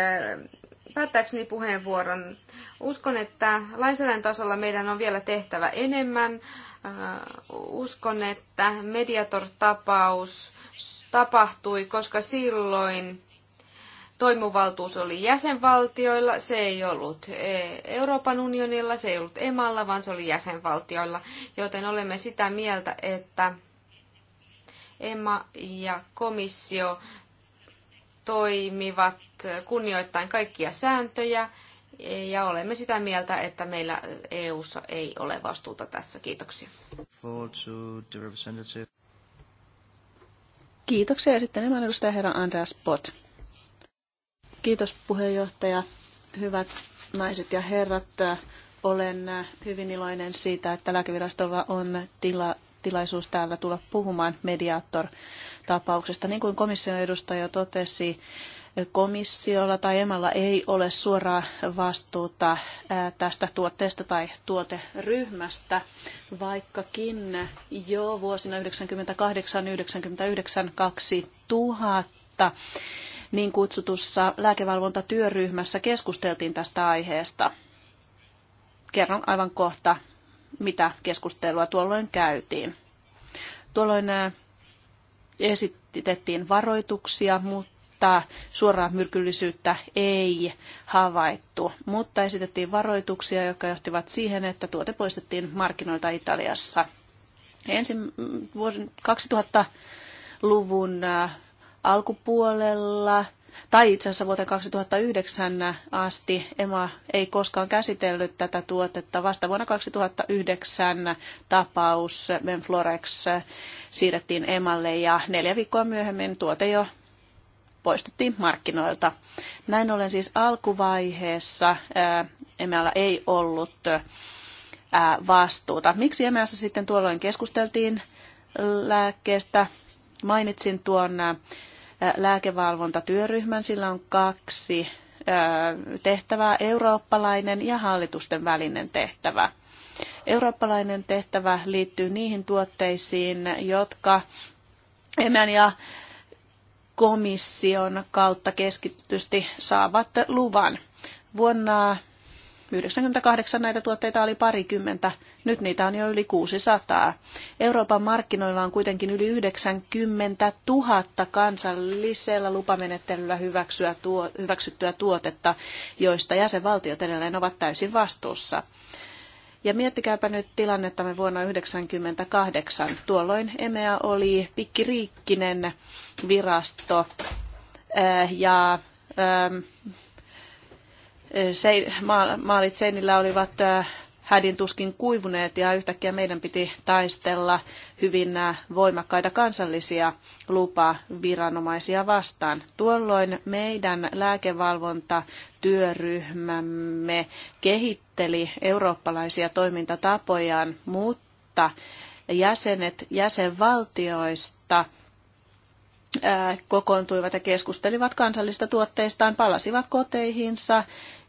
päättääkseni puheenvuoron, uskon, että lainsäädännön tasolla meidän on vielä tehtävä enemmän. E, uskon, että Mediator-tapaus tapahtui, koska silloin toimivaltuus oli jäsenvaltioilla, se ei ollut e, Euroopan unionilla, se ei ollut emalla, vaan se oli jäsenvaltioilla. Joten olemme sitä mieltä, että EMA ja komissio toimivat kunnioittain kaikkia sääntöjä ja olemme sitä mieltä, että meillä EU:ssa ei ole vastuuta tässä. Kiitoksia. Kiitoksia ja sitten edustaja herra Andreas Pot. Kiitos puheenjohtaja. Hyvät naiset ja herrat, olen hyvin iloinen siitä, että lääkevirastolla on tila, tilaisuus täällä tulla puhumaan mediaattor-tapauksesta. Niin kuin komission edustaja totesi, komissiolla tai emalla ei ole suoraa vastuuta tästä tuotteesta tai tuoteryhmästä, vaikkakin jo vuosina 1998, 99, 2000 niin kutsutussa lääkevalvontatyöryhmässä keskusteltiin tästä aiheesta. Kerron aivan kohta, mitä keskustelua tuolloin käytiin. Tuolloin esitettiin varoituksia, mutta suoraa myrkyllisyyttä ei havaittu. Mutta esitettiin varoituksia, jotka johtivat siihen, että tuote poistettiin markkinoilta Italiassa. Ensin mm, vuoden 2000-luvun alkupuolella tai itse asiassa vuoteen 2009 asti EMA ei koskaan käsitellyt tätä tuotetta. Vasta vuonna 2009 tapaus Benflorex siirrettiin EMAlle ja neljä viikkoa myöhemmin tuote jo poistettiin markkinoilta. Näin ollen siis alkuvaiheessa EMAlla ei ollut vastuuta. Miksi EMAssa sitten tuolloin keskusteltiin lääkkeestä? Mainitsin tuon lääkevalvontatyöryhmän. Sillä on kaksi tehtävää, eurooppalainen ja hallitusten välinen tehtävä. Eurooppalainen tehtävä liittyy niihin tuotteisiin, jotka emän ja komission kautta keskitysti saavat luvan. Vuonna 1998 näitä tuotteita oli parikymmentä nyt niitä on jo yli 600. Euroopan markkinoilla on kuitenkin yli 90 000 kansallisella lupamenettelyllä hyväksyä tuo, hyväksyttyä tuotetta, joista jäsenvaltiot edelleen ovat täysin vastuussa. Ja miettikääpä nyt tilannettamme vuonna 1998. Tuolloin EMEA oli pikkiriikkinen virasto äh, ja ähm, seinillä olivat äh, hädin tuskin kuivuneet ja yhtäkkiä meidän piti taistella hyvin äh, voimakkaita kansallisia lupaviranomaisia vastaan. Tuolloin meidän lääkevalvontatyöryhmämme kehitteli eurooppalaisia toimintatapojaan, mutta jäsenet jäsenvaltioista – Äh, kokoontuivat ja keskustelivat kansallista tuotteistaan, palasivat koteihinsa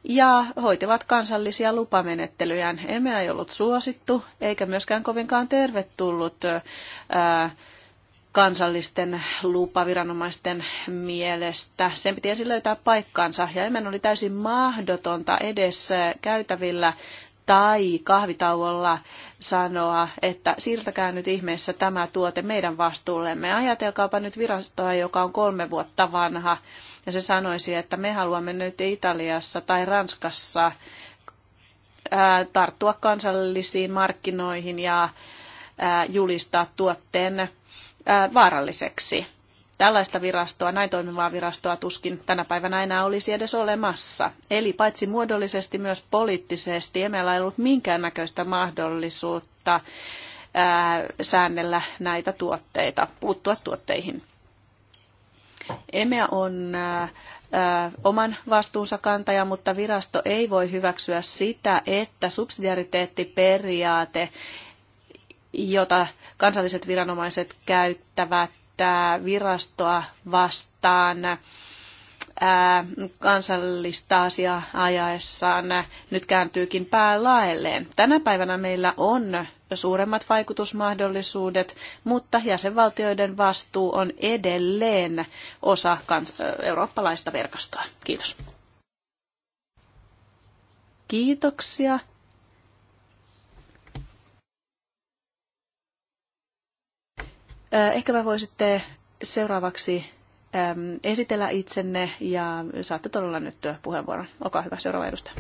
ja hoitivat kansallisia lupamenettelyjään. emme, ei ollut suosittu eikä myöskään kovinkaan tervetullut äh, kansallisten lupaviranomaisten mielestä. Sen piti ensin löytää paikkaansa ja emme oli täysin mahdotonta edes käytävillä tai kahvitauolla sanoa, että siirtäkää nyt ihmeessä tämä tuote meidän vastuullemme. Ajatelkaapa nyt virastoa, joka on kolme vuotta vanha, ja se sanoisi, että me haluamme nyt Italiassa tai Ranskassa ää, tarttua kansallisiin markkinoihin ja ää, julistaa tuotteen ää, vaaralliseksi Tällaista virastoa, näin toimivaa virastoa tuskin tänä päivänä enää olisi edes olemassa. Eli paitsi muodollisesti myös poliittisesti emme ei ollut minkäännäköistä mahdollisuutta ää, säännellä näitä tuotteita, puuttua tuotteihin. EMEA on oman vastuunsa kantaja, mutta virasto ei voi hyväksyä sitä, että subsidiariteettiperiaate, jota kansalliset viranomaiset käyttävät, käyttää virastoa vastaan kansallista asiaa ajaessaan nyt kääntyykin päälaelleen. Tänä päivänä meillä on suuremmat vaikutusmahdollisuudet, mutta jäsenvaltioiden vastuu on edelleen osa kans- eurooppalaista verkostoa. Kiitos. Kiitoksia. Äh, Ehkä mä voisitte seuraavaksi esitellä itsenne ja saatte todella nyt puheenvuoron. Olkaa hyvä, seuraava edustaja.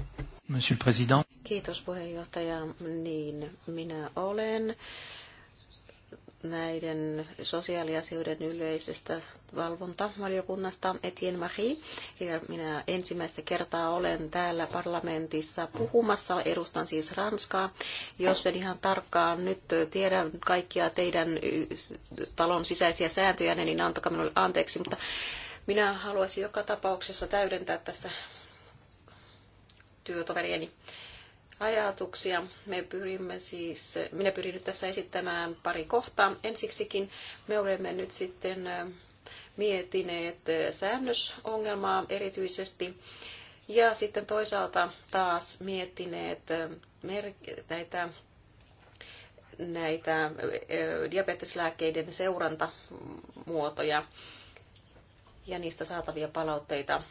Monsieur le Président. Kiitos puheenjohtaja. Niin, minä olen näiden sosiaaliasioiden yleisestä valvontavaliokunnasta Etienne Marie. Ja minä ensimmäistä kertaa olen täällä parlamentissa puhumassa, edustan siis Ranskaa. Jos en ihan tarkkaan nyt tiedä kaikkia teidän talon sisäisiä sääntöjä, niin antakaa minulle anteeksi, mutta minä haluaisin joka tapauksessa täydentää tässä työtoverieni ajatuksia. Me pyrimme siis, minä pyrin nyt tässä esittämään pari kohtaa. Ensiksikin me olemme nyt sitten mietineet säännösongelmaa erityisesti ja sitten toisaalta taas miettineet näitä näitä diabeteslääkkeiden seurantamuotoja ja niistä saatavia palautteita.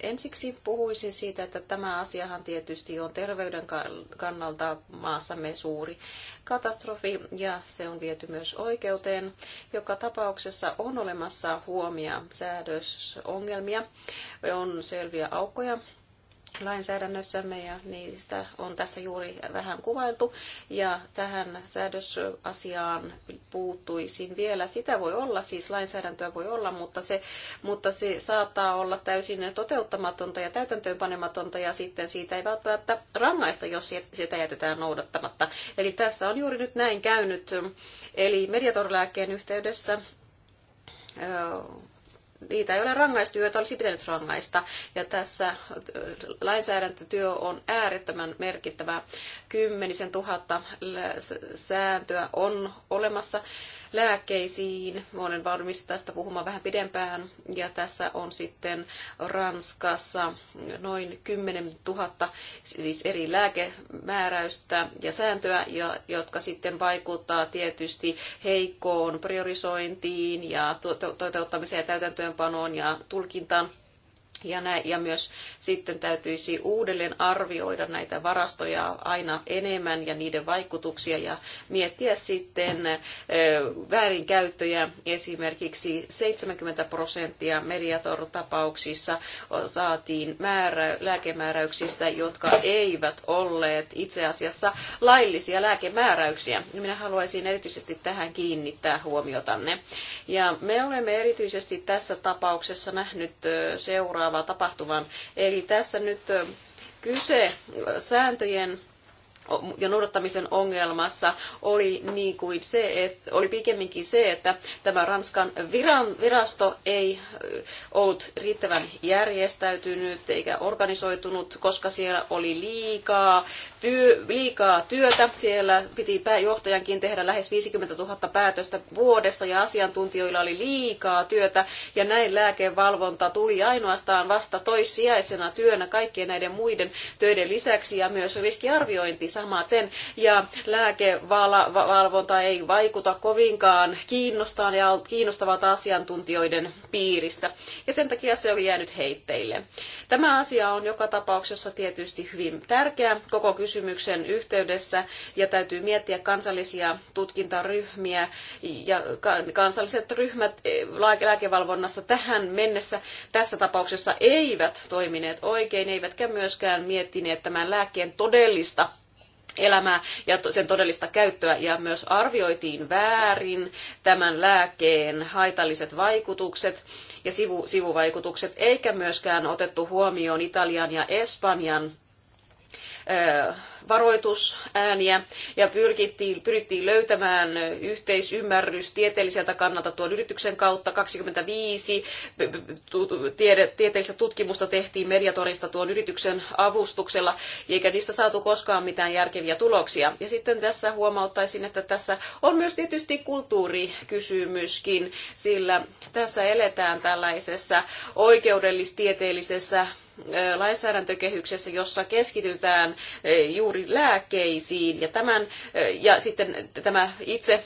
Ensiksi puhuisin siitä, että tämä asiahan tietysti on terveyden kannalta maassamme suuri katastrofi ja se on viety myös oikeuteen. Joka tapauksessa on olemassa huomia säädösongelmia, on selviä aukkoja lainsäädännössämme ja niistä on tässä juuri vähän kuvailtu. Ja tähän säädösasiaan puuttuisin vielä. Sitä voi olla, siis lainsäädäntöä voi olla, mutta se, mutta se saattaa olla täysin toteuttamatonta ja täytäntöönpanematonta ja sitten siitä ei välttämättä rangaista, jos sitä jätetään noudattamatta. Eli tässä on juuri nyt näin käynyt. Eli mediatorlääkkeen yhteydessä niitä ei ole rangaistu, joita olisi pitänyt rangaista. Ja tässä äh, lainsäädäntötyö on äärettömän merkittävä. Kymmenisen tuhatta sääntöä on olemassa lääkkeisiin. Olen valmis tästä puhumaan vähän pidempään. Ja tässä on sitten Ranskassa noin 10 000 siis eri lääkemääräystä ja sääntöä, jotka sitten vaikuttaa tietysti heikkoon priorisointiin ja toteuttamiseen ja täytäntöönpanoon ja tulkintaan ja, nä, ja myös sitten täytyisi uudelleen arvioida näitä varastoja aina enemmän ja niiden vaikutuksia ja miettiä sitten väärinkäyttöjä. Esimerkiksi 70 prosenttia mediator-tapauksissa saatiin määrä, lääkemääräyksistä, jotka eivät olleet itse asiassa laillisia lääkemääräyksiä. Niin minä haluaisin erityisesti tähän kiinnittää huomiotanne. Ja me olemme erityisesti tässä tapauksessa nähnyt seuraa seuraavaa tapahtuvan. Eli tässä nyt kyse sääntöjen ja noudattamisen ongelmassa oli, niin kuin se, että, oli pikemminkin se, että tämä Ranskan viran, virasto ei ollut riittävän järjestäytynyt eikä organisoitunut, koska siellä oli liikaa työ, liikaa työtä. Siellä piti pääjohtajankin tehdä lähes 50 000 päätöstä vuodessa ja asiantuntijoilla oli liikaa työtä. Ja näin lääkevalvonta tuli ainoastaan vasta toissijaisena työnä kaikkien näiden muiden töiden lisäksi ja myös riskiarviointi samaten. Ja lääkevalvonta ei vaikuta kovinkaan kiinnostaan ja kiinnostavat asiantuntijoiden piirissä. Ja sen takia se oli jäänyt heitteille. Tämä asia on joka tapauksessa tietysti hyvin tärkeä koko kysymys kysymyksen yhteydessä ja täytyy miettiä kansallisia tutkintaryhmiä ja kansalliset ryhmät e, lääkevalvonnassa tähän mennessä tässä tapauksessa eivät toimineet oikein, eivätkä myöskään miettineet tämän lääkkeen todellista elämää ja sen todellista käyttöä ja myös arvioitiin väärin tämän lääkkeen haitalliset vaikutukset ja sivu, sivuvaikutukset, eikä myöskään otettu huomioon Italian ja Espanjan Eh, varoitusääniä ja pyrittiin löytämään yhteisymmärrys tieteelliseltä kannalta tuon yrityksen kautta. 25 tiede, tieteellistä tutkimusta tehtiin mediatorista tuon yrityksen avustuksella, eikä niistä saatu koskaan mitään järkeviä tuloksia. Ja sitten tässä huomauttaisin, että tässä on myös tietysti kulttuurikysymyskin, sillä tässä eletään tällaisessa oikeudellistieteellisessä lainsäädäntökehyksessä, jossa keskitytään juuri lääkkeisiin ja, tämän, ja sitten tämä itse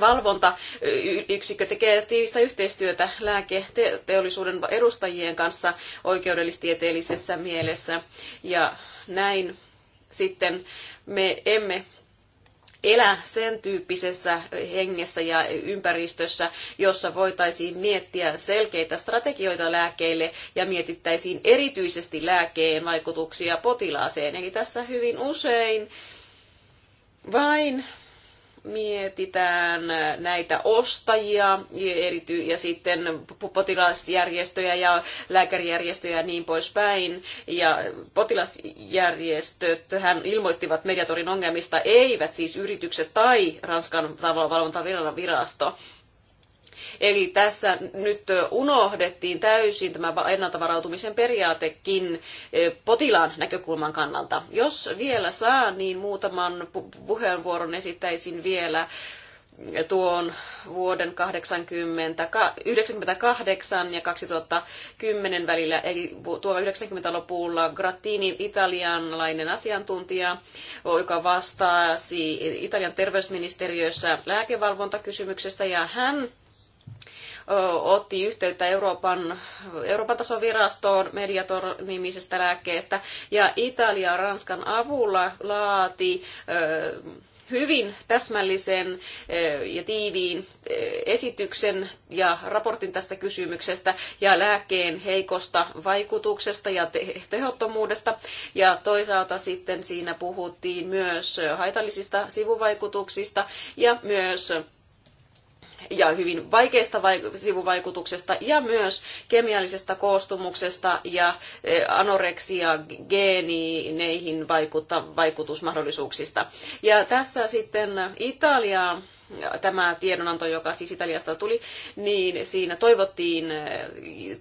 valvontayksikkö tekee tiivistä yhteistyötä lääketeollisuuden edustajien kanssa oikeudellistieteellisessä mielessä ja näin sitten me emme elä sen tyyppisessä hengessä ja ympäristössä, jossa voitaisiin miettiä selkeitä strategioita lääkkeille ja mietittäisiin erityisesti lääkkeen vaikutuksia potilaaseen. Eli tässä hyvin usein vain mietitään näitä ostajia erity, ja sitten potilasjärjestöjä ja lääkärijärjestöjä ja niin poispäin. Ja potilasjärjestöt hän ilmoittivat mediatorin ongelmista, eivät siis yritykset tai Ranskan valvontavirasto. Eli tässä nyt unohdettiin täysin tämä ennaltavarautumisen periaatekin eh, potilaan näkökulman kannalta. Jos vielä saa, niin muutaman puheenvuoron esittäisin vielä tuon vuoden 80, 98 ja 2010 välillä, eli tuolla 90-luvulla Grattini, italianlainen asiantuntija, joka vastasi Italian terveysministeriössä lääkevalvontakysymyksestä, ja hän otti yhteyttä Euroopan, Euroopan tason virastoon Mediator-nimisestä lääkkeestä ja Italia ja Ranskan avulla laati hyvin täsmällisen ja tiiviin esityksen ja raportin tästä kysymyksestä ja lääkkeen heikosta vaikutuksesta ja tehottomuudesta. Ja toisaalta sitten siinä puhuttiin myös haitallisista sivuvaikutuksista ja myös ja hyvin vaikeista sivuvaikutuksesta ja myös kemiallisesta koostumuksesta ja e, anoreksia geenineihin vaikutta, vaikutusmahdollisuuksista. Ja tässä sitten Italia tämä tiedonanto, joka siis Italiasta tuli, niin siinä toivottiin e,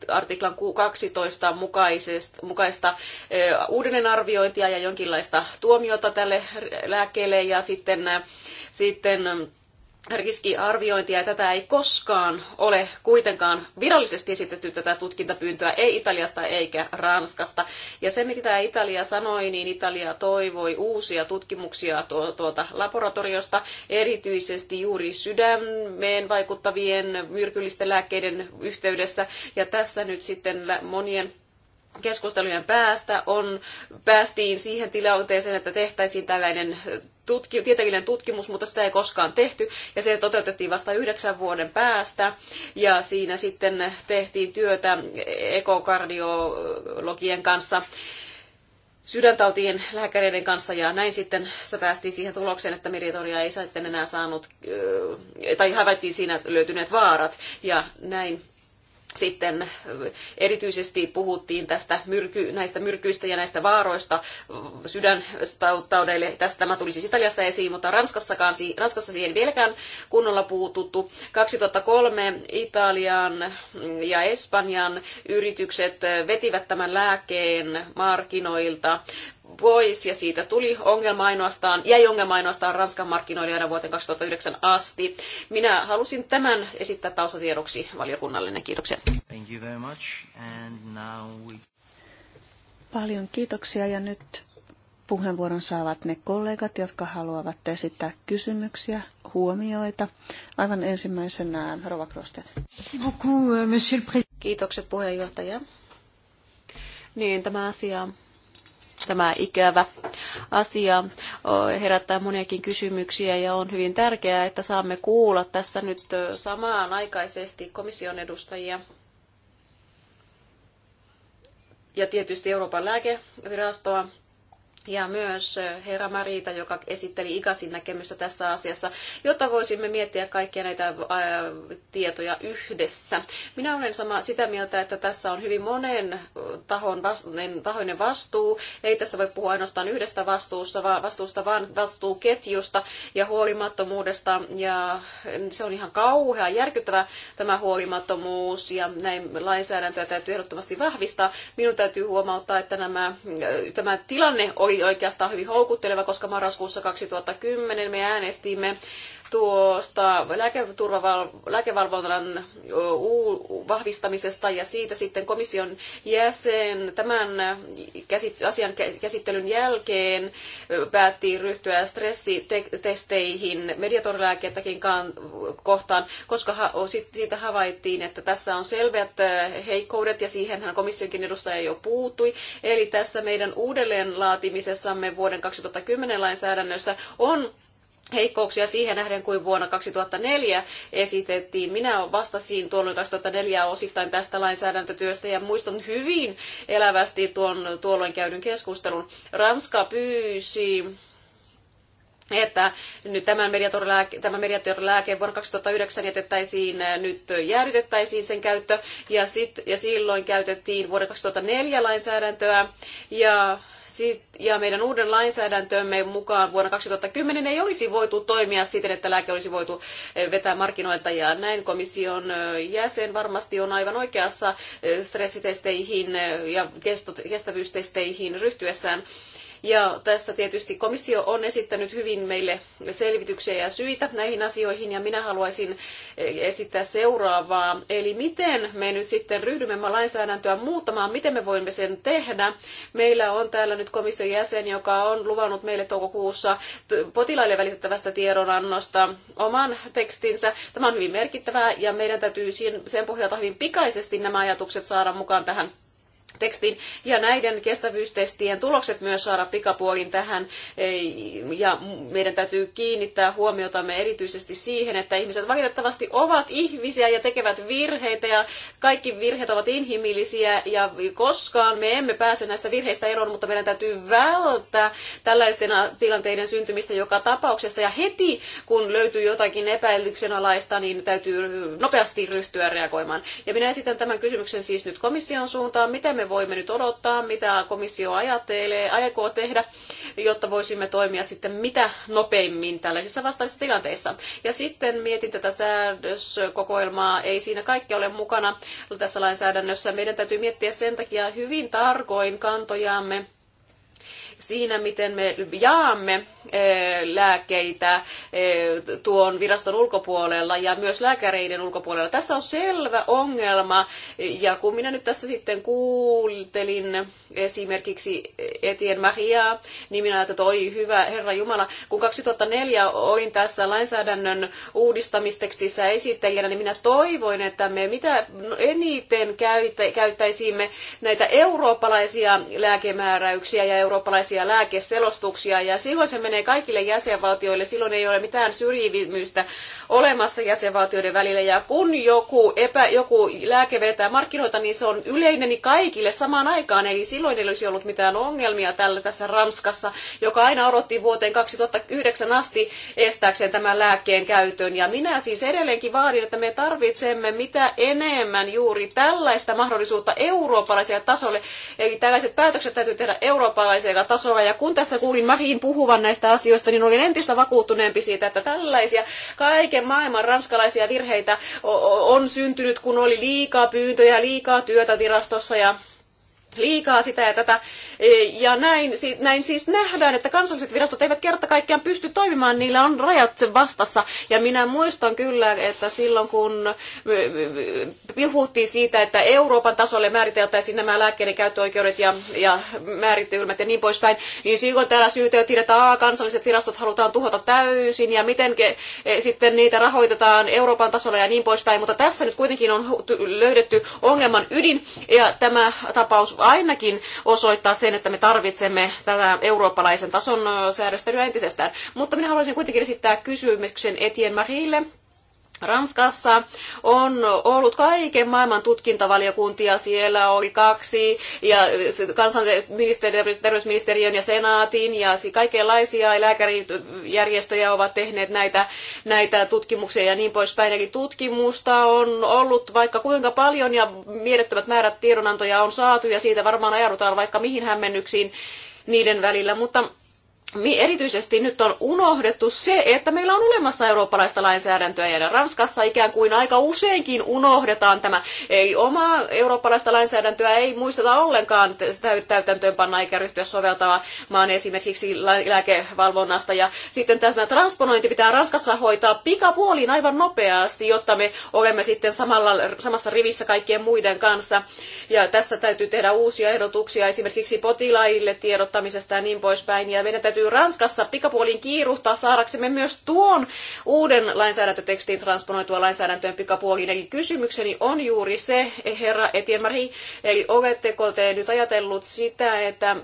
artiklan 12 mukaisesta, mukaista e, uudelleenarviointia ja jonkinlaista tuomiota tälle lääkkeelle ja sitten, sitten riskiarviointia, ja tätä ei koskaan ole kuitenkaan virallisesti esitetty tätä tutkintapyyntöä, ei Italiasta eikä Ranskasta. Ja se, mitä Italia sanoi, niin Italia toivoi uusia tutkimuksia tuolta tuota laboratoriosta, erityisesti juuri sydämeen vaikuttavien myrkyllisten lääkkeiden yhteydessä, ja tässä nyt sitten monien keskustelujen päästä on, päästiin siihen tilanteeseen, että tehtäisiin tällainen tutki, tieteellinen tutkimus, mutta sitä ei koskaan tehty, ja se toteutettiin vasta yhdeksän vuoden päästä, ja siinä sitten tehtiin työtä ekokardiologien kanssa, sydäntautien lääkäreiden kanssa ja näin sitten se päästiin siihen tulokseen, että meritoria ei sitten enää saanut, tai havaittiin siinä löytyneet vaarat ja näin sitten erityisesti puhuttiin tästä myrky, näistä myrkyistä ja näistä vaaroista sydäntaudeille. Tästä tämä tuli siis Italiassa esiin, mutta Ranskassakaan, Ranskassa siihen vieläkään kunnolla puututtu. 2003 Italian ja Espanjan yritykset vetivät tämän lääkkeen markkinoilta pois ja siitä tuli ongelma ainoastaan, jäi ongelma ainoastaan Ranskan markkinoille aina vuoteen 2009 asti. Minä halusin tämän esittää taustatiedoksi valiokunnallinen. Kiitoksia. Thank you very much. And now we... Paljon kiitoksia ja nyt puheenvuoron saavat ne kollegat, jotka haluavat esittää kysymyksiä, huomioita. Aivan ensimmäisenä Rova Krostet. Euh, Kiitokset puheenjohtaja. Niin, tämä asia Tämä ikävä asia herättää moniakin kysymyksiä ja on hyvin tärkeää, että saamme kuulla tässä nyt samaan aikaisesti komission edustajia ja tietysti Euroopan lääkevirastoa ja myös herra Marita, joka esitteli Igasin näkemystä tässä asiassa, jotta voisimme miettiä kaikkia näitä tietoja yhdessä. Minä olen sama sitä mieltä, että tässä on hyvin monen tahon tahoinen vastuu. Ei tässä voi puhua ainoastaan yhdestä vastuusta, vaan, vastuusta, vaan vastuuketjusta ja huolimattomuudesta. Ja se on ihan kauhea, järkyttävä tämä huolimattomuus ja näin lainsäädäntöä täytyy ehdottomasti vahvistaa. Minun täytyy huomauttaa, että nämä, tämä tilanne oli oli oikeastaan hyvin houkutteleva, koska marraskuussa 2010 me äänestimme tuosta lääkevalvonnan vahvistamisesta ja siitä sitten komission jäsen tämän asian käsittelyn jälkeen päätti ryhtyä stressitesteihin mediatorilääkettäkin kohtaan, koska siitä havaittiin, että tässä on selvät heikkoudet ja siihenhän komissionkin edustaja jo puuttui. Eli tässä meidän uudelleen laatimisessamme vuoden 2010 lainsäädännössä on heikkouksia siihen nähden kuin vuonna 2004 esitettiin. Minä vastasin tuolloin 2004 osittain tästä lainsäädäntötyöstä ja muistan hyvin elävästi tuon tuolloin käydyn keskustelun. Ranska pyysi että nyt tämän mediatorlääke, tämä mediatorlääke vuonna 2009 jätettäisiin, nyt jäädytettäisiin sen käyttö, ja, sit, ja silloin käytettiin vuoden 2004 lainsäädäntöä, ja ja meidän uuden lainsäädäntömme mukaan vuonna 2010 ei olisi voitu toimia siten, että lääke olisi voitu vetää markkinoilta ja näin komission jäsen varmasti on aivan oikeassa stressitesteihin ja kestävyystesteihin ryhtyessään. Ja tässä tietysti komissio on esittänyt hyvin meille selvityksiä ja syitä näihin asioihin, ja minä haluaisin eh, esittää seuraavaa. Eli miten me nyt sitten ryhdymme lainsäädäntöä muuttamaan, miten me voimme sen tehdä. Meillä on täällä nyt komission jäsen, joka on luvannut meille toukokuussa potilaille välitettävästä tiedonannosta oman tekstinsä. Tämä on hyvin merkittävää, ja meidän täytyy sen pohjalta hyvin pikaisesti nämä ajatukset saada mukaan tähän tekstiin ja näiden kestävyystestien tulokset myös saada pikapuolin tähän ja meidän täytyy kiinnittää huomiotamme erityisesti siihen, että ihmiset valitettavasti ovat ihmisiä ja tekevät virheitä ja kaikki virheet ovat inhimillisiä ja koskaan me emme pääse näistä virheistä eroon, mutta meidän täytyy välttää tällaisten tilanteiden syntymistä joka tapauksesta ja heti kun löytyy jotakin epäilyksenalaista, niin täytyy nopeasti ryhtyä reagoimaan. Ja minä esitän tämän kysymyksen siis nyt komission suuntaan, miten me voimme nyt odottaa, mitä komissio ajattelee, aikoo tehdä, jotta voisimme toimia sitten mitä nopeimmin tällaisissa vastaavissa tilanteissa. Ja sitten mietin tätä säädöskokoelmaa, ei siinä kaikki ole mukana tässä lainsäädännössä. Meidän täytyy miettiä sen takia hyvin tarkoin kantojamme siinä, miten me jaamme eh, lääkkeitä eh, tuon viraston ulkopuolella ja myös lääkäreiden ulkopuolella. Tässä on selvä ongelma ja kun minä nyt tässä sitten kuultelin esimerkiksi Etien Mariaa, niin minä ajattelin, että oi hyvä Herra Jumala, kun 2004 olin tässä lainsäädännön uudistamistekstissä esittelijänä, niin minä toivoin, että me mitä eniten käyttäisimme näitä eurooppalaisia lääkemääräyksiä ja eurooppalaisia erilaisia lääkeselostuksia ja silloin se menee kaikille jäsenvaltioille. Silloin ei ole mitään syrjivimystä olemassa jäsenvaltioiden välillä ja kun joku, epä, joku lääke vetää markkinoita, niin se on yleinen niin kaikille samaan aikaan. Eli silloin ei olisi ollut mitään ongelmia tällä tässä Ranskassa, joka aina odotti vuoteen 2009 asti estääkseen tämän lääkkeen käytön. Ja minä siis edelleenkin vaadin, että me tarvitsemme mitä enemmän juuri tällaista mahdollisuutta eurooppalaiselle tasolle. Eli tällaiset päätökset täytyy tehdä eurooppalaisella tasolla tasoa. Ja kun tässä kuulin Marin puhuvan näistä asioista, niin olin entistä vakuuttuneempi siitä, että tällaisia kaiken maailman ranskalaisia virheitä on syntynyt, kun oli liikaa pyyntöjä, liikaa työtä virastossa ja liikaa sitä ja tätä. E, ja näin, näin siis nähdään, että kansalliset virastot eivät kerta kaikkiaan pysty toimimaan, niillä on rajat vastassa. Ja minä muistan kyllä, että silloin kun e, e, puhuttiin siitä, että Euroopan tasolle määriteltäisiin nämä lääkkeiden käyttöoikeudet ja, ja määritelmät ja niin poispäin, niin silloin täällä syyteltiin, että aa, kansalliset virastot halutaan tuhota täysin ja miten ke, sitten niitä rahoitetaan Euroopan tasolla ja niin poispäin. Mutta tässä nyt kuitenkin on löydetty ongelman ydin ja tämä tapaus ainakin osoittaa sen, että me tarvitsemme tätä eurooppalaisen tason säädöstelyä entisestään. Mutta minä haluaisin kuitenkin esittää kysymyksen Etienne Marille Ranskassa on ollut kaiken maailman tutkintavaliokuntia, siellä oli kaksi, ja kansanterveysministeriön ja senaatin, ja kaikenlaisia lääkärijärjestöjä ovat tehneet näitä, näitä tutkimuksia ja niin poispäin. Eli tutkimusta on ollut vaikka kuinka paljon, ja mielettömät määrät tiedonantoja on saatu, ja siitä varmaan ajaudutaan vaikka mihin hämmennyksiin niiden välillä, mutta erityisesti nyt on unohdettu se, että meillä on olemassa eurooppalaista lainsäädäntöä ja Ranskassa ikään kuin aika useinkin unohdetaan tämä. Ei omaa eurooppalaista lainsäädäntöä ei muisteta ollenkaan täytäntöönpanna eikä ryhtyä soveltamaan esimerkiksi lääkevalvonnasta. Ja sitten tämä transponointi pitää Ranskassa hoitaa pikapuoliin aivan nopeasti, jotta me olemme sitten samalla, samassa rivissä kaikkien muiden kanssa. Ja tässä täytyy tehdä uusia ehdotuksia esimerkiksi potilaille tiedottamisesta ja niin poispäin. Ja meidän täytyy täytyy Ranskassa pikapuoliin kiiruhtaa saadaksemme myös tuon uuden lainsäädäntötekstin transponoitua lainsäädäntöön pikapuoliin. Eli kysymykseni on juuri se, herra Etienne Marie, eli oletteko te nyt ajatellut sitä, että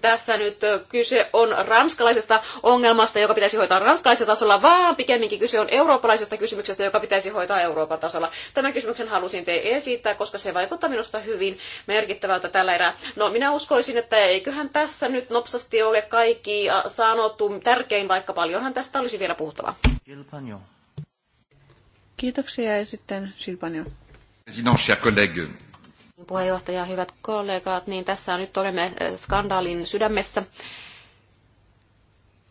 tässä nyt kyse on ranskalaisesta ongelmasta, joka pitäisi hoitaa ranskalaisella tasolla, vaan pikemminkin kyse on eurooppalaisesta kysymyksestä, joka pitäisi hoitaa Euroopan tasolla. Tämän kysymyksen halusin teille esittää, koska se vaikuttaa minusta hyvin merkittävältä tällä erää. No minä uskoisin, että eiköhän tässä nyt nopsasti ole kaikki sanottu tärkein, vaikka paljonhan tästä olisi vielä puhuttava. Kiitoksia ja sitten Gilles Président, chers collègues, Puheenjohtaja, hyvät kollegat, niin tässä nyt olemme eh, skandaalin sydämessä.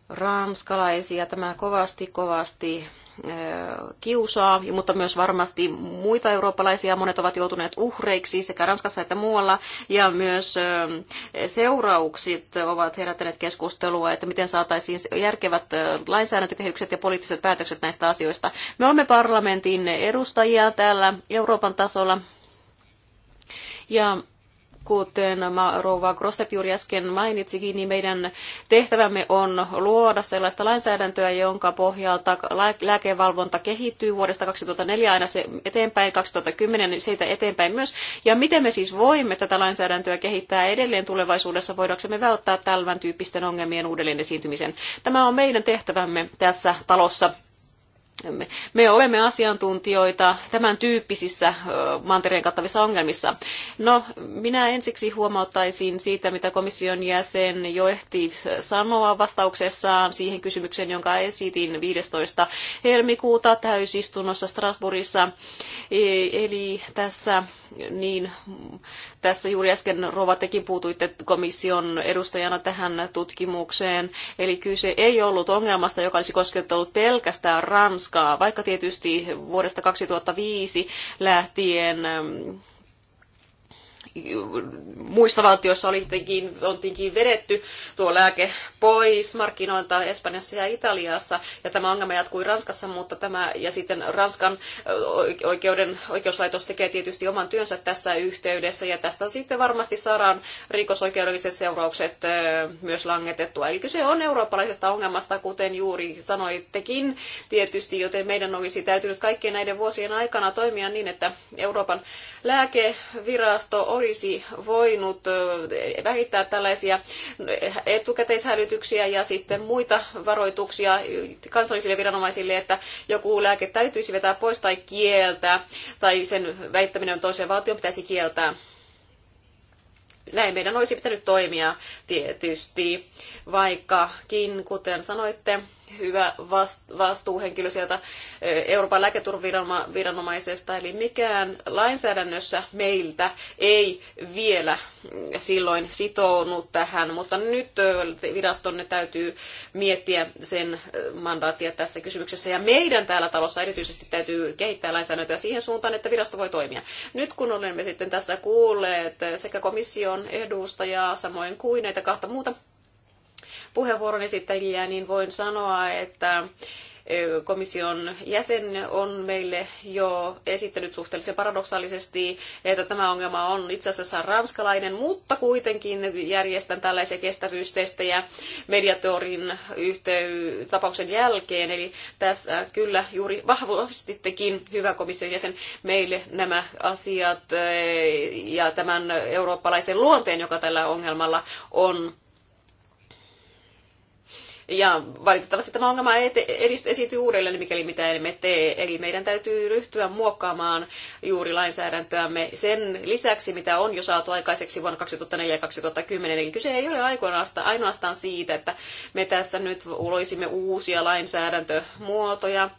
Ranskalaisia tämä kovasti, kovasti eh, kiusaa, mutta myös varmasti muita eurooppalaisia. Monet ovat joutuneet uhreiksi sekä Ranskassa että muualla. Ja myös eh, seuraukset ovat herättäneet keskustelua, että miten saataisiin järkevät lainsäädäntökehykset ja poliittiset päätökset näistä asioista. Me olemme parlamentin edustajia täällä Euroopan tasolla ja kuten Rouva Grosset juuri äsken mainitsikin, niin meidän tehtävämme on luoda sellaista lainsäädäntöä, jonka pohjalta lääkevalvonta kehittyy vuodesta 2004 aina se eteenpäin, 2010 niin siitä eteenpäin myös. Ja miten me siis voimme tätä lainsäädäntöä kehittää edelleen tulevaisuudessa, voidaksemme välttää tämän tyyppisten ongelmien uudelleen esiintymisen. Tämä on meidän tehtävämme tässä talossa me olemme asiantuntijoita tämän tyyppisissä mantereen kattavissa ongelmissa. No, minä ensiksi huomauttaisin siitä, mitä komission jäsen jo ehti sanoa vastauksessaan siihen kysymykseen, jonka esitin 15. helmikuuta täysistunnossa Strasbourgissa. E, eli tässä niin tässä juuri äsken Rova tekin puutuitte komission edustajana tähän tutkimukseen. Eli kyse ei ollut ongelmasta, joka olisi koskettanut pelkästään Ranskaa, vaikka tietysti vuodesta 2005 lähtien muissa valtioissa on oltiinkin vedetty tuo lääke pois markkinoilta Espanjassa ja Italiassa. Ja tämä ongelma jatkui Ranskassa, mutta tämä, ja sitten Ranskan oikeuden, oikeuslaitos tekee tietysti oman työnsä tässä yhteydessä, ja tästä sitten varmasti saadaan rikosoikeudelliset seuraukset myös langetettua. Eli kyse on eurooppalaisesta ongelmasta, kuten juuri sanoittekin tietysti, joten meidän olisi täytynyt kaikkien näiden vuosien aikana toimia niin, että Euroopan lääkevirasto oli olisi voinut eh, vähittää tällaisia etukäteishälytyksiä ja sitten muita varoituksia kansallisille viranomaisille, että joku lääke täytyisi vetää pois tai kieltää, tai sen väittäminen toiseen valtioon pitäisi kieltää näin meidän olisi pitänyt toimia tietysti, vaikkakin, kuten sanoitte, hyvä vastuuhenkilö sieltä Euroopan lääketurvaviranomaisesta, eli mikään lainsäädännössä meiltä ei vielä mm, silloin sitounut tähän, mutta nyt virastonne täytyy miettiä sen mandaattia tässä kysymyksessä, ja meidän täällä talossa erityisesti täytyy kehittää lainsäädäntöä siihen suuntaan, että virasto voi toimia. Nyt kun olemme sitten tässä kuulleet sekä komission edustajaa, samoin kuin näitä kahta muuta puheenvuoron esittäjiä, niin voin sanoa, että komission jäsen on meille jo esittänyt suhteellisen paradoksaalisesti, että tämä ongelma on itse asiassa ranskalainen, mutta kuitenkin järjestän tällaisia kestävyystestejä mediatorin yhtey- tapauksen jälkeen. Eli tässä kyllä juuri vahvistittekin, hyvä komission jäsen, meille nämä asiat ja tämän eurooppalaisen luonteen, joka tällä ongelmalla on ja valitettavasti tämä ongelma esiintyy uudelleen, mikäli mitä emme tee. Eli meidän täytyy ryhtyä muokkaamaan juuri lainsäädäntöämme sen lisäksi, mitä on jo saatu aikaiseksi vuonna 2004 ja 2010. Eli kyse ei ole ainoastaan siitä, että me tässä nyt loisimme uusia lainsäädäntömuotoja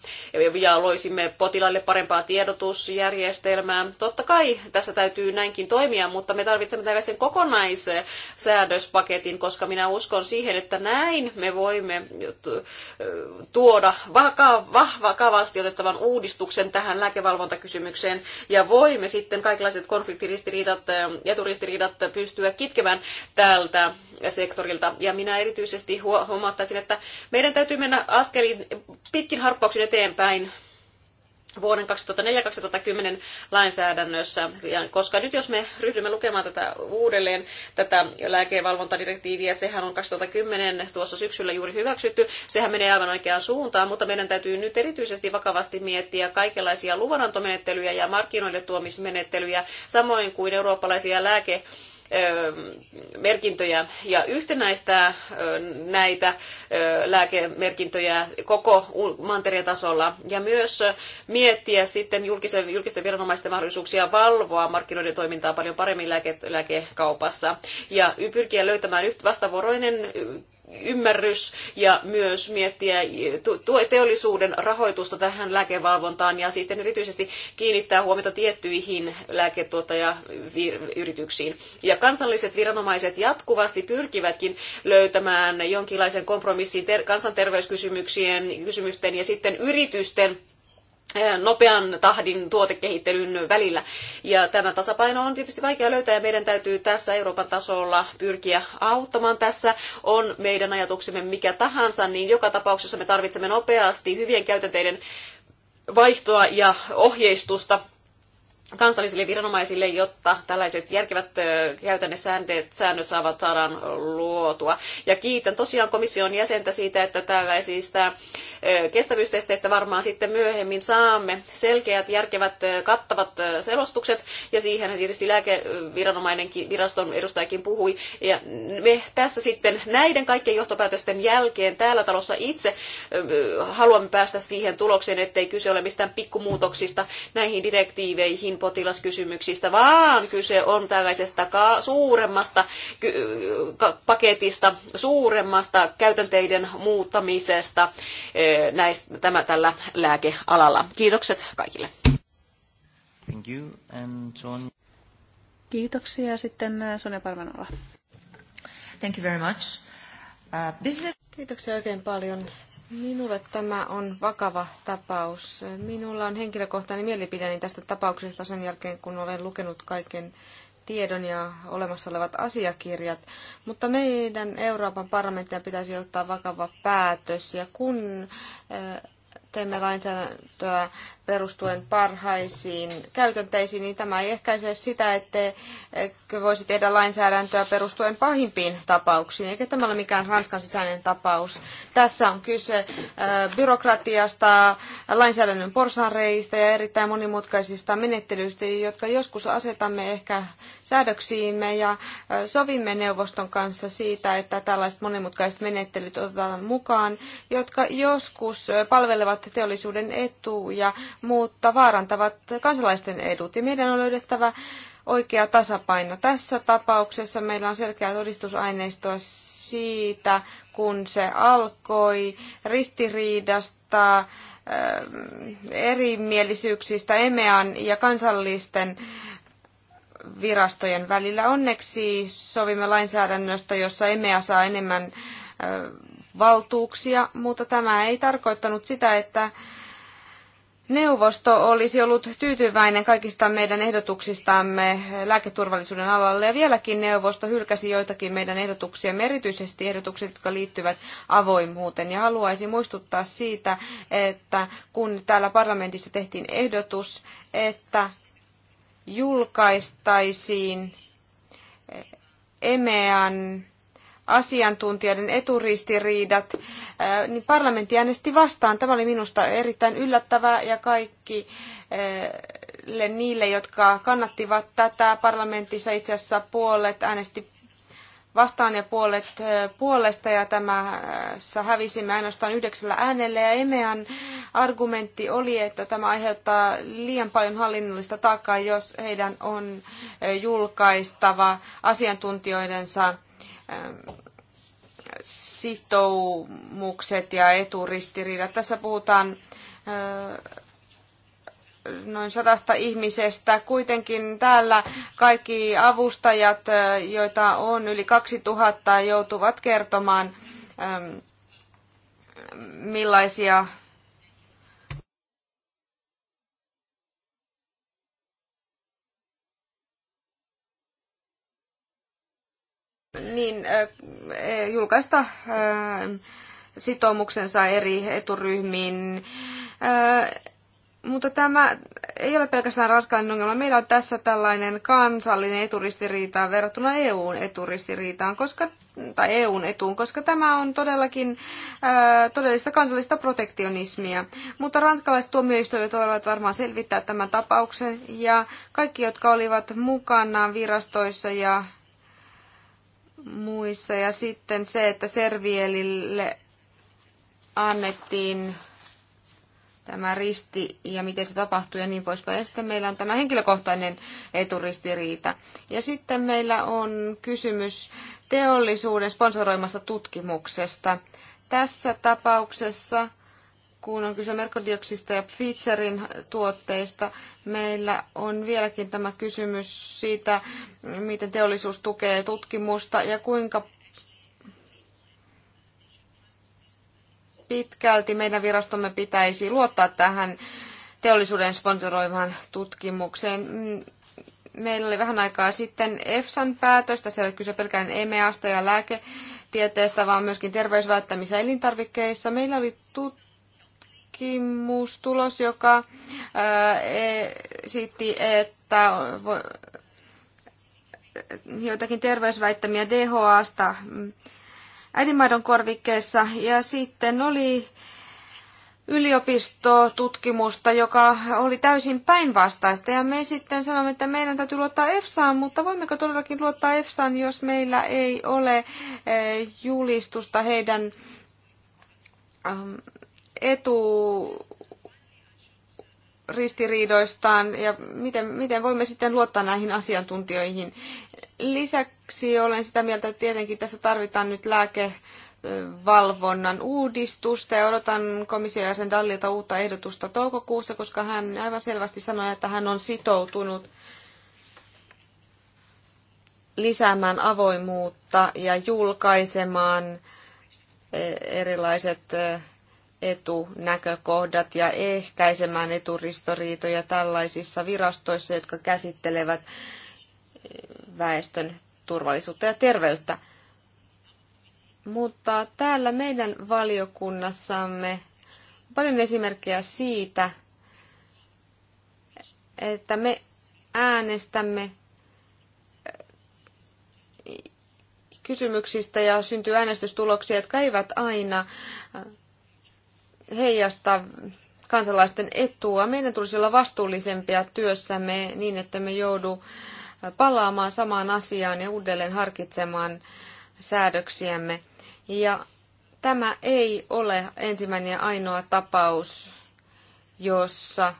ja loisimme potilaille parempaa tiedotusjärjestelmää. Totta kai tässä täytyy näinkin toimia, mutta me tarvitsemme tällaisen kokonaissäädöspaketin, koska minä uskon siihen, että näin me voimme voimme tuoda vakavasti otettavan uudistuksen tähän lääkevalvontakysymykseen ja voimme sitten kaikenlaiset konfliktiristiriidat ja turistiriidat pystyä kitkemään tältä sektorilta. Ja minä erityisesti huomauttaisin, että meidän täytyy mennä askelin pitkin harppauksin eteenpäin vuoden 2004-2010 lainsäädännössä, ja koska nyt jos me ryhdymme lukemaan tätä uudelleen, tätä lääkevalvontadirektiiviä, sehän on 2010 tuossa syksyllä juuri hyväksytty, sehän menee aivan oikeaan suuntaan, mutta meidän täytyy nyt erityisesti vakavasti miettiä kaikenlaisia luvanantomenettelyjä ja markkinoille tuomismenettelyjä, samoin kuin eurooppalaisia lääke merkintöjä ja yhtenäistää näitä lääkemerkintöjä koko tasolla ja myös miettiä sitten julkisen, julkisten viranomaisten mahdollisuuksia valvoa markkinoiden toimintaa paljon paremmin lääke, lääkekaupassa ja pyrkiä löytämään yhtä vastavuoroinen ymmärrys ja myös miettiä teollisuuden rahoitusta tähän lääkevalvontaan ja sitten erityisesti kiinnittää huomiota tiettyihin lääketuottajayrityksiin. Ja kansalliset viranomaiset jatkuvasti pyrkivätkin löytämään jonkinlaisen kompromissin kansanterveyskysymyksien kysymysten ja sitten yritysten nopean tahdin tuotekehittelyn välillä. Ja tämä tasapaino on tietysti vaikea löytää ja meidän täytyy tässä Euroopan tasolla pyrkiä auttamaan tässä. On meidän ajatuksemme mikä tahansa, niin joka tapauksessa me tarvitsemme nopeasti hyvien käytänteiden vaihtoa ja ohjeistusta kansallisille viranomaisille, jotta tällaiset järkevät käytännön säännöt, säännöt saavat saadaan luotua. Ja kiitän tosiaan komission jäsentä siitä, että tällaisista kestävyystesteistä varmaan sitten myöhemmin saamme selkeät, järkevät, kattavat selostukset. Ja siihen tietysti lääkeviranomainenkin viraston edustajakin puhui. Ja me tässä sitten näiden kaikkien johtopäätösten jälkeen täällä talossa itse haluamme päästä siihen tulokseen, ettei kyse ole mistään pikkumuutoksista näihin direktiiveihin, vain potilaskysymyksistä, vaan kyse on tällaisesta suuremmasta paketista, suuremmasta käytänteiden muuttamisesta eh, näis, tämä, tällä lääkealalla. Kiitokset kaikille. Thank you. And John... Kiitoksia. Sitten eh, Sonja Parvanova. Thank you very much. Uh, this is... Kiitoksia oikein paljon. Minulle tämä on vakava tapaus. Minulla on henkilökohtainen mielipiteeni tästä tapauksesta sen jälkeen, kun olen lukenut kaiken tiedon ja olemassa olevat asiakirjat, mutta meidän Euroopan parlamenttia pitäisi ottaa vakava päätös ja kun eh, teemme lainsäädäntöä perustuen parhaisiin käytänteisiin, niin tämä ei ehkäise sitä, että voisi tehdä lainsäädäntöä perustuen pahimpiin tapauksiin, eikä tämä ole mikään Ranskan sisäinen tapaus. Tässä on kyse byrokratiasta, lainsäädännön porsanreistä ja erittäin monimutkaisista menettelyistä, jotka joskus asetamme ehkä säädöksiimme ja sovimme neuvoston kanssa siitä, että tällaiset monimutkaiset menettelyt otetaan mukaan, jotka joskus palvelevat teollisuuden etuja, mutta vaarantavat kansalaisten edut. Ja meidän on löydettävä oikea tasapaino. Tässä tapauksessa meillä on selkeää todistusaineistoa siitä, kun se alkoi ristiriidasta, ähm, erimielisyyksistä EMEAN ja kansallisten virastojen välillä. Onneksi sovimme lainsäädännöstä, jossa EMEA saa enemmän äh, valtuuksia, mutta tämä ei tarkoittanut sitä, että Neuvosto olisi ollut tyytyväinen kaikista meidän ehdotuksistamme lääketurvallisuuden alalle ja vieläkin neuvosto hylkäsi joitakin meidän ehdotuksia, erityisesti ehdotukset, jotka liittyvät avoimuuteen. Ja haluaisin muistuttaa siitä, että kun täällä parlamentissa tehtiin ehdotus, että julkaistaisiin eh, EMEAN asiantuntijoiden eturistiriidat, niin parlamentti äänesti vastaan. Tämä oli minusta erittäin yllättävää ja kaikki niille, jotka kannattivat tätä parlamentissa itse asiassa puolet äänesti vastaan ja puolet puolesta ja tämä hävisimme ainoastaan yhdeksällä äänellä ja EMEAn argumentti oli, että tämä aiheuttaa liian paljon hallinnollista taakkaa, jos heidän on julkaistava asiantuntijoidensa sitoumukset ja eturistiriidat. Tässä puhutaan noin sadasta ihmisestä. Kuitenkin täällä kaikki avustajat, joita on yli 2000, joutuvat kertomaan, millaisia niin e, julkaista sitoumuksensa eri eturyhmiin. Mutta tämä ei ole pelkästään raskainen ongelma. Meillä on tässä tällainen kansallinen eturistiriita verrattuna EUn eturistiriitaan, koska, tai EUn etuun, koska tämä on todellakin ää, todellista kansallista protektionismia. Mutta ranskalaiset tuomioistuimet voivat varmaan selvittää tämän tapauksen, ja kaikki, jotka olivat mukana virastoissa ja muissa. Ja sitten se, että Servielille annettiin tämä risti ja miten se tapahtui ja niin poispäin. Ja sitten meillä on tämä henkilökohtainen eturistiriita. Ja sitten meillä on kysymys teollisuuden sponsoroimasta tutkimuksesta. Tässä tapauksessa kun on kyse Mercodioxista ja Pfizerin tuotteista, meillä on vieläkin tämä kysymys siitä, miten teollisuus tukee tutkimusta ja kuinka pitkälti meidän virastomme pitäisi luottaa tähän teollisuuden sponsoroimaan tutkimukseen. Meillä oli vähän aikaa sitten EFSAn päätös, tässä ei ole kyse pelkään EMEAsta ja lääketieteestä, vaan myöskin terveysvälttämissä elintarvikkeissa. Meillä oli tut- tutkimustulos, joka e, esitti, että joitakin terveysväittämiä DHAsta mm, äidinmaidon korvikkeessa. Ja sitten oli yliopistotutkimusta, joka oli täysin päinvastaista. Ja me sitten sanomme, että meidän täytyy luottaa EFSAan, mutta voimmeko todellakin luottaa EFSAan, jos meillä ei ole e, julistusta heidän mm, etu ristiriidoistaan ja miten, miten voimme sitten luottaa näihin asiantuntijoihin. Lisäksi olen sitä mieltä, että tietenkin tässä tarvitaan nyt lääke valvonnan uudistusta ja odotan komission jäsen Dallilta uutta ehdotusta toukokuussa, koska hän aivan selvästi sanoi, että hän on sitoutunut lisäämään avoimuutta ja julkaisemaan eh, erilaiset eh, etunäkökohdat ja ehkäisemään eturistoriitoja tällaisissa virastoissa, jotka käsittelevät eh, väestön turvallisuutta ja terveyttä. Mutta täällä meidän valiokunnassamme on paljon esimerkkejä siitä, että me äänestämme eh, kysymyksistä ja syntyy äänestystuloksia, jotka eivät aina eh, heijasta kansalaisten etua. Meidän tulisi olla vastuullisempia työssämme niin, että me joudu palaamaan samaan asiaan ja uudelleen harkitsemaan säädöksiämme. Ja tämä ei ole ensimmäinen ja ainoa tapaus, jossa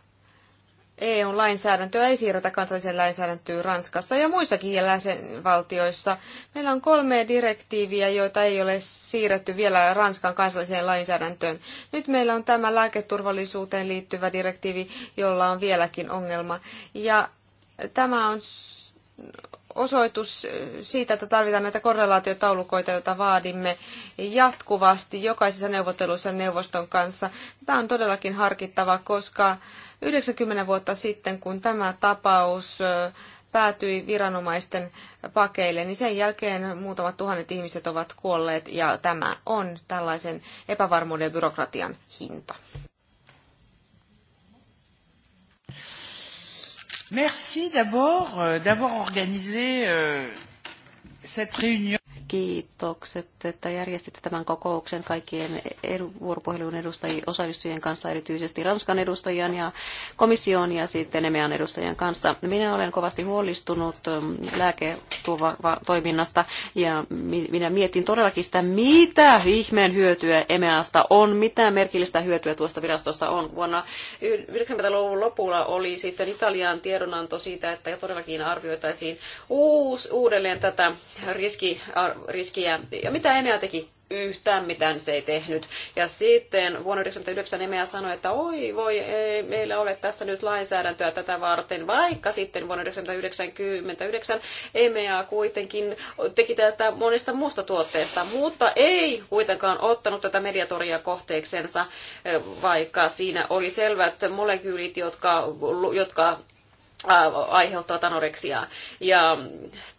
EU-lainsäädäntöä ei siirretä kansalliseen lainsäädäntöön Ranskassa ja muissakin jäsenvaltioissa. Meillä on kolme direktiiviä, joita ei ole siirretty vielä Ranskan kansalliseen lainsäädäntöön. Nyt meillä on tämä lääketurvallisuuteen liittyvä direktiivi, jolla on vieläkin ongelma. Ja tämä on osoitus siitä, että tarvitaan näitä korrelaatiotaulukoita, joita vaadimme jatkuvasti jokaisessa neuvottelussa neuvoston kanssa. Tämä on todellakin harkittava, koska 90 vuotta sitten, kun tämä tapaus päätyi viranomaisten pakeille, niin sen jälkeen muutamat tuhannet ihmiset ovat kuolleet ja tämä on tällaisen epävarmuuden ja byrokratian hinta. Merci d'abord euh, d'avoir organisé euh, cette réunion kiitokset, että järjestitte tämän kokouksen kaikkien edu- vuoropuhelun edustajien, osallistujien kanssa, erityisesti Ranskan edustajien ja komission ja sitten EMEAN edustajien kanssa. Minä olen kovasti huolestunut mm, lääketoiminnasta ja minä mietin todellakin sitä, mitä ihmeen hyötyä EMEAsta on, mitä merkillistä hyötyä tuosta virastosta on. Vuonna 90-luvun lopulla oli sitten Italian tiedonanto siitä, että todellakin arvioitaisiin uusi, uudelleen tätä riski riskiä. Ja mitä EMEA teki? yhtään mitään se ei tehnyt. Ja sitten vuonna 1999 EMEA sanoi, että oi voi, ei meillä ole tässä nyt lainsäädäntöä tätä varten, vaikka sitten vuonna 1999 EMEA kuitenkin teki tästä monesta muusta tuotteesta, mutta ei kuitenkaan ottanut tätä mediatoria kohteeksensa, vaikka siinä oli selvät molekyylit, jotka, jotka Äh, aiheuttavat anoreksiaa. Ja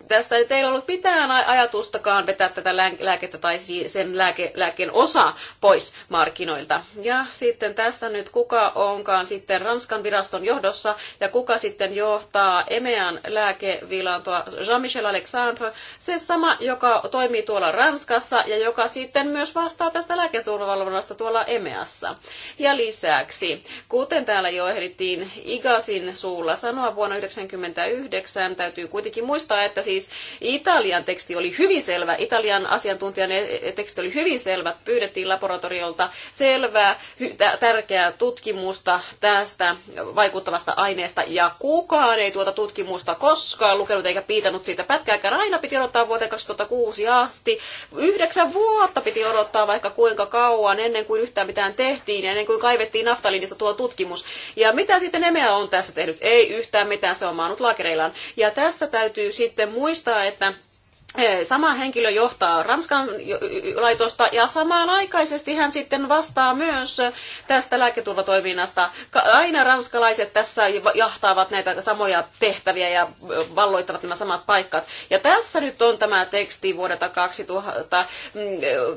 tässä ei teillä ollut mitään ajatustakaan vetää tätä lääkettä tai sen lääke, lääkkeen osa pois markkinoilta. Ja sitten tässä nyt kuka onkaan sitten Ranskan viraston johdossa ja kuka sitten johtaa Emean lääkevilantoa Jean-Michel Alexandre, se sama, joka toimii tuolla Ranskassa ja joka sitten myös vastaa tästä lääketurvalvonnasta tuolla Emeassa. Ja lisäksi, kuten täällä jo ehdittiin Igasin suulla sanoa, vuonna 1999. Täytyy kuitenkin muistaa, että siis Italian teksti oli hyvin selvä. Italian asiantuntijan e- e- teksti oli hyvin selvä. Pyydettiin laboratoriolta selvää, tärkeää tutkimusta tästä vaikuttavasta aineesta. Ja kukaan ei tuota tutkimusta koskaan lukenut eikä piitannut siitä pätkääkään. Aina piti odottaa vuoteen 2006 asti. Yhdeksän vuotta piti odottaa vaikka kuinka kauan ennen kuin yhtään mitään tehtiin ja ennen kuin kaivettiin naftaliinista tuo tutkimus. Ja mitä sitten EMEA on tässä tehnyt? Ei yhtään yhtään mitään, se on maannut laakereillaan. Ja tässä täytyy sitten muistaa, että sama henkilö johtaa Ranskan laitosta ja samanaikaisesti hän sitten vastaa myös tästä lääketurvatoiminnasta. Aina ranskalaiset tässä jahtaavat näitä samoja tehtäviä ja valloittavat nämä samat paikat. Ja tässä nyt on tämä teksti vuodelta 2000,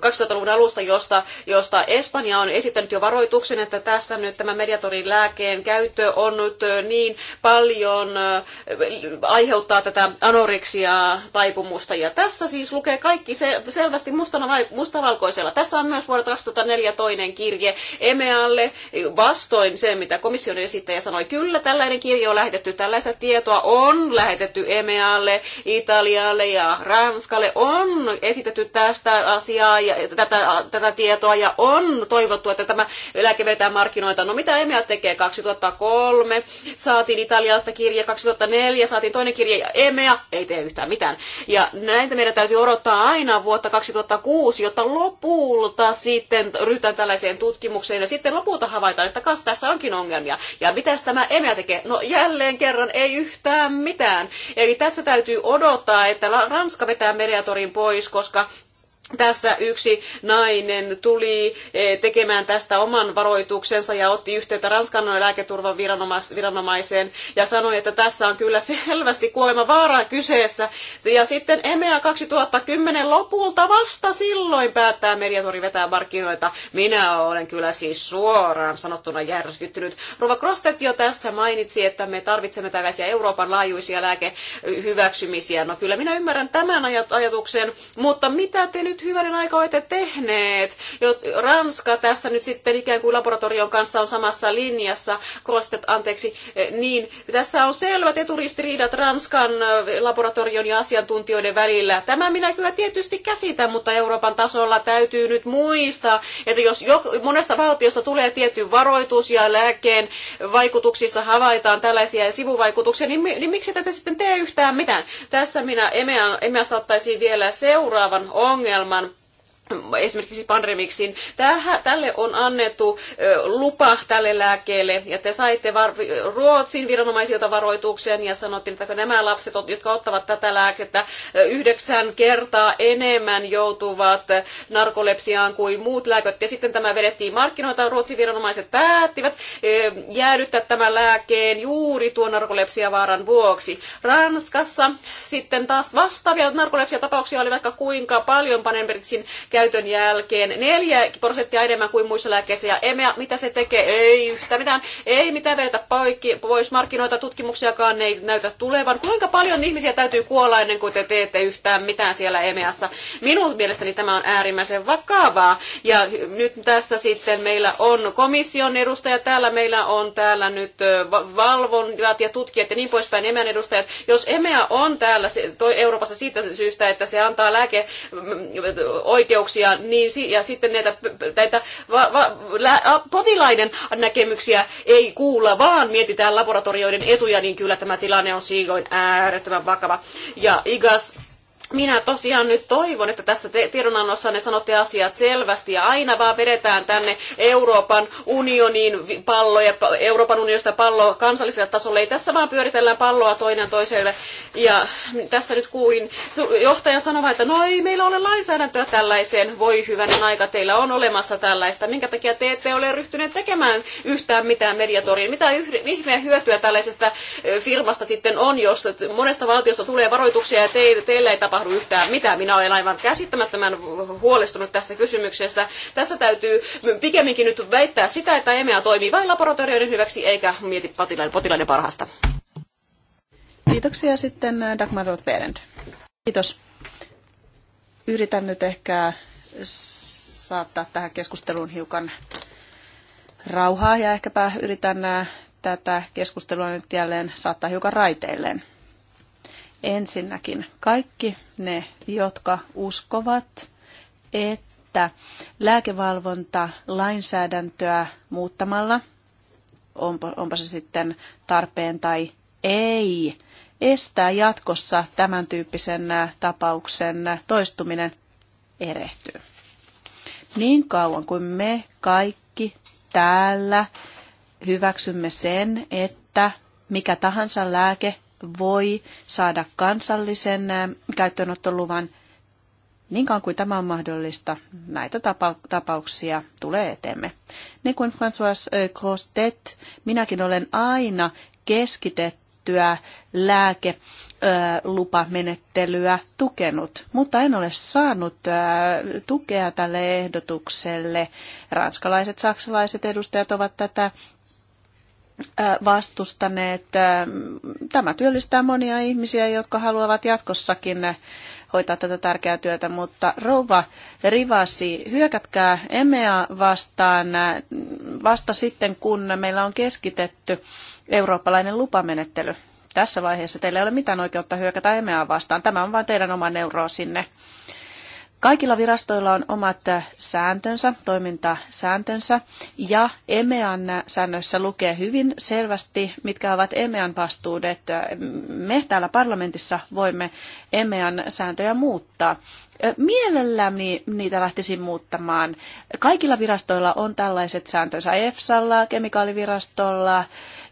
2000-luvun mm, alusta, josta, josta Espanja on esittänyt jo varoituksen, että tässä nyt tämä mediatorin lääkeen käyttö on nyt niin paljon aiheuttaa tätä anoreksiaa taipumusta ja tässä siis lukee kaikki se, selvästi mustana, mustavalkoisella. Tässä on myös vuodelta 2004 toinen kirje EMEAlle vastoin se, mitä komission esittäjä sanoi. Kyllä, tällainen kirje on lähetetty, tällaista tietoa on lähetetty EMEAlle, Italialle ja Ranskalle. On esitetty tästä asiaa ja tätä, tätä tietoa ja on toivottu, että tämä lääke vetää markkinoita. No mitä EMEA tekee? 2003 saatiin Italiasta kirje, 2004 saatiin toinen kirje ja EMEA ei tee yhtään mitään. Ja näitä meidän täytyy odottaa aina vuotta 2006, jotta lopulta sitten ryhdytään tällaiseen tutkimukseen ja sitten lopulta havaitaan, että kas tässä onkin ongelmia. Ja mitäs tämä EMEA tekee? No jälleen kerran ei yhtään mitään. Eli tässä täytyy odottaa, että Ranska vetää mediatorin pois, koska tässä yksi nainen tuli eh, tekemään tästä oman varoituksensa ja otti yhteyttä Ranskan lääketurvan viranomaiseen ja sanoi, että tässä on kyllä selvästi kuolema kyseessä. Ja sitten EMEA 2010 lopulta vasta silloin päättää mediatori vetää markkinoita. Minä olen kyllä siis suoraan sanottuna järkyttynyt. Rova Krostet jo tässä mainitsi, että me tarvitsemme tällaisia Euroopan laajuisia lääkehyväksymisiä. No kyllä minä ymmärrän tämän ajatuksen, mutta mitä te nyt nyt hyvänen aika olette tehneet? Ranska tässä nyt sitten ikään kuin laboratorion kanssa on samassa linjassa, Krostet, anteeksi, eh, niin tässä on selvät eturistiriidat Ranskan eh, laboratorion ja asiantuntijoiden välillä. Tämä minä kyllä tietysti käsitän, mutta Euroopan tasolla täytyy nyt muistaa, että jos jo, monesta valtiosta tulee tietty varoitus ja lääkkeen vaikutuksissa havaitaan tällaisia sivuvaikutuksia, niin, niin miksi tätä sitten tee yhtään mitään? Tässä minä emeasta ottaisin vielä seuraavan ongelman ohjelman esimerkiksi pandemiksiin. tälle on annettu lupa tälle lääkkeelle, ja te saitte var- Ruotsin viranomaisilta varoituksen, ja sanottiin, että nämä lapset, jotka ottavat tätä lääkettä yhdeksän kertaa enemmän joutuvat narkolepsiaan kuin muut lääköt. Ja sitten tämä vedettiin markkinoilta, Ruotsin viranomaiset päättivät jäädyttää tämän lääkeen juuri tuon narkolepsiavaaran vuoksi. Ranskassa sitten taas vastaavia narkolepsiatapauksia oli vaikka kuinka paljon Panembergsin käytön jälkeen 4 prosenttia enemmän kuin muissa lääkkeissä. Ja EMEA, mitä se tekee? Ei yhtään mitään. Ei mitään vedetä poikki, pois markkinoita, tutkimuksiakaan ei näytä tulevan. Kuinka paljon ihmisiä täytyy kuolla ennen kuin te teette yhtään mitään siellä EMEassa? Minun mielestäni tämä on äärimmäisen vakavaa. Ja nyt tässä sitten meillä on komission edustaja täällä, meillä on täällä nyt valvonjat ja tutkijat ja niin poispäin EMEan edustajat. Jos EMEA on täällä Euroopassa siitä syystä, että se antaa lääkeoikeuksia, muutoksia niin, ja sitten näitä, näitä va, va, lä, potilaiden näkemyksiä ei kuulla, vaan mietitään laboratorioiden etuja, niin kyllä tämä tilanne on siigoin äärettömän vakava. Ja IGAS minä tosiaan nyt toivon, että tässä tiedonannossa ne sanotte asiat selvästi ja aina vaan vedetään tänne Euroopan unionin pallo ja Euroopan unionista pallo kansalliselle tasolle. Ei tässä vaan pyöritellään palloa toinen toiselle. Ja tässä nyt kuulin johtajan sanovan, että no ei meillä ole lainsäädäntöä tällaiseen. Voi hyvänen aika, teillä on olemassa tällaista. Minkä takia te ette ole ryhtyneet tekemään yhtään mitään mediatoriin? Mitä ihmeä hyötyä tällaisesta firmasta sitten on, jos monesta valtiosta tulee varoituksia ja teille ei tapahdu tapahdu yhtään mitään. Minä olen aivan käsittämättömän huolestunut tästä kysymyksestä. Tässä täytyy pikemminkin nyt väittää sitä, että EMEA toimii vain laboratorioiden hyväksi eikä mieti potilaiden, potilaiden parhaasta. Kiitoksia sitten äh, Dagmar Rothberend. Kiitos. Yritän nyt ehkä saattaa tähän keskusteluun hiukan rauhaa ja ehkäpä yritän äh, tätä keskustelua nyt jälleen saattaa hiukan raiteilleen. Ensinnäkin kaikki ne, jotka uskovat, että lääkevalvonta lainsäädäntöä muuttamalla, onpa, onpa se sitten tarpeen tai ei, estää jatkossa tämän tyyppisen tapauksen toistuminen erehtyy. Niin kauan kuin me kaikki täällä hyväksymme sen, että mikä tahansa lääke voi saada kansallisen käyttöönottoluvan niin kauan kuin tämä on mahdollista, näitä tapauksia tulee eteemme. Niin kuin François Crostet, minäkin olen aina keskitettyä lääkelupamenettelyä tukenut, mutta en ole saanut tukea tälle ehdotukselle. Ranskalaiset, saksalaiset edustajat ovat tätä vastustaneet. Tämä työllistää monia ihmisiä, jotka haluavat jatkossakin hoitaa tätä tärkeää työtä, mutta rouva Rivasi, hyökätkää EMEA vastaan vasta sitten, kun meillä on keskitetty eurooppalainen lupamenettely. Tässä vaiheessa teillä ei ole mitään oikeutta hyökätä EMEA vastaan. Tämä on vain teidän oma neuroosinne. sinne Kaikilla virastoilla on omat sääntönsä, toimintasääntönsä, ja EMEAN säännöissä lukee hyvin selvästi, mitkä ovat EMEAN vastuudet. Me täällä parlamentissa voimme EMEAN sääntöjä muuttaa. Mielelläni niitä lähtisin muuttamaan. Kaikilla virastoilla on tällaiset sääntönsä EFSalla, kemikaalivirastolla.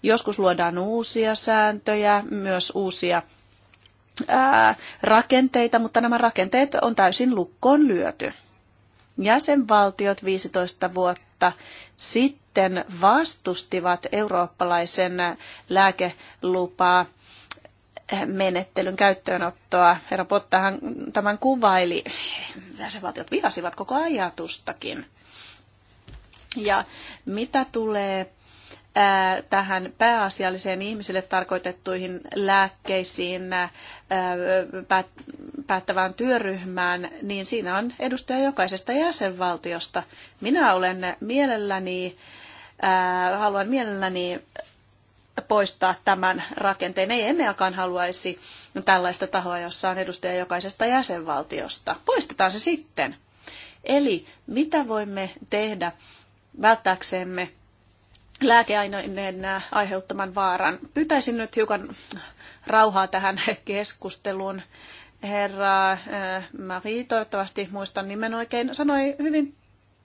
Joskus luodaan uusia sääntöjä, myös uusia rakenteita, mutta nämä rakenteet on täysin lukkoon lyöty. Jäsenvaltiot 15 vuotta sitten vastustivat eurooppalaisen lääkelupaa menettelyn käyttöönottoa. Herra Pottahan tämän kuvaili. Jäsenvaltiot vihasivat koko ajatustakin. Ja mitä tulee tähän pääasialliseen ihmisille tarkoitettuihin lääkkeisiin päättävään työryhmään, niin siinä on edustaja jokaisesta jäsenvaltiosta. Minä olen mielelläni, haluan mielelläni poistaa tämän rakenteen. Ei emmeakaan haluaisi tällaista tahoa, jossa on edustaja jokaisesta jäsenvaltiosta. Poistetaan se sitten. Eli mitä voimme tehdä välttääksemme lääkeaineiden äh, aiheuttaman vaaran. Pyytäisin nyt hiukan rauhaa tähän keskusteluun. Herra äh, Marie, toivottavasti muistan nimen oikein, sanoi hyvin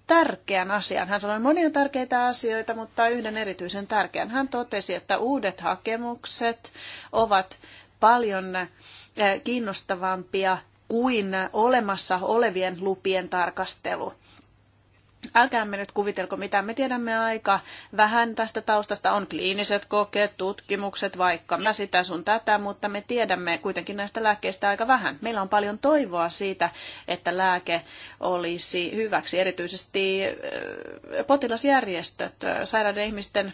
tärkeän asian. Hän sanoi monia tärkeitä asioita, mutta yhden erityisen tärkeän. Hän totesi, että uudet hakemukset ovat paljon äh, kiinnostavampia kuin olemassa olevien lupien tarkastelu. Älkäämme nyt kuvitelko mitä. Me tiedämme aika vähän tästä taustasta. On kliiniset kokeet, tutkimukset, vaikka mä sitä sun tätä, mutta me tiedämme kuitenkin näistä lääkkeistä aika vähän. Meillä on paljon toivoa siitä, että lääke olisi hyväksi. Erityisesti eh, potilasjärjestöt, eh, sairaiden ihmisten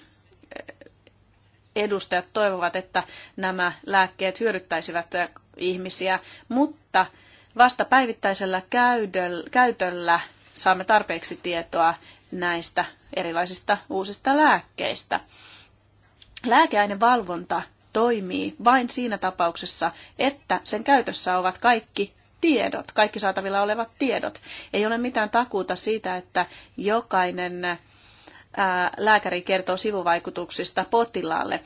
eh, edustajat toivovat, että nämä lääkkeet hyödyttäisivät ihmisiä, mutta vasta päivittäisellä käytöllä saamme tarpeeksi tietoa näistä erilaisista uusista lääkkeistä. Lääkeainevalvonta toimii vain siinä tapauksessa, että sen käytössä ovat kaikki tiedot, kaikki saatavilla olevat tiedot. Ei ole mitään takuuta siitä, että jokainen lääkäri kertoo sivuvaikutuksista potilaalle.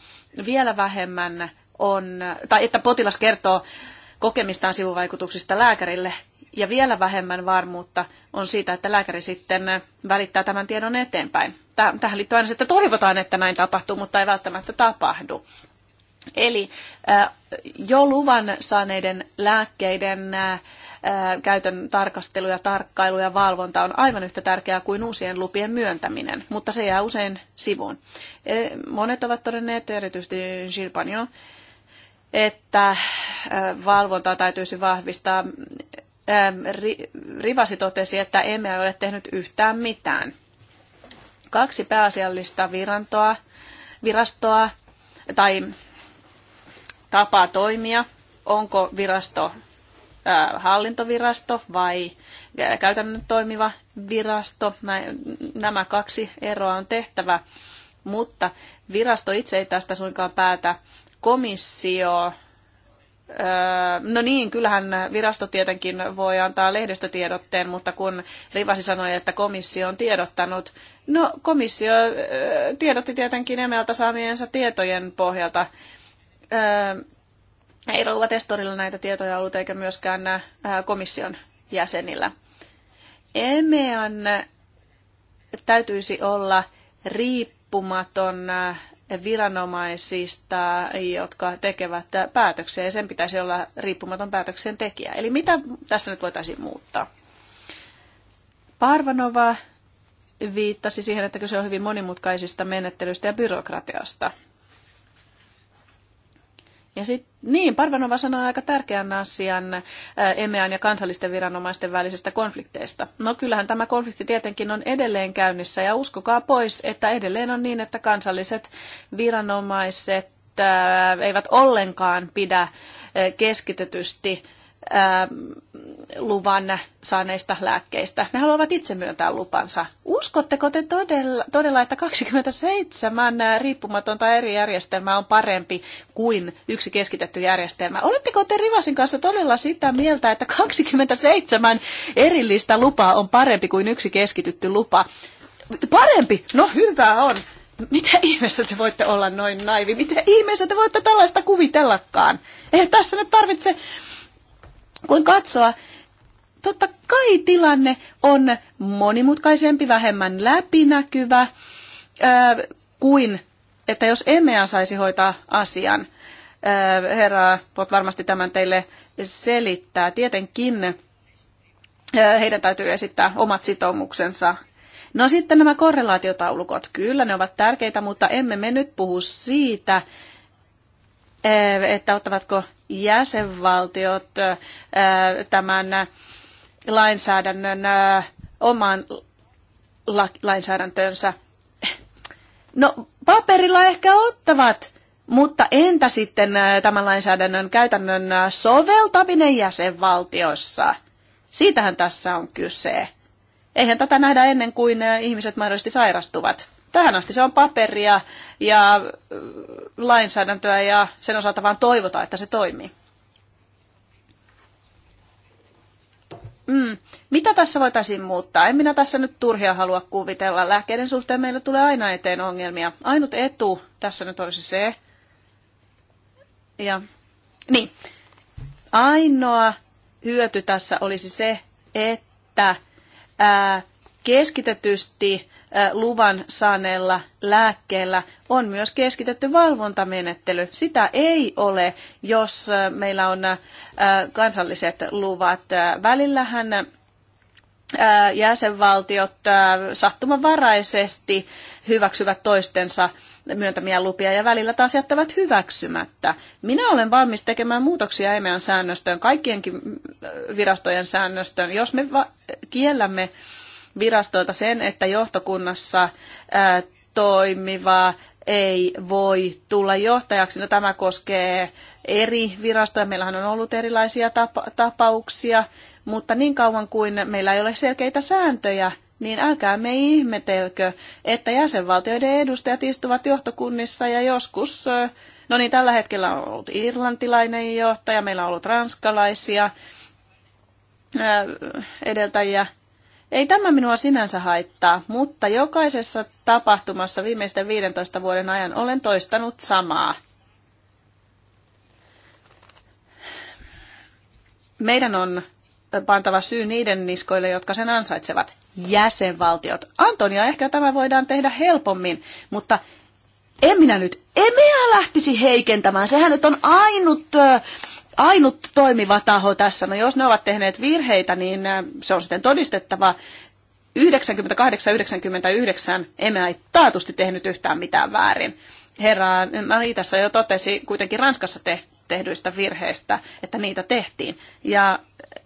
Vielä vähemmän on, tai että potilas kertoo kokemistaan sivuvaikutuksista lääkärille ja vielä vähemmän varmuutta on siitä, että lääkäri sitten välittää tämän tiedon eteenpäin. Tähän liittyy aina se, että toivotaan, että näin tapahtuu, mutta ei välttämättä tapahdu. Eli jo luvan saaneiden lääkkeiden käytön tarkastelu ja tarkkailu ja valvonta on aivan yhtä tärkeää kuin uusien lupien myöntäminen, mutta se jää usein sivuun. E, monet ovat todenneet, erityisesti Gilles Pagnon, että valvontaa täytyisi vahvistaa Ähm, Rivasi totesi, että emme ole tehnyt yhtään mitään. Kaksi pääasiallista virantoa, virastoa tai tapaa toimia, onko virasto äh, hallintovirasto vai äh, käytännön toimiva virasto. Nämä kaksi eroa on tehtävä, mutta virasto itse ei tästä suinkaan päätä. Komissio No niin, kyllähän virasto tietenkin voi antaa lehdistötiedotteen, mutta kun Rivasi sanoi, että komissio on tiedottanut, no komissio tiedotti tietenkin emeltä saamiensa tietojen pohjalta. Ei ollut Testorilla näitä tietoja ollut eikä myöskään komission jäsenillä. EMEAN täytyisi olla riippumaton viranomaisista, jotka tekevät päätöksiä, ja sen pitäisi olla riippumaton päätöksentekijä. Eli mitä tässä nyt voitaisiin muuttaa? Parvanova viittasi siihen, että kyse on hyvin monimutkaisista menettelyistä ja byrokratiasta – ja sit, niin, Parvanova sanoi aika tärkeän asian äh, EMEAn ja kansallisten viranomaisten välisestä konflikteista. No kyllähän tämä konflikti tietenkin on edelleen käynnissä ja uskokaa pois, että edelleen on niin, että kansalliset viranomaiset äh, eivät ollenkaan pidä äh, keskitetysti Ähm, luvan saaneista lääkkeistä. Ne haluavat itse myöntää lupansa. Uskotteko te todella, todella että 27 riippumatonta eri järjestelmää on parempi kuin yksi keskitetty järjestelmä? Oletteko te Rivasin kanssa todella sitä mieltä, että 27 erillistä lupaa on parempi kuin yksi keskitytty lupa? Parempi? No hyvä on. Mitä ihmeessä te voitte olla noin naivi? Mitä ihmeessä te voitte tällaista kuvitellakaan? Eihän tässä nyt tarvitse kuin katsoa, totta kai tilanne on monimutkaisempi, vähemmän läpinäkyvä ää, kuin, että jos EMEA saisi hoitaa asian. Ää, herra, voit varmasti tämän teille selittää. Tietenkin ää, heidän täytyy esittää omat sitoumuksensa. No sitten nämä korrelaatiotaulukot, kyllä ne ovat tärkeitä, mutta emme me nyt puhu siitä, että ottavatko jäsenvaltiot tämän lainsäädännön oman lainsäädäntönsä. No, paperilla ehkä ottavat, mutta entä sitten tämän lainsäädännön käytännön soveltaminen jäsenvaltiossa? Siitähän tässä on kyse. Eihän tätä nähdä ennen kuin ihmiset mahdollisesti sairastuvat. Tähän asti se on paperia ja äh, lainsäädäntöä ja sen osalta vaan toivotaan, että se toimii. Mm. Mitä tässä voitaisiin muuttaa? En minä tässä nyt turhia halua kuvitella. Lääkkeiden suhteen meillä tulee aina eteen ongelmia. Ainut etu tässä nyt olisi se. Ja, niin. Ainoa hyöty tässä olisi se, että ää, keskitetysti luvan saaneella lääkkeellä on myös keskitetty valvontamenettely. Sitä ei ole, jos meillä on kansalliset luvat. Välillähän jäsenvaltiot sattumanvaraisesti hyväksyvät toistensa myöntämiä lupia ja välillä taas jättävät hyväksymättä. Minä olen valmis tekemään muutoksia EMEAn säännöstöön, kaikkienkin virastojen säännöstöön, jos me kiellämme virastoilta sen, että johtokunnassa toimiva ei voi tulla johtajaksi. No, tämä koskee eri virastoja. Meillähän on ollut erilaisia tapa- tapauksia, mutta niin kauan kuin meillä ei ole selkeitä sääntöjä, niin älkää me ihmetelkö, että jäsenvaltioiden edustajat istuvat johtokunnissa ja joskus, no niin tällä hetkellä on ollut irlantilainen johtaja, meillä on ollut ranskalaisia edeltäjiä ei tämä minua sinänsä haittaa, mutta jokaisessa tapahtumassa viimeisten 15 vuoden ajan olen toistanut samaa. Meidän on pantava syy niiden niskoille, jotka sen ansaitsevat. Jäsenvaltiot. Antonia, ehkä tämä voidaan tehdä helpommin, mutta en minä nyt emme lähtisi heikentämään. Sehän nyt on ainut ainut toimiva taho tässä. No jos ne ovat tehneet virheitä, niin äh, se on sitten todistettava. 98-99 emme ei taatusti tehnyt yhtään mitään väärin. Herra Marie tässä jo totesi kuitenkin Ranskassa te- tehdyistä virheistä, että niitä tehtiin. Ja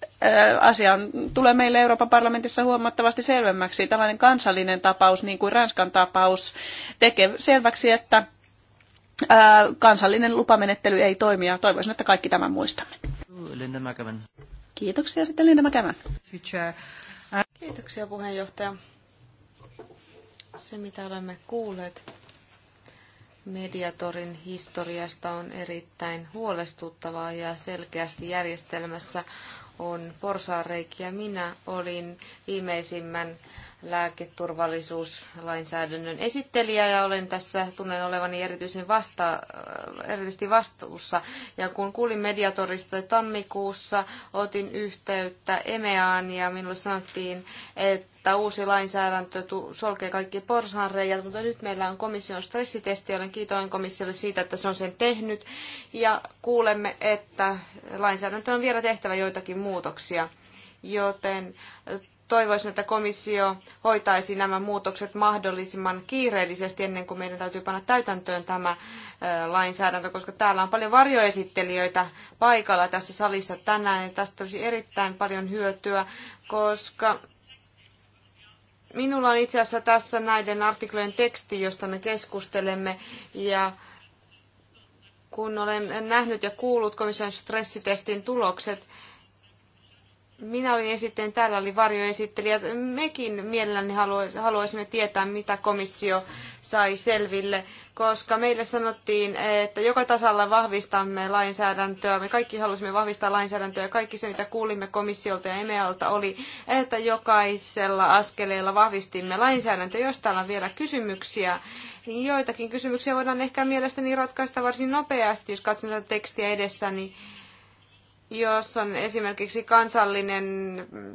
äh, asia tulee meille Euroopan parlamentissa huomattavasti selvemmäksi. Tällainen kansallinen tapaus, niin kuin Ranskan tapaus, tekee selväksi, että kansallinen lupamenettely ei toimi ja toivoisin, että kaikki tämän muistamme. Linda Mäkävän. Kiitoksia sitten Linda Mäkävän. Kiitoksia puheenjohtaja. Se mitä olemme kuulleet Mediatorin historiasta on erittäin huolestuttavaa ja selkeästi järjestelmässä on porsaareikiä. Minä olin viimeisimmän lääketurvallisuuslainsäädännön esittelijä ja olen tässä tunnen olevani erityisen vasta, äh, erityisesti vastuussa. Ja kun kuulin mediatorista tammikuussa, otin yhteyttä EMEAan ja minulle sanottiin, että uusi lainsäädäntö solkee kaikki porsanreijat, mutta nyt meillä on komission stressitesti, olen kiitollinen komissiolle siitä, että se on sen tehnyt. Ja kuulemme, että lainsäädäntö on vielä tehtävä joitakin muutoksia joten toivoisin, että komissio hoitaisi nämä muutokset mahdollisimman kiireellisesti ennen kuin meidän täytyy panna täytäntöön tämä lainsäädäntö, koska täällä on paljon varjoesittelijöitä paikalla tässä salissa tänään ja tästä olisi erittäin paljon hyötyä, koska minulla on itse asiassa tässä näiden artiklojen teksti, josta me keskustelemme ja kun olen nähnyt ja kuullut komission stressitestin tulokset, minä olin esittäjän, täällä oli varjoesittelijä. Mekin mielelläni haluaisimme tietää, mitä komissio sai selville, koska meille sanottiin, että joka tasalla vahvistamme lainsäädäntöä. Me kaikki halusimme vahvistaa lainsäädäntöä ja kaikki se, mitä kuulimme komissiolta ja EMEALta, oli, että jokaisella askeleella vahvistimme lainsäädäntöä. Jos täällä on vielä kysymyksiä, niin joitakin kysymyksiä voidaan ehkä mielestäni ratkaista varsin nopeasti, jos katson tätä tekstiä edessä, niin jos on esimerkiksi kansallinen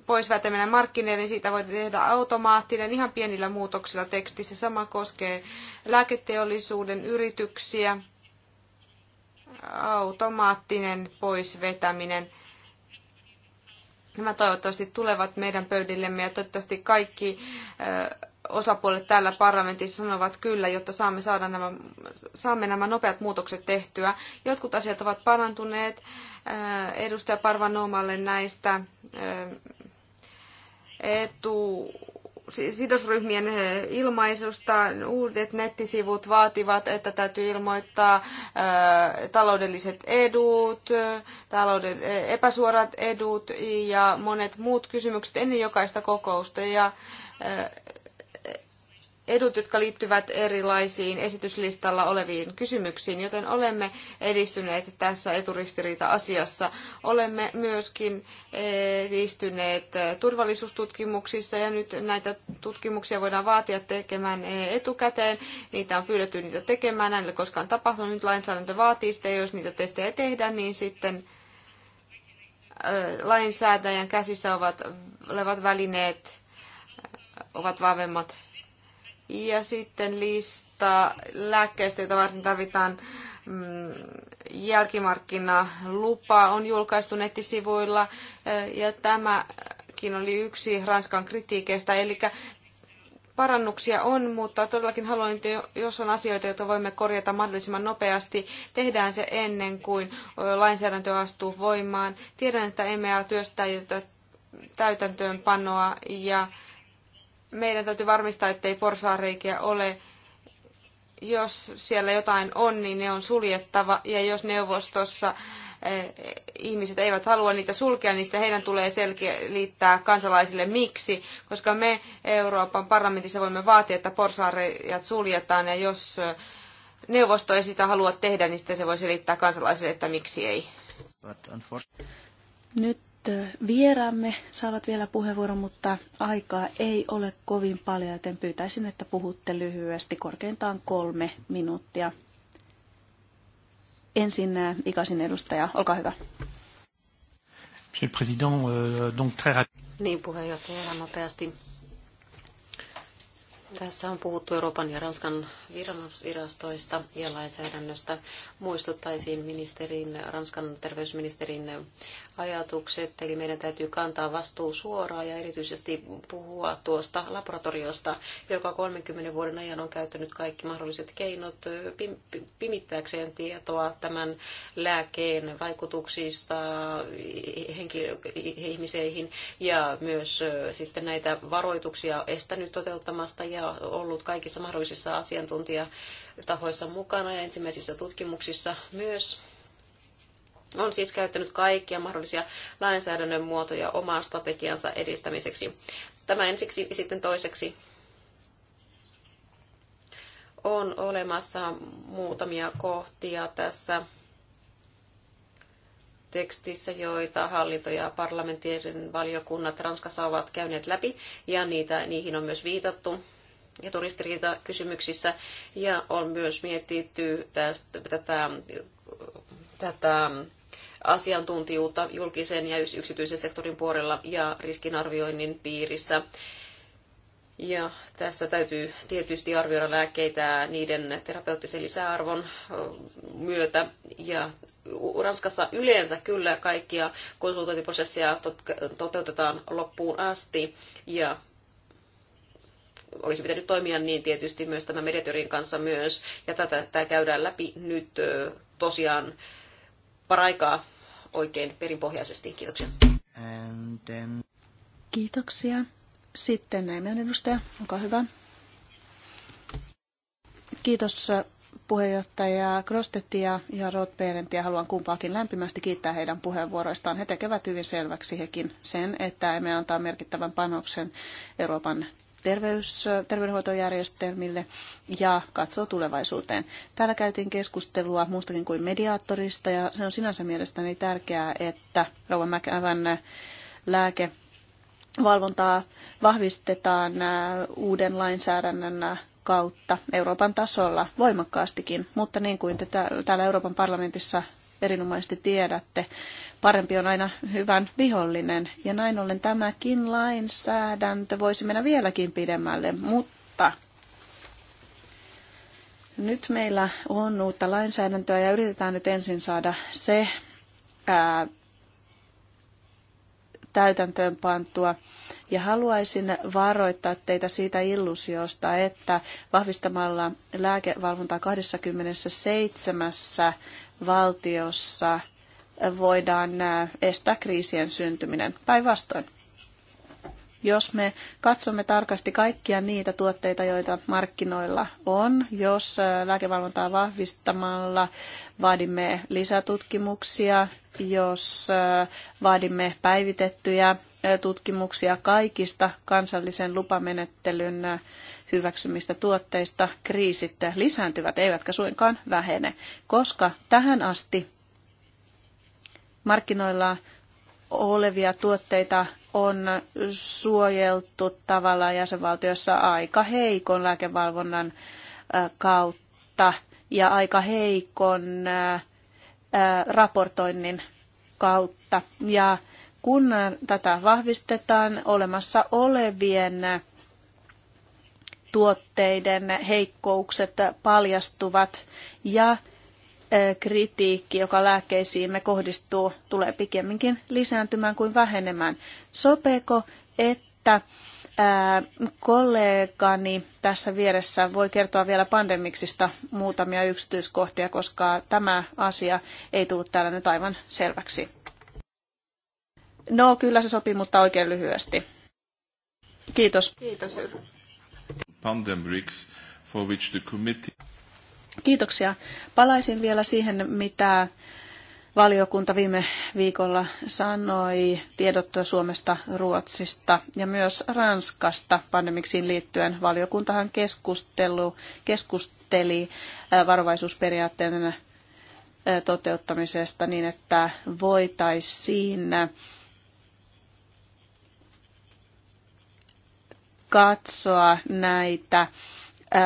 poisvätäminen markkinoille, niin siitä voi tehdä automaattinen ihan pienillä muutoksilla tekstissä. Sama koskee lääketeollisuuden yrityksiä, automaattinen poisvetäminen. Nämä toivottavasti tulevat meidän pöydillemme ja toivottavasti kaikki osapuolet täällä parlamentissa sanovat kyllä, jotta saamme, saada nämä, saamme nämä nopeat muutokset tehtyä. Jotkut asiat ovat parantuneet. Äh, edustaja Parvanomalle näistä äh, etu, sidosryhmien äh, ilmaisusta. Uudet nettisivut vaativat, että täytyy ilmoittaa taloudelliset edut, talouden, epäsuorat edut ja monet muut kysymykset ennen jokaista kokousta. Ja edut, jotka liittyvät erilaisiin esityslistalla oleviin kysymyksiin, joten olemme edistyneet tässä eturistiriita-asiassa. Olemme myöskin eh, edistyneet eh, turvallisuustutkimuksissa ja nyt näitä tutkimuksia voidaan vaatia tekemään eh, etukäteen. Niitä on pyydetty niitä tekemään, näin ei koskaan tapahtunut, nyt lainsäädäntö vaatii sitä ja jos niitä testejä tehdään, niin sitten lainsäätäjän käsissä ovat, olevat välineet ovat vahvemmat ja sitten lista lääkkeistä, joita varten tarvitaan mm, jälkimarkkinalupa, on julkaistu nettisivuilla. Ja tämäkin oli yksi Ranskan kritiikeistä. Eli parannuksia on, mutta todellakin haluan, että jos on asioita, joita voimme korjata mahdollisimman nopeasti, tehdään se ennen kuin lainsäädäntö astuu voimaan. Tiedän, että EMEA työstää täytäntöönpanoa ja meidän täytyy varmistaa, ettei porsaareikiä ole. Jos siellä jotain on, niin ne on suljettava. Ja jos neuvostossa eh, ihmiset eivät halua niitä sulkea, niin heidän tulee liittää kansalaisille miksi, koska me Euroopan parlamentissa voimme vaatia, että porsaarejat suljetaan ja jos eh, neuvosto ei sitä halua tehdä, niin sitten se voi selittää kansalaisille, että miksi ei. Nyt vieraamme saavat vielä puheenvuoron, mutta aikaa ei ole kovin paljon, joten pyytäisin, että puhutte lyhyesti, korkeintaan kolme minuuttia. Ensin Ikasin edustaja, olkaa hyvä. Monsieur le Président, euh, donc très rapide. Niin, puheenjohtaja, ihan nopeasti. Tässä on puhuttu Euroopan ja Ranskan viranomaisvirastoista ja lainsäädännöstä. Muistuttaisin ministerin, Ranskan terveysministerin ajatukset, eli meidän täytyy kantaa vastuu suoraan ja erityisesti puhua tuosta laboratoriosta, joka 30 vuoden ajan on käyttänyt kaikki mahdolliset keinot pimittääkseen tietoa tämän lääkeen vaikutuksista ihmiseihin ja myös sitten näitä varoituksia estänyt toteuttamasta ja ollut kaikissa mahdollisissa asiantuntijatahoissa mukana ja ensimmäisissä tutkimuksissa myös on siis käyttänyt kaikkia mahdollisia lainsäädännön muotoja omaa strategiansa edistämiseksi. Tämä ensiksi sitten toiseksi on olemassa muutamia kohtia tässä tekstissä, joita hallinto- ja parlamenttien valiokunnat Ranskassa ovat käyneet läpi, ja niitä, niihin on myös viitattu ja kysymyksissä, ja on myös mietitty tästä, tätä, tätä asiantuntijuutta julkisen ja yksityisen sektorin puolella ja riskinarvioinnin piirissä. Ja tässä täytyy tietysti arvioida lääkkeitä niiden terapeuttisen lisäarvon myötä. Ja Ranskassa yleensä kyllä kaikkia konsultointiprosesseja toteutetaan loppuun asti. Ja olisi pitänyt toimia niin tietysti myös tämän mediatorin kanssa myös. Ja tätä, tätä käydään läpi nyt tosiaan paraikaa oikein perinpohjaisesti. Kiitoksia. Then... Kiitoksia. Sitten näemme edustaja. Onko hyvä. Kiitos äh, puheenjohtaja Krostetti ja, ja Rothbergentia haluan kumpaakin lämpimästi kiittää heidän puheenvuoroistaan. He tekevät hyvin selväksi hekin sen, että emme antaa merkittävän panoksen Euroopan terveys, terveydenhuoltojärjestelmille ja katsoo tulevaisuuteen. Täällä käytiin keskustelua muustakin kuin mediaattorista ja se on sinänsä mielestäni tärkeää, että Rouva Mäkävän lääke valvontaa vahvistetaan äh, uuden lainsäädännön kautta Euroopan tasolla voimakkaastikin, mutta niin kuin te täällä Euroopan parlamentissa erinomaisesti tiedätte. Parempi on aina hyvän vihollinen. Ja näin ollen tämäkin lainsäädäntö voisi mennä vieläkin pidemmälle, mutta nyt meillä on uutta lainsäädäntöä ja yritetään nyt ensin saada se ää, täytäntöön pantua. Ja haluaisin varoittaa teitä siitä illusiosta, että vahvistamalla lääkevalvontaa 27 valtiossa voidaan estää kriisien syntyminen. Päinvastoin, jos me katsomme tarkasti kaikkia niitä tuotteita, joita markkinoilla on, jos lääkevalvontaa vahvistamalla vaadimme lisätutkimuksia, jos vaadimme päivitettyjä tutkimuksia kaikista kansallisen lupamenettelyn hyväksymistä tuotteista kriisit lisääntyvät, eivätkä suinkaan vähene, koska tähän asti markkinoilla olevia tuotteita on suojeltu tavallaan jäsenvaltiossa aika heikon lääkevalvonnan kautta ja aika heikon raportoinnin kautta. Ja kun tätä vahvistetaan olemassa olevien tuotteiden heikkoukset paljastuvat ja kritiikki, joka lääkkeisiimme kohdistuu, tulee pikemminkin lisääntymään kuin vähenemään. Sopeeko, että ää, kollegani tässä vieressä voi kertoa vielä pandemiksista muutamia yksityiskohtia, koska tämä asia ei tullut täällä nyt aivan selväksi. No, kyllä se sopii, mutta oikein lyhyesti. Kiitos. Kiitos for which the committee... Kiitoksia. Palaisin vielä siihen, mitä valiokunta viime viikolla sanoi tiedot Suomesta, Ruotsista ja myös Ranskasta pandemiksiin liittyen. Valiokuntahan keskustelu, keskusteli varovaisuusperiaatteen toteuttamisesta niin, että voitaisiin katsoa näitä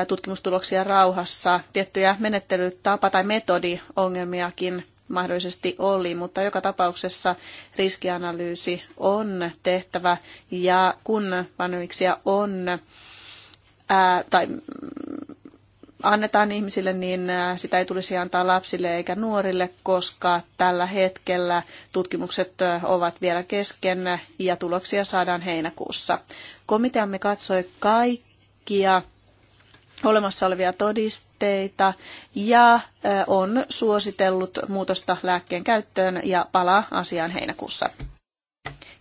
tutkimustuloksia rauhassa. Tiettyjä menettelytapa- tai metodiongelmiakin mahdollisesti oli, mutta joka tapauksessa riskianalyysi on tehtävä ja kun panemiksia on ää, tai mm, annetaan ihmisille, niin äh, sitä ei tulisi antaa lapsille eikä nuorille, koska tällä hetkellä tutkimukset äh, ovat vielä kesken ja tuloksia saadaan heinäkuussa. Komiteamme katsoi kaikkia olemassa olevia todisteita ja äh, on suositellut muutosta lääkkeen käyttöön ja palaa asiaan heinäkuussa.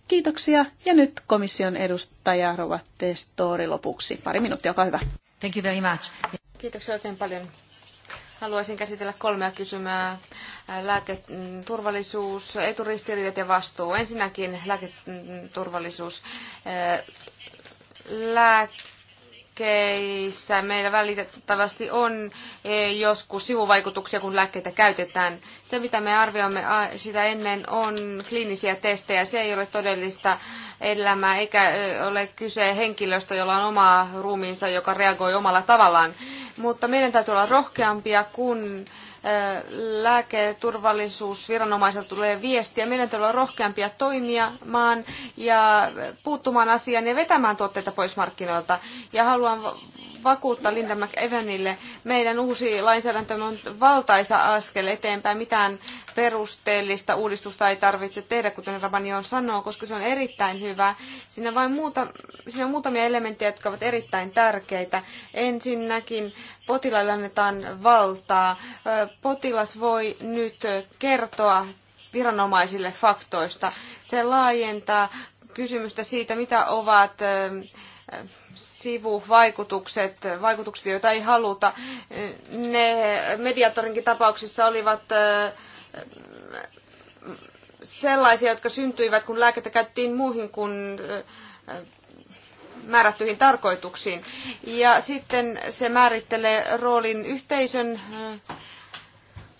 Kiitoksia ja nyt komission edustaja Rova Testori lopuksi. Pari minuuttia, olkaa hyvä. Thank you very much. Kiitoksia oikein paljon. Haluaisin käsitellä kolmea kysymää. Lääketurvallisuus, mm, eturistiriidat ja vastuu. Ensinnäkin lääketurvallisuus. Lääke lääkkeissä meillä välitettävästi on eh, joskus sivuvaikutuksia, kun lääkkeitä käytetään. Se, mitä me arvioimme sitä ennen, on kliinisiä testejä. Se ei ole todellista elämää, eikä eh, ole kyse henkilöstä, jolla on oma ruumiinsa, joka reagoi omalla tavallaan. Mutta meidän täytyy olla rohkeampia, kun lääketurvallisuusviranomaiselta tulee viestiä. Meidän tulee olla rohkeampia toimimaan ja puuttumaan asiaan ja vetämään tuotteita pois markkinoilta. Ja haluan vakuuttaa Linda McEvenille. Meidän uusi lainsäädäntö on valtaisa askel eteenpäin. Mitään perusteellista uudistusta ei tarvitse tehdä, kuten on sanoo, koska se on erittäin hyvä. Siinä, vain muuta, siinä on muutamia elementtejä, jotka ovat erittäin tärkeitä. Ensinnäkin potilaille annetaan valtaa. Potilas voi nyt kertoa viranomaisille faktoista. Se laajentaa kysymystä siitä, mitä ovat sivuvaikutukset, vaikutukset, joita ei haluta. Ne mediatorinkin tapauksissa olivat sellaisia, jotka syntyivät, kun lääkettä käytettiin muihin kuin määrättyihin tarkoituksiin. Ja sitten se määrittelee roolin yhteisön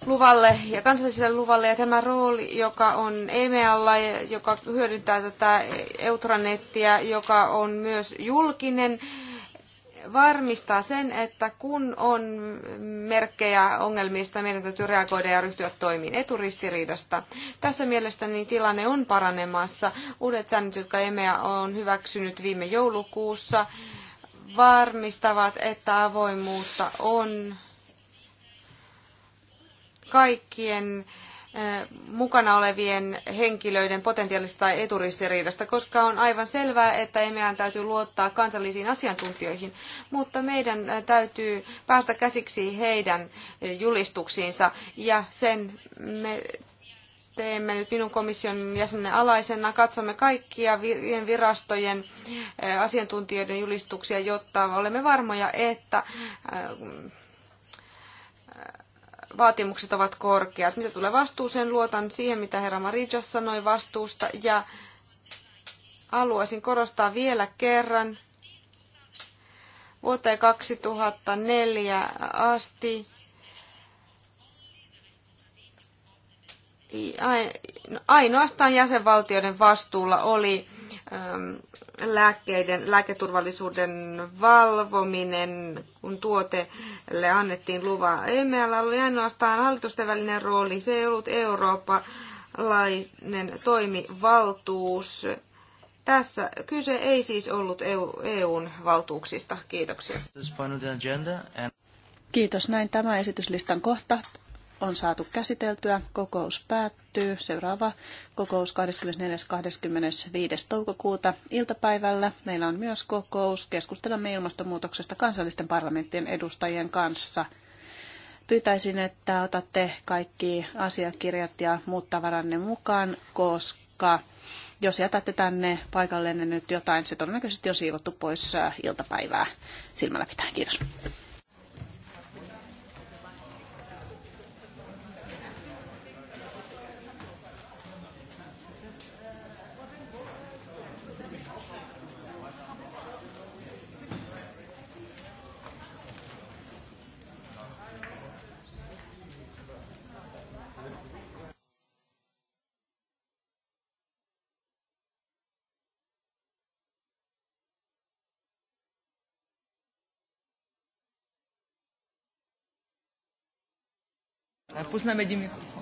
luvalle ja kansalliselle luvalle. Ja tämä rooli, joka on EMEalla, joka hyödyntää tätä Eutranettia, joka on myös julkinen, varmistaa sen, että kun on merkkejä ongelmista, meidän täytyy reagoida ja ryhtyä toimiin eturistiriidasta. Tässä mielestäni tilanne on paranemassa. Uudet säännöt, jotka EMEA on hyväksynyt viime joulukuussa, varmistavat, että avoimuutta on kaikkien eh, mukana olevien henkilöiden potentiaalista tai eturistiriidasta, koska on aivan selvää, että emme täytyy luottaa kansallisiin asiantuntijoihin, mutta meidän eh, täytyy päästä käsiksi heidän eh, julistuksiinsa ja sen me teemme nyt minun komission jäsenen alaisena. Katsomme kaikkia virastojen asiantuntijoiden julistuksia, jotta olemme varmoja, että vaatimukset ovat korkeat. Mitä tulee vastuuseen, luotan siihen, mitä herra Marija sanoi vastuusta. Ja haluaisin korostaa vielä kerran vuoteen 2004 asti ainoastaan jäsenvaltioiden vastuulla oli Ähm, lääkkeiden, lääketurvallisuuden valvominen, kun tuotelle annettiin luva. EMEAlla oli ainoastaan hallitusten välinen rooli, se ei ollut eurooppalainen toimivaltuus. Tässä kyse ei siis ollut EUn valtuuksista. Kiitoksia. Kiitos. Näin tämä esityslistan kohta on saatu käsiteltyä. Kokous päättyy. Seuraava kokous 24.25. toukokuuta iltapäivällä. Meillä on myös kokous. Keskustelemme ilmastonmuutoksesta kansallisten parlamenttien edustajien kanssa. Pyytäisin, että otatte kaikki asiakirjat ja muut tavaranne mukaan, koska jos jätätte tänne paikalleen nyt jotain, se todennäköisesti on siivottu pois äh, iltapäivää silmällä pitää. Kiitos. Pusna medimiko.